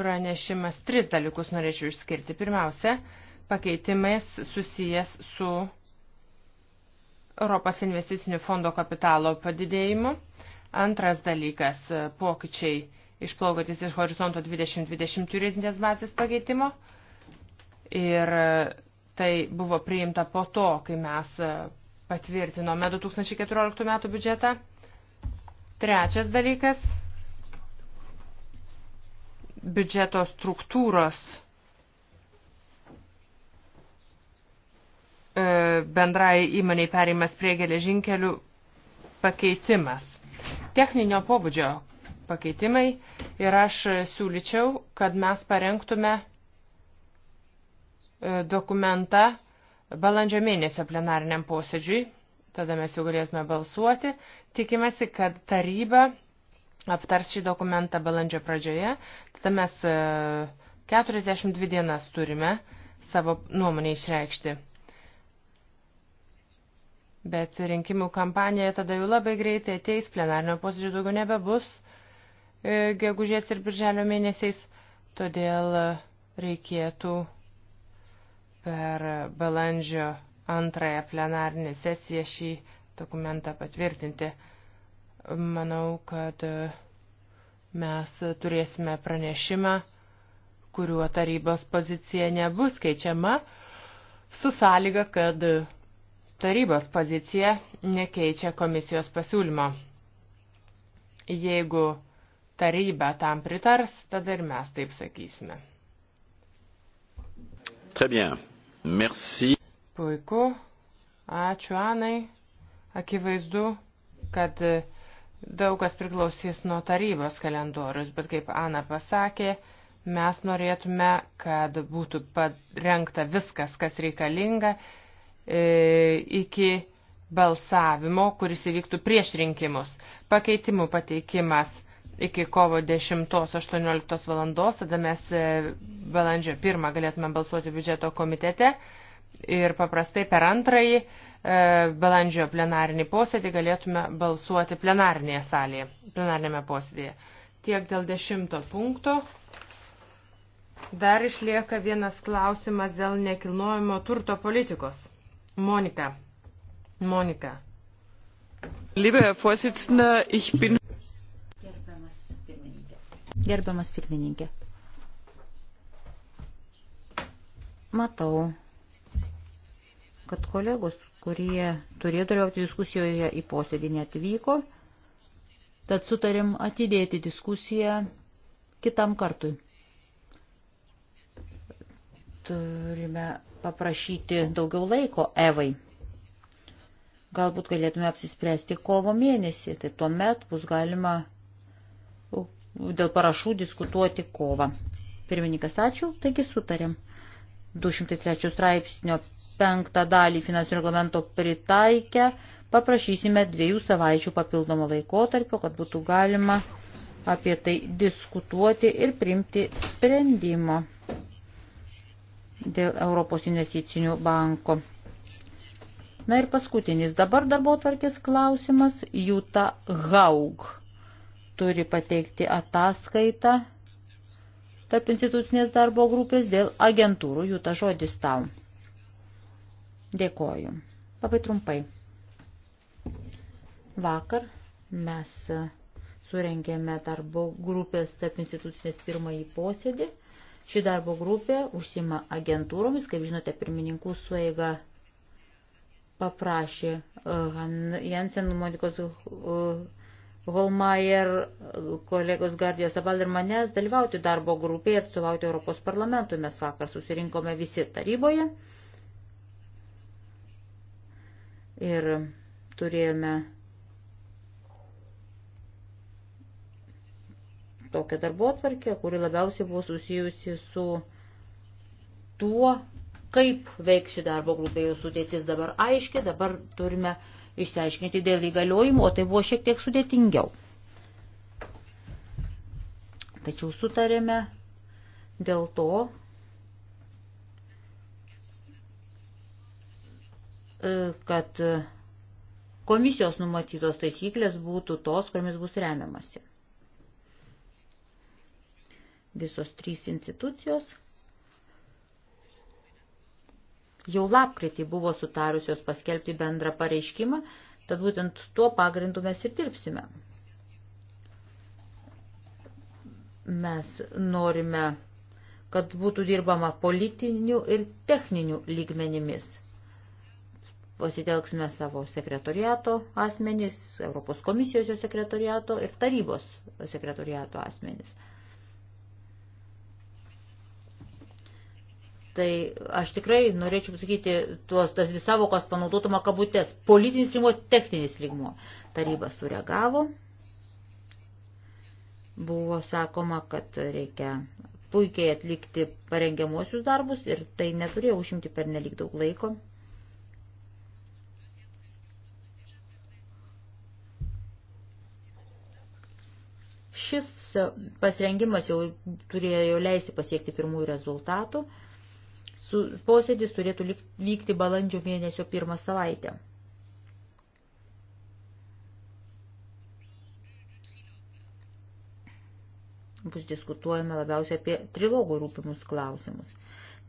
pranešimas. Tris dalykus norėčiau išskirti. Pirmiausia, pakeitimais susijęs su Europos investicinių fondo kapitalo padidėjimu. Antras dalykas - pokyčiai išplaukantis iš horizonto 2020 turistinės bazės pakeitimo. Ir tai buvo priimta po to, kai mes patvirtinome 2014 metų biudžetą. Trečias dalykas - biudžeto struktūros E, bendrai įmoniai perėjimas prie geležinkelių pakeitimas. Techninio pobūdžio pakeitimai ir aš siūlyčiau, kad mes parengtume e, dokumentą balandžio mėnesio plenariniam posėdžiui, tada mes jau galėtume balsuoti. Tikimasi, kad taryba aptars šį dokumentą balandžio pradžioje, tada mes 42 e, dienas turime savo nuomonę išreikšti. Bet rinkimų kampanija tada jau labai greitai ateis, plenarnio posėdžio daugiau nebebus e, gegužės ir birželio mėnesiais, todėl e, reikėtų per balandžio antrąją plenarnį sesiją šį dokumentą patvirtinti. Manau, kad e, mes turėsime pranešimą, kuriuo tarybos pozicija nebus keičiama, su sąlyga, kad Tarybos pozicija nekeičia komisijos pasiūlymo. Jeigu taryba tam pritars, tada ir mes taip sakysime. Très bien. Merci. Puiku. Ačiū Anai. Akivaizdu, kad daug kas priklausys nuo tarybos kalendorius, bet kaip Ana pasakė, mes norėtume, kad būtų parengta viskas, kas reikalinga E, iki balsavimo, kuris įvyktų prieš rinkimus. Pakeitimų pateikimas iki kovo 10-18 valandos, tada mes e, balandžio 1 galėtume balsuoti biudžeto komitete ir paprastai per antrąjį e, balandžio plenarinį posėdį galėtume balsuoti plenarinėje salėje, plenarinėme posėdėje. Tiek dėl dešimto punkto. Dar išlieka vienas klausimas dėl nekilnojimo turto politikos. Monika. Monika. Liebe Herr Vorsitzender, ich bin. Gerbiamas pirmininkė. Gerbiamas pirmininkė. Matau, kad kolegos, kurie turėjo dalyvauti diskusijoje į posėdį, netvyko, tad sutarim atidėti diskusiją kitam kartui turime paprašyti daugiau laiko Evai. Galbūt galėtume apsispręsti kovo mėnesį, tai tuomet bus galima dėl parašų diskutuoti kovą. Pirmininkas, ačiū, taigi sutarėm. 203 straipsnio penktą dalį finansinio reglamento pritaikę paprašysime dviejų savaičių papildomo laikotarpio, kad būtų galima apie tai diskutuoti ir priimti sprendimo dėl Europos investicinių banko. Na ir paskutinis dabar darbo tvarkės klausimas. Jūta Haug turi pateikti ataskaitą tarp institucinės darbo grupės dėl agentūrų. Jūta žodis tau. Dėkoju. Labai trumpai. Vakar mes surengėme darbo grupės tarp institucinės pirmąjį posėdį Ši darbo grupė užsima agentūromis, kaip žinote, pirmininkų sueiga paprašė e, Jansen, Monikos e, Holmeier, kolegos Gardijos Abal ir manęs dalyvauti darbo grupėje ir atstovauti Europos parlamentui. Mes vakar susirinkome visi taryboje ir turėjome tokią darbo atvarkę, kuri labiausiai buvo susijusi su tuo, kaip veiks ši darbo grupė, jų sudėtis dabar aiški, dabar turime išsiaiškinti dėl įgaliojimų, o tai buvo šiek tiek sudėtingiau. Tačiau sutarėme dėl to, kad komisijos numatytos taisyklės būtų tos, kuriamis bus remiamasi. Visos trys institucijos jau lapkritį buvo sutarusios paskelbti bendrą pareiškimą, tad būtent tuo pagrindu mes ir dirbsime. Mes norime, kad būtų dirbama politinių ir techninių lygmenimis. Pasitelksime savo sekretoriato asmenys, Europos komisijos sekretoriato ir tarybos sekretoriato asmenys. Tai aš tikrai norėčiau pasakyti, tuos, tas visavokas panaudotama kabutės. Politinis lygmo, techninis lygmo. Taryba sureagavo. Buvo sakoma, kad reikia puikiai atlikti parengiamuosius darbus ir tai neturėjo užimti per nelik daug laiko. Šis pasirengimas jau turėjo leisti pasiekti pirmųjų rezultatų su, posėdis turėtų vykti balandžio mėnesio pirmą savaitę. Bus diskutuojama labiausiai apie trilogų rūpimus klausimus.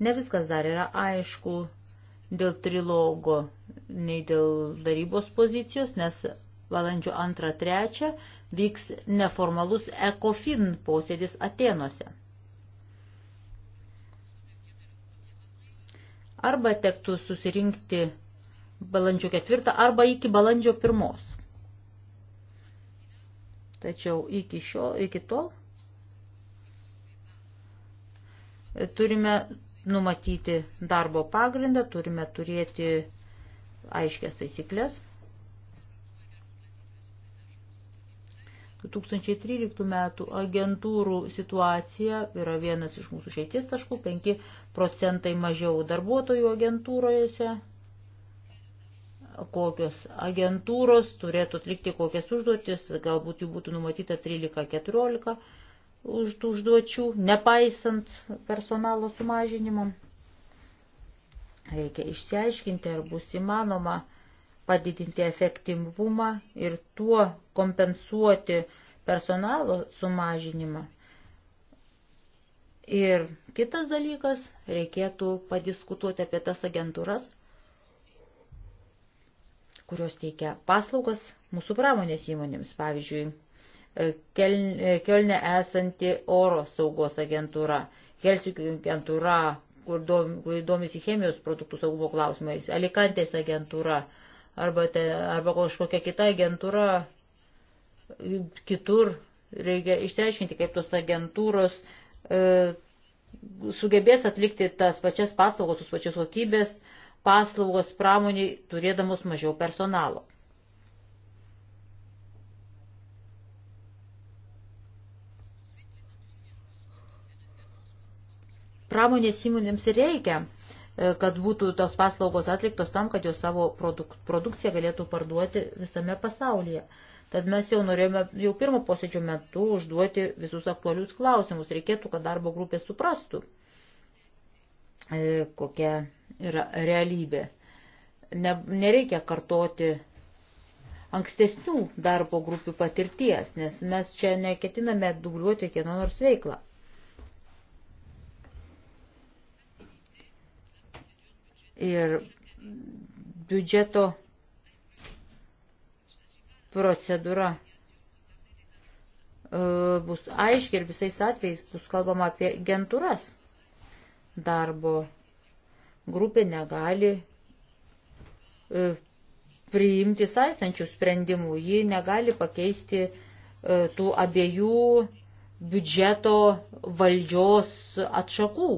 Ne viskas dar yra aišku dėl trilogo, nei dėl darybos pozicijos, nes valandžio 2-3 vyks neformalus ECOFIN posėdis Atenuose. Arba tektų susirinkti balandžio 4 arba iki balandžio 1. Tačiau iki, šio, iki tol turime numatyti darbo pagrindą, turime turėti aiškias taisyklės. 2013 metų agentūrų situacija yra vienas iš mūsų šeities taškų, 5 procentai mažiau darbuotojų agentūrojose, kokios agentūros turėtų atlikti kokias užduotis, galbūt jų būtų numatyta 13-14 užduočių, nepaisant personalo sumažinimo. Reikia išsiaiškinti, ar bus įmanoma uh, padidinti efektyvumą ir tuo kompensuoti personalo sumažinimą. Ir kitas dalykas, reikėtų padiskutuoti apie tas agentūras, kurios teikia paslaugas mūsų pramonės įmonėms. Pavyzdžiui, Kelne esanti oro saugos agentūra, Helsinkio agentūra, kur domisi chemijos produktų saugumo klausimais, Alikantės agentūra, arba, te, arba kažkokia kita agentūra kitur. Reikia išsiaiškinti, kaip tos agentūros e, sugebės atlikti tas pačias paslaugos, tos pačios kokybės paslaugos pramoniai, turėdamos mažiau personalo. pramonės įmonėms reikia E, kad būtų tos paslaugos atliktos tam, kad jos savo produk produkciją galėtų parduoti visame pasaulyje. Tad mes jau norėjome jau pirmo posėdžio metu užduoti visus aktualius klausimus. Reikėtų, kad darbo grupė suprastų, e, kokia yra realybė. Ne, nereikia kartoti ankstesnių darbo grupių patirties, nes mes čia neketiname dubliuoti kieno nors veiklą. ir biudžeto procedūra e, bus aiški ir visais atvejais bus kalbama apie agentūras. Darbo grupė negali e, priimti saisančių sprendimų, ji negali pakeisti e, tų abiejų biudžeto valdžios atšakų.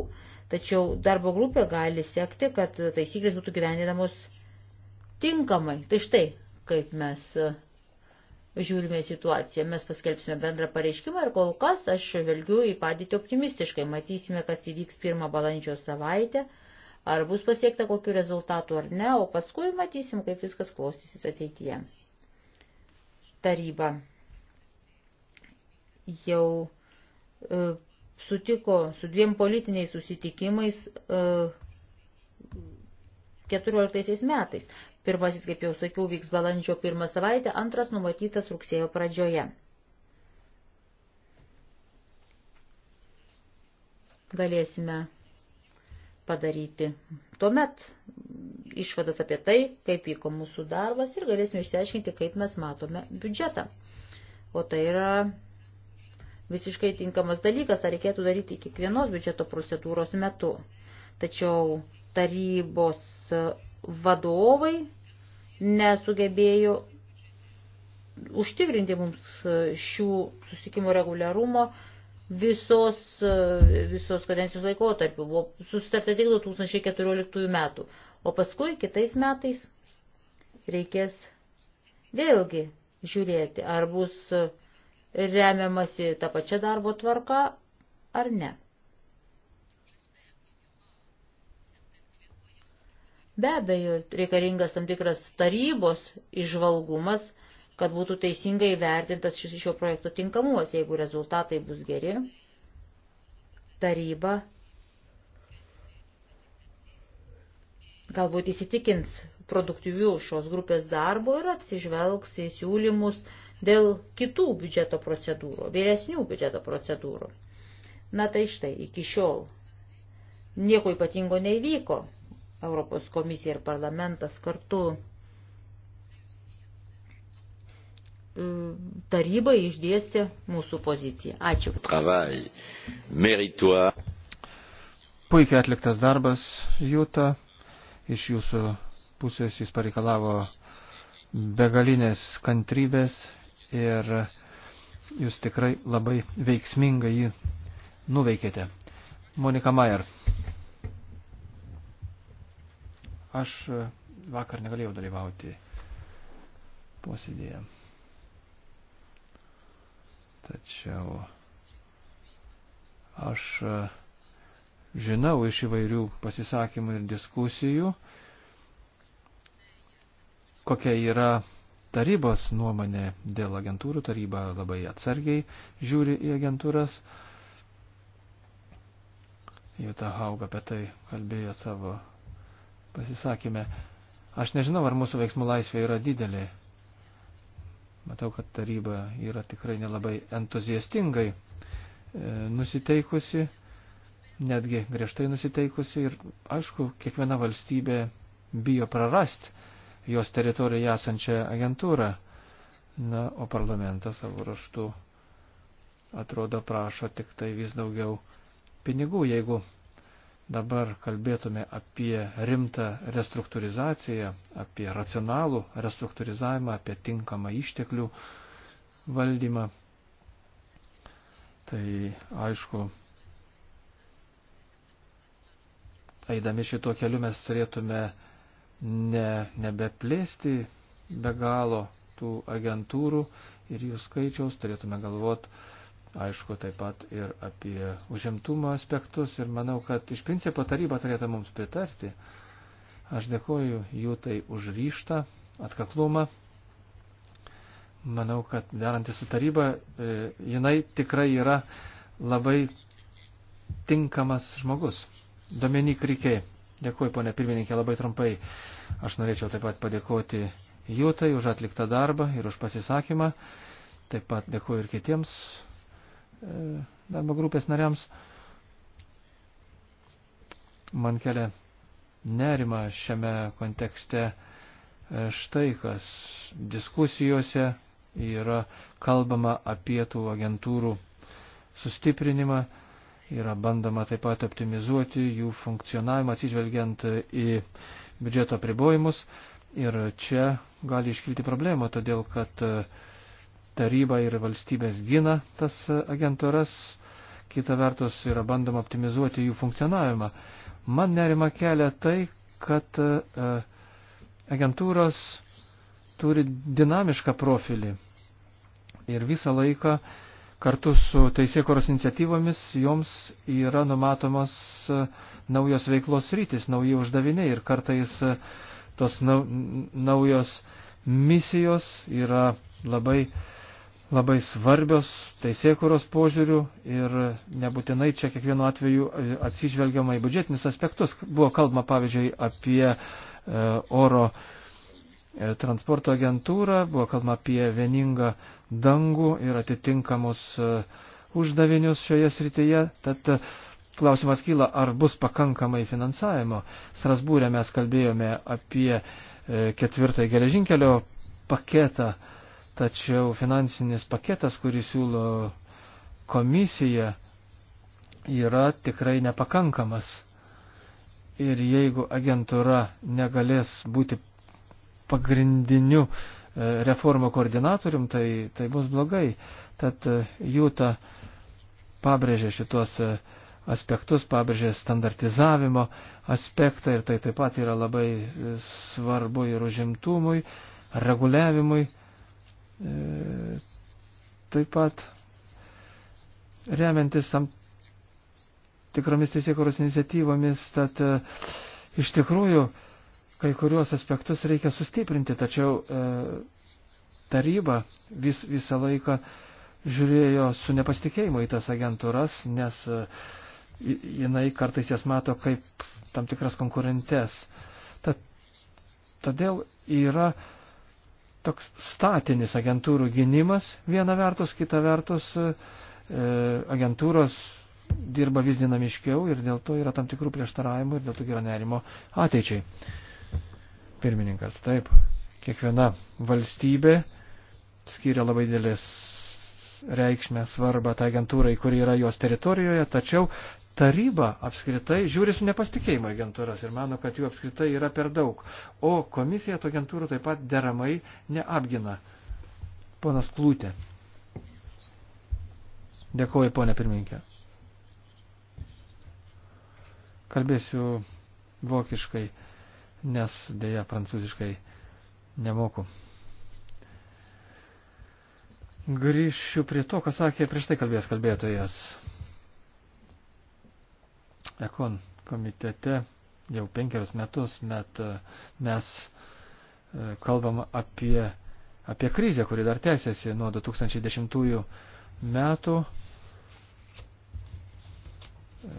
Tačiau darbo grupė gali sekti, kad taisyklės būtų gyvendinamos tinkamai. Tai štai, kaip mes e, žiūrime situaciją. Mes paskelbsime bendrą pareiškimą ir kol kas aš žvelgiu į padėtį optimistiškai. Matysime, kas įvyks pirmą balandžio savaitę, ar bus pasiekta kokiu rezultatu ar ne, o paskui matysim, kaip viskas klostysis ateityje. Taryba jau e, sutiko su dviem politiniais susitikimais 14 e, metais. Pirmasis, kaip jau sakiau, vyks balandžio pirmą savaitę, antras numatytas rugsėjo pradžioje. Galėsime padaryti tuomet išvadas apie tai, kaip vyko mūsų darbas ir galėsime išsiaiškinti, kaip mes matome biudžetą. O tai yra visiškai tinkamas dalykas, ar reikėtų daryti kiekvienos biudžeto procedūros metu. Tačiau tarybos vadovai nesugebėjo užtikrinti mums šių susitikimų reguliarumo visos, visos kadencijos laikotarpiu. Buvo susitarta tik 2014 metų, o paskui kitais metais reikės vėlgi žiūrėti, ar bus remiamasi tą pačią darbo tvarką ar ne. Be abejo, reikalingas tam tikras tarybos išvalgumas, kad būtų teisingai vertintas šis šio projekto tinkamumas, jeigu rezultatai bus geri. Taryba galbūt įsitikins produktyvių šios grupės darbo ir atsižvelgs į siūlymus, dėl kitų biudžeto procedūrų, vyresnių biudžeto procedūrų. Na tai štai, iki šiol nieko ypatingo neįvyko. Europos komisija ir parlamentas kartu mm, tarybai išdėstė mūsų poziciją. Ačiū. Travail, meritoire. Puikiai atliktas darbas, Jūta. Iš jūsų pusės jis pareikalavo begalinės kantrybės ir jūs tikrai labai veiksmingai jį nuveikėte. Monika Mayer. Aš e, vakar negalėjau dalyvauti posėdėje. Tačiau aš e, žinau iš įvairių pasisakymų ir diskusijų, kokia yra tarybos nuomonė dėl agentūrų. Taryba labai atsargiai žiūri į agentūras. Juta Hauga apie tai kalbėjo savo pasisakymę. Aš nežinau, ar mūsų veiksmų laisvė yra didelė. Matau, kad taryba yra tikrai nelabai entuziastingai e, nusiteikusi, netgi griežtai nusiteikusi ir, aišku, kiekviena valstybė bijo prarasti jos teritorijoje esančią agentūrą. Na, o parlamentas savo raštu atrodo prašo tik tai vis daugiau pinigų. Jeigu dabar kalbėtume apie rimtą restruktūrizaciją, apie racionalų restruktūrizavimą, apie tinkamą išteklių valdymą, tai aišku, eidami šito keliu mes turėtume ne, nebeplėsti be galo tų agentūrų ir jų skaičiaus, turėtume galvoti, aišku, taip pat ir apie užimtumo aspektus ir manau, kad iš principo taryba turėtų mums pritarti. Aš dėkoju jų tai už ryštą, atkaklumą. Manau, kad derantys su taryba, e, jinai tikrai yra labai tinkamas žmogus. Dominik Rikėjai. Dėkuoju, ponė pirmininkė, labai trumpai. Aš norėčiau taip pat padėkoti Jūtai už atliktą darbą ir už pasisakymą. Taip pat dėkuoju ir kitiems e, darbo grupės nariams. Man kelia nerima šiame kontekste e, štai kas diskusijose yra kalbama apie tų agentūrų sustiprinimą Yra bandoma taip pat optimizuoti jų funkcionavimą atsižvelgiant į biudžeto pribojimus. Ir čia gali iškilti problemų, todėl kad taryba ir valstybės gina tas agentūras, kita vertus yra bandoma optimizuoti jų funkcionavimą. Man nerima kelia tai, kad e, agentūros turi dinamišką profilį ir visą laiką uh, Kartu su teisėkoros iniciatyvomis joms yra numatomos e, naujos veiklos rytis, nauji uždaviniai ir kartais e, tos naujos misijos yra labai, labai svarbios teisėkuros požiūrių ir nebūtinai čia kiekvienu atveju e, atsižvelgiama į biudžetinius aspektus. Buvo kalbama pavyzdžiui apie oro E, transporto agentūrą, buvo kalbama apie vieningą dangų ir atitinkamus e, uždavinius šioje srityje. Tad e, klausimas kyla, ar bus pakankamai finansavimo. Strasbūrė mes kalbėjome apie ketvirtąjį geležinkelio paketą, tačiau finansinis paketas, kurį siūlo komisija, yra tikrai nepakankamas. Ir jeigu agentūra negalės būti pagrindiniu e, reformų koordinatorium, tai, tai bus blogai. Tad e, Jūta pabrėžė šitos e, aspektus, pabrėžė standartizavimo aspektą ir tai taip pat yra labai svarbu ir užimtumui, reguliavimui. Taip pat remiantis tam tikromis teisėkuros iniciatyvomis, tad iš tikrųjų kai kuriuos aspektus reikia sustiprinti, tačiau e, taryba vis, visą laiką žiūrėjo su nepasitikėjimu į tas agentūras, nes e, jinai kartais jas mato kaip tam tikras konkurentes. Tad, todėl yra toks statinis agentūrų gynimas viena vertus, kita vertus e, agentūros dirba vis dinamiškiau ir dėl to yra tam tikrų prieštaravimų ir dėl to yra nerimo ateičiai. Pirmininkas, taip. Kiekviena valstybė skiria labai didelis reikšmę svarbą tą tai agentūrai, kuri yra jos teritorijoje, tačiau taryba apskritai žiūri su nepastikėjimu agentūras ir mano, kad jų apskritai yra per daug. O komisija to agentūrų taip pat deramai neapgina. Ponas Klūtė. Dėkuoju, ponė pirmininkė. Kalbėsiu vokiškai nes dėja prancūziškai nemoku. Grįšiu prie to, ką sakė prieš tai kalbėjęs kalbėtojas. Ekon komitete jau penkerius metus met, mes e, kalbam apie, apie krizę, kuri dar tęsiasi nuo 2010 metų. E,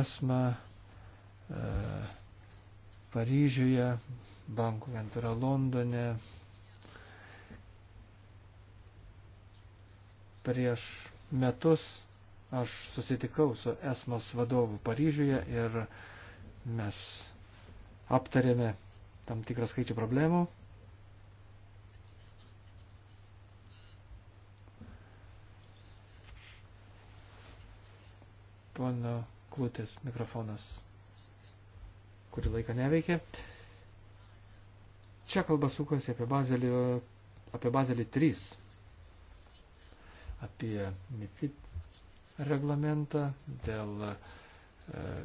esma e, Paryžiuje, bankų kontora Londone. Prieš metus aš susitikau su esmos vadovu Paryžiuje ir mes aptarėme tam tikrą skaičių problemų. Pono Klūtis mikrofonas kurį laiką neveikė. Čia kalba sukasi apie bazelį, apie bazelį 3, apie MIFID reglamentą dėl e,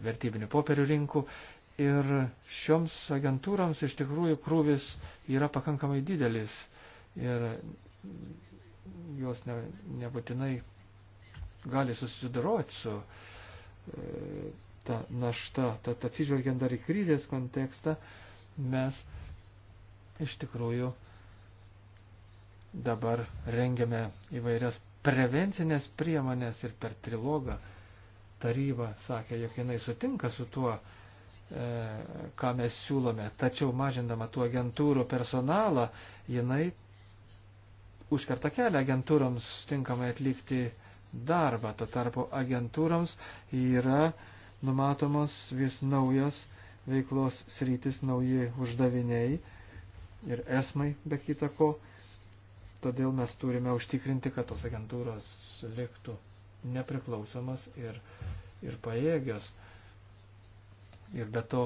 vertybinių popierių rinkų. Ir šioms agentūrams iš tikrųjų krūvis yra pakankamai didelis ir jos ne, nebūtinai gali susidoroti su e, ta našta. Tad atsižvelgiant dar į krizės kontekstą, mes iš tikrųjų dabar rengiame įvairias prevencinės priemonės ir per trilogą taryba sakė, jog jinai sutinka su tuo, e, ką mes siūlome, tačiau mažindama tų agentūrų personalą, jinai užkerta kelią agentūroms tinkamai atlikti darbą. Tuo tarpu agentūroms yra e, numatomos vis naujos veiklos sritis, nauji uždaviniai ir esmai be kitako. Todėl mes turime užtikrinti, kad tos agentūros liktų nepriklausomas ir, ir pajėgios. Ir be to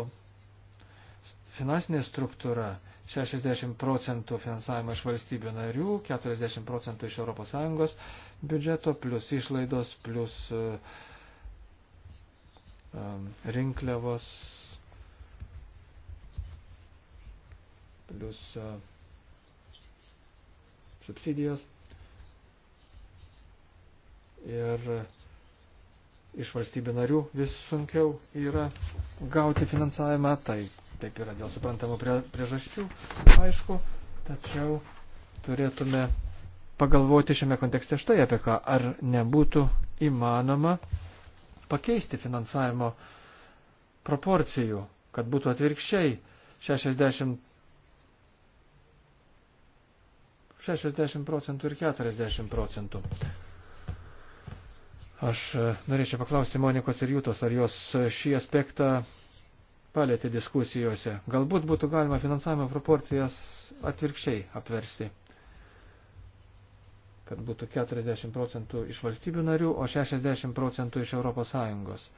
finansinė struktūra 60 procentų finansavimo iš valstybių narių, 40 procentų iš ES biudžeto, plus išlaidos, plus uh, Ehm, rinkliavos, plus e, subsidijos ir e, iš valstybių narių vis sunkiau yra gauti finansavimą, tai taip yra dėl suprantamų priežasčių, aišku, tačiau turėtume pagalvoti šiame kontekste štai apie ką, ar nebūtų įmanoma pakeisti finansavimo proporcijų, kad būtų atvirkščiai 60, 60 procentų ir 40 procentų. Aš e, norėčiau paklausti Monikos ir Jūtos, ar jos e, šį aspektą palėtė diskusijose. Galbūt būtų galima finansavimo proporcijas atvirkščiai apversti kad būtų 40 procentų iš valstybių narių, o 60 procentų iš ES.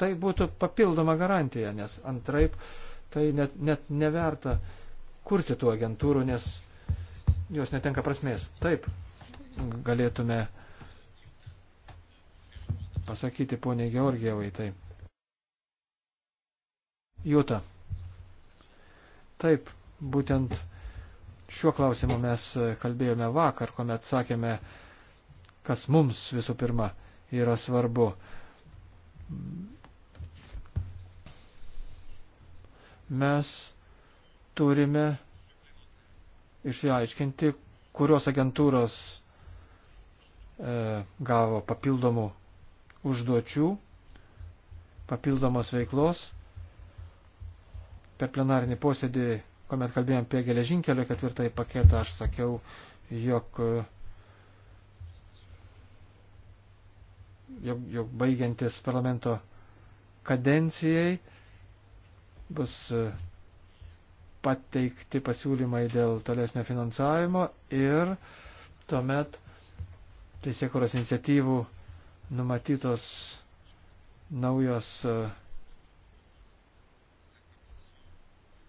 Tai būtų papildoma garantija, nes antraip tai net, net neverta kurti tų agentūrų, nes jos netenka prasmės. Taip, galėtume pasakyti poniai Georgievai tai. Jūta. Taip, būtent Šiuo klausimu mes kalbėjome vakar, kuomet sakėme, kas mums visų pirma yra svarbu. Mes turime išsiaiškinti, kurios agentūros e, gavo papildomų užduočių, papildomos veiklos. Per plenarinį posėdį kuomet kalbėjom apie geležinkelio ketvirtąjį paketą, aš sakiau, jog, jog, jog baigiantis parlamento kadencijai bus e, pateikti pasiūlymai dėl tolesnio finansavimo ir tuomet teisėkuros iniciatyvų numatytos naujos uh,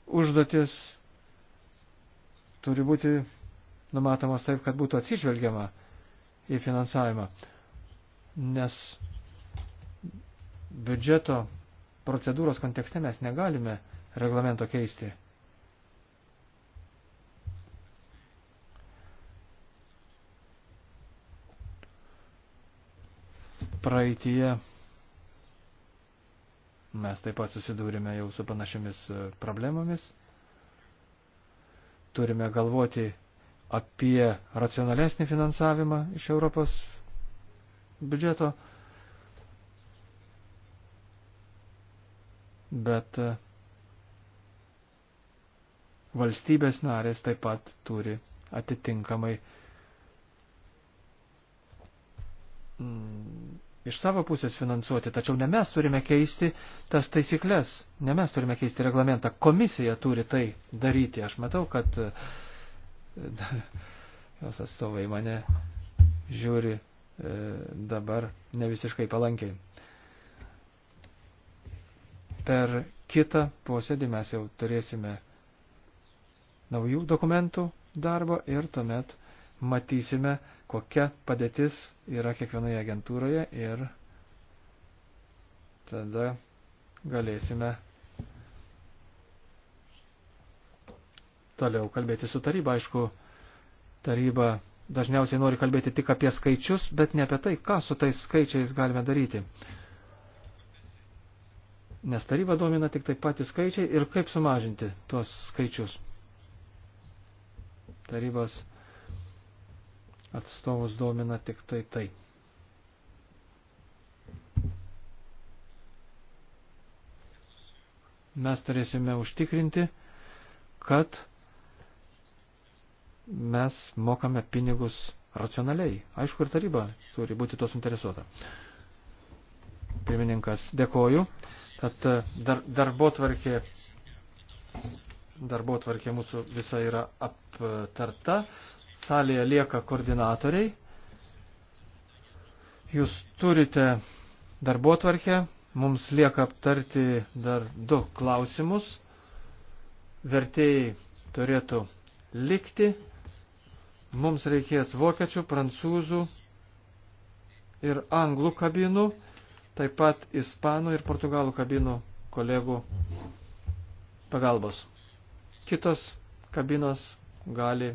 užduotis turi būti numatomos taip, kad būtų atsižvelgiama į finansavimą. Nes biudžeto procedūros kontekste mes negalime reglamento keisti. Praeitie Mes taip pat susidūrime jau su panašiamis e, problemomis. Turime galvoti apie racionalesnį finansavimą iš Europos biudžeto. Bet e, valstybės narės taip pat turi atitinkamai mm, iš savo pusės finansuoti, tačiau ne mes turime keisti tas taisyklės, ne mes turime keisti reglamentą, komisija turi tai daryti. Aš matau, kad e, jos atstovai mane žiūri e, dabar ne visiškai palankiai. Per kitą posėdį mes jau turėsime naujų dokumentų darbo ir tuomet matysime, kokia padėtis yra kiekvienoje agentūroje ir tada galėsime toliau kalbėti su taryba. Aišku, taryba dažniausiai nori kalbėti tik apie skaičius, bet ne apie tai, ką su tais skaičiais galime daryti. Nes taryba domina tik tai patys skaičiai ir kaip sumažinti tuos skaičius. Tarybos atstovus domina tik tai tai. Mes turėsime užtikrinti, kad mes mokame pinigus racionaliai. Aišku, ir taryba turi būti to suinteresuota. Pirmininkas, dėkoju. Tad e, dar, darbo tvarkė darbo tvarkė mūsų visa yra aptarta salėje lieka koordinatoriai. Jūs turite darbo tvarkę, mums lieka aptarti dar du klausimus. Vertėjai turėtų likti. Mums reikės vokiečių, prancūzų ir anglų kabinų, taip pat ispanų ir portugalų kabinų kolegų pagalbos. Kitos kabinos gali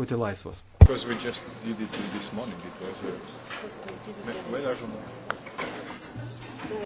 būti laisvos. Because we just did it this morning, it was a... Uh, Because we did it.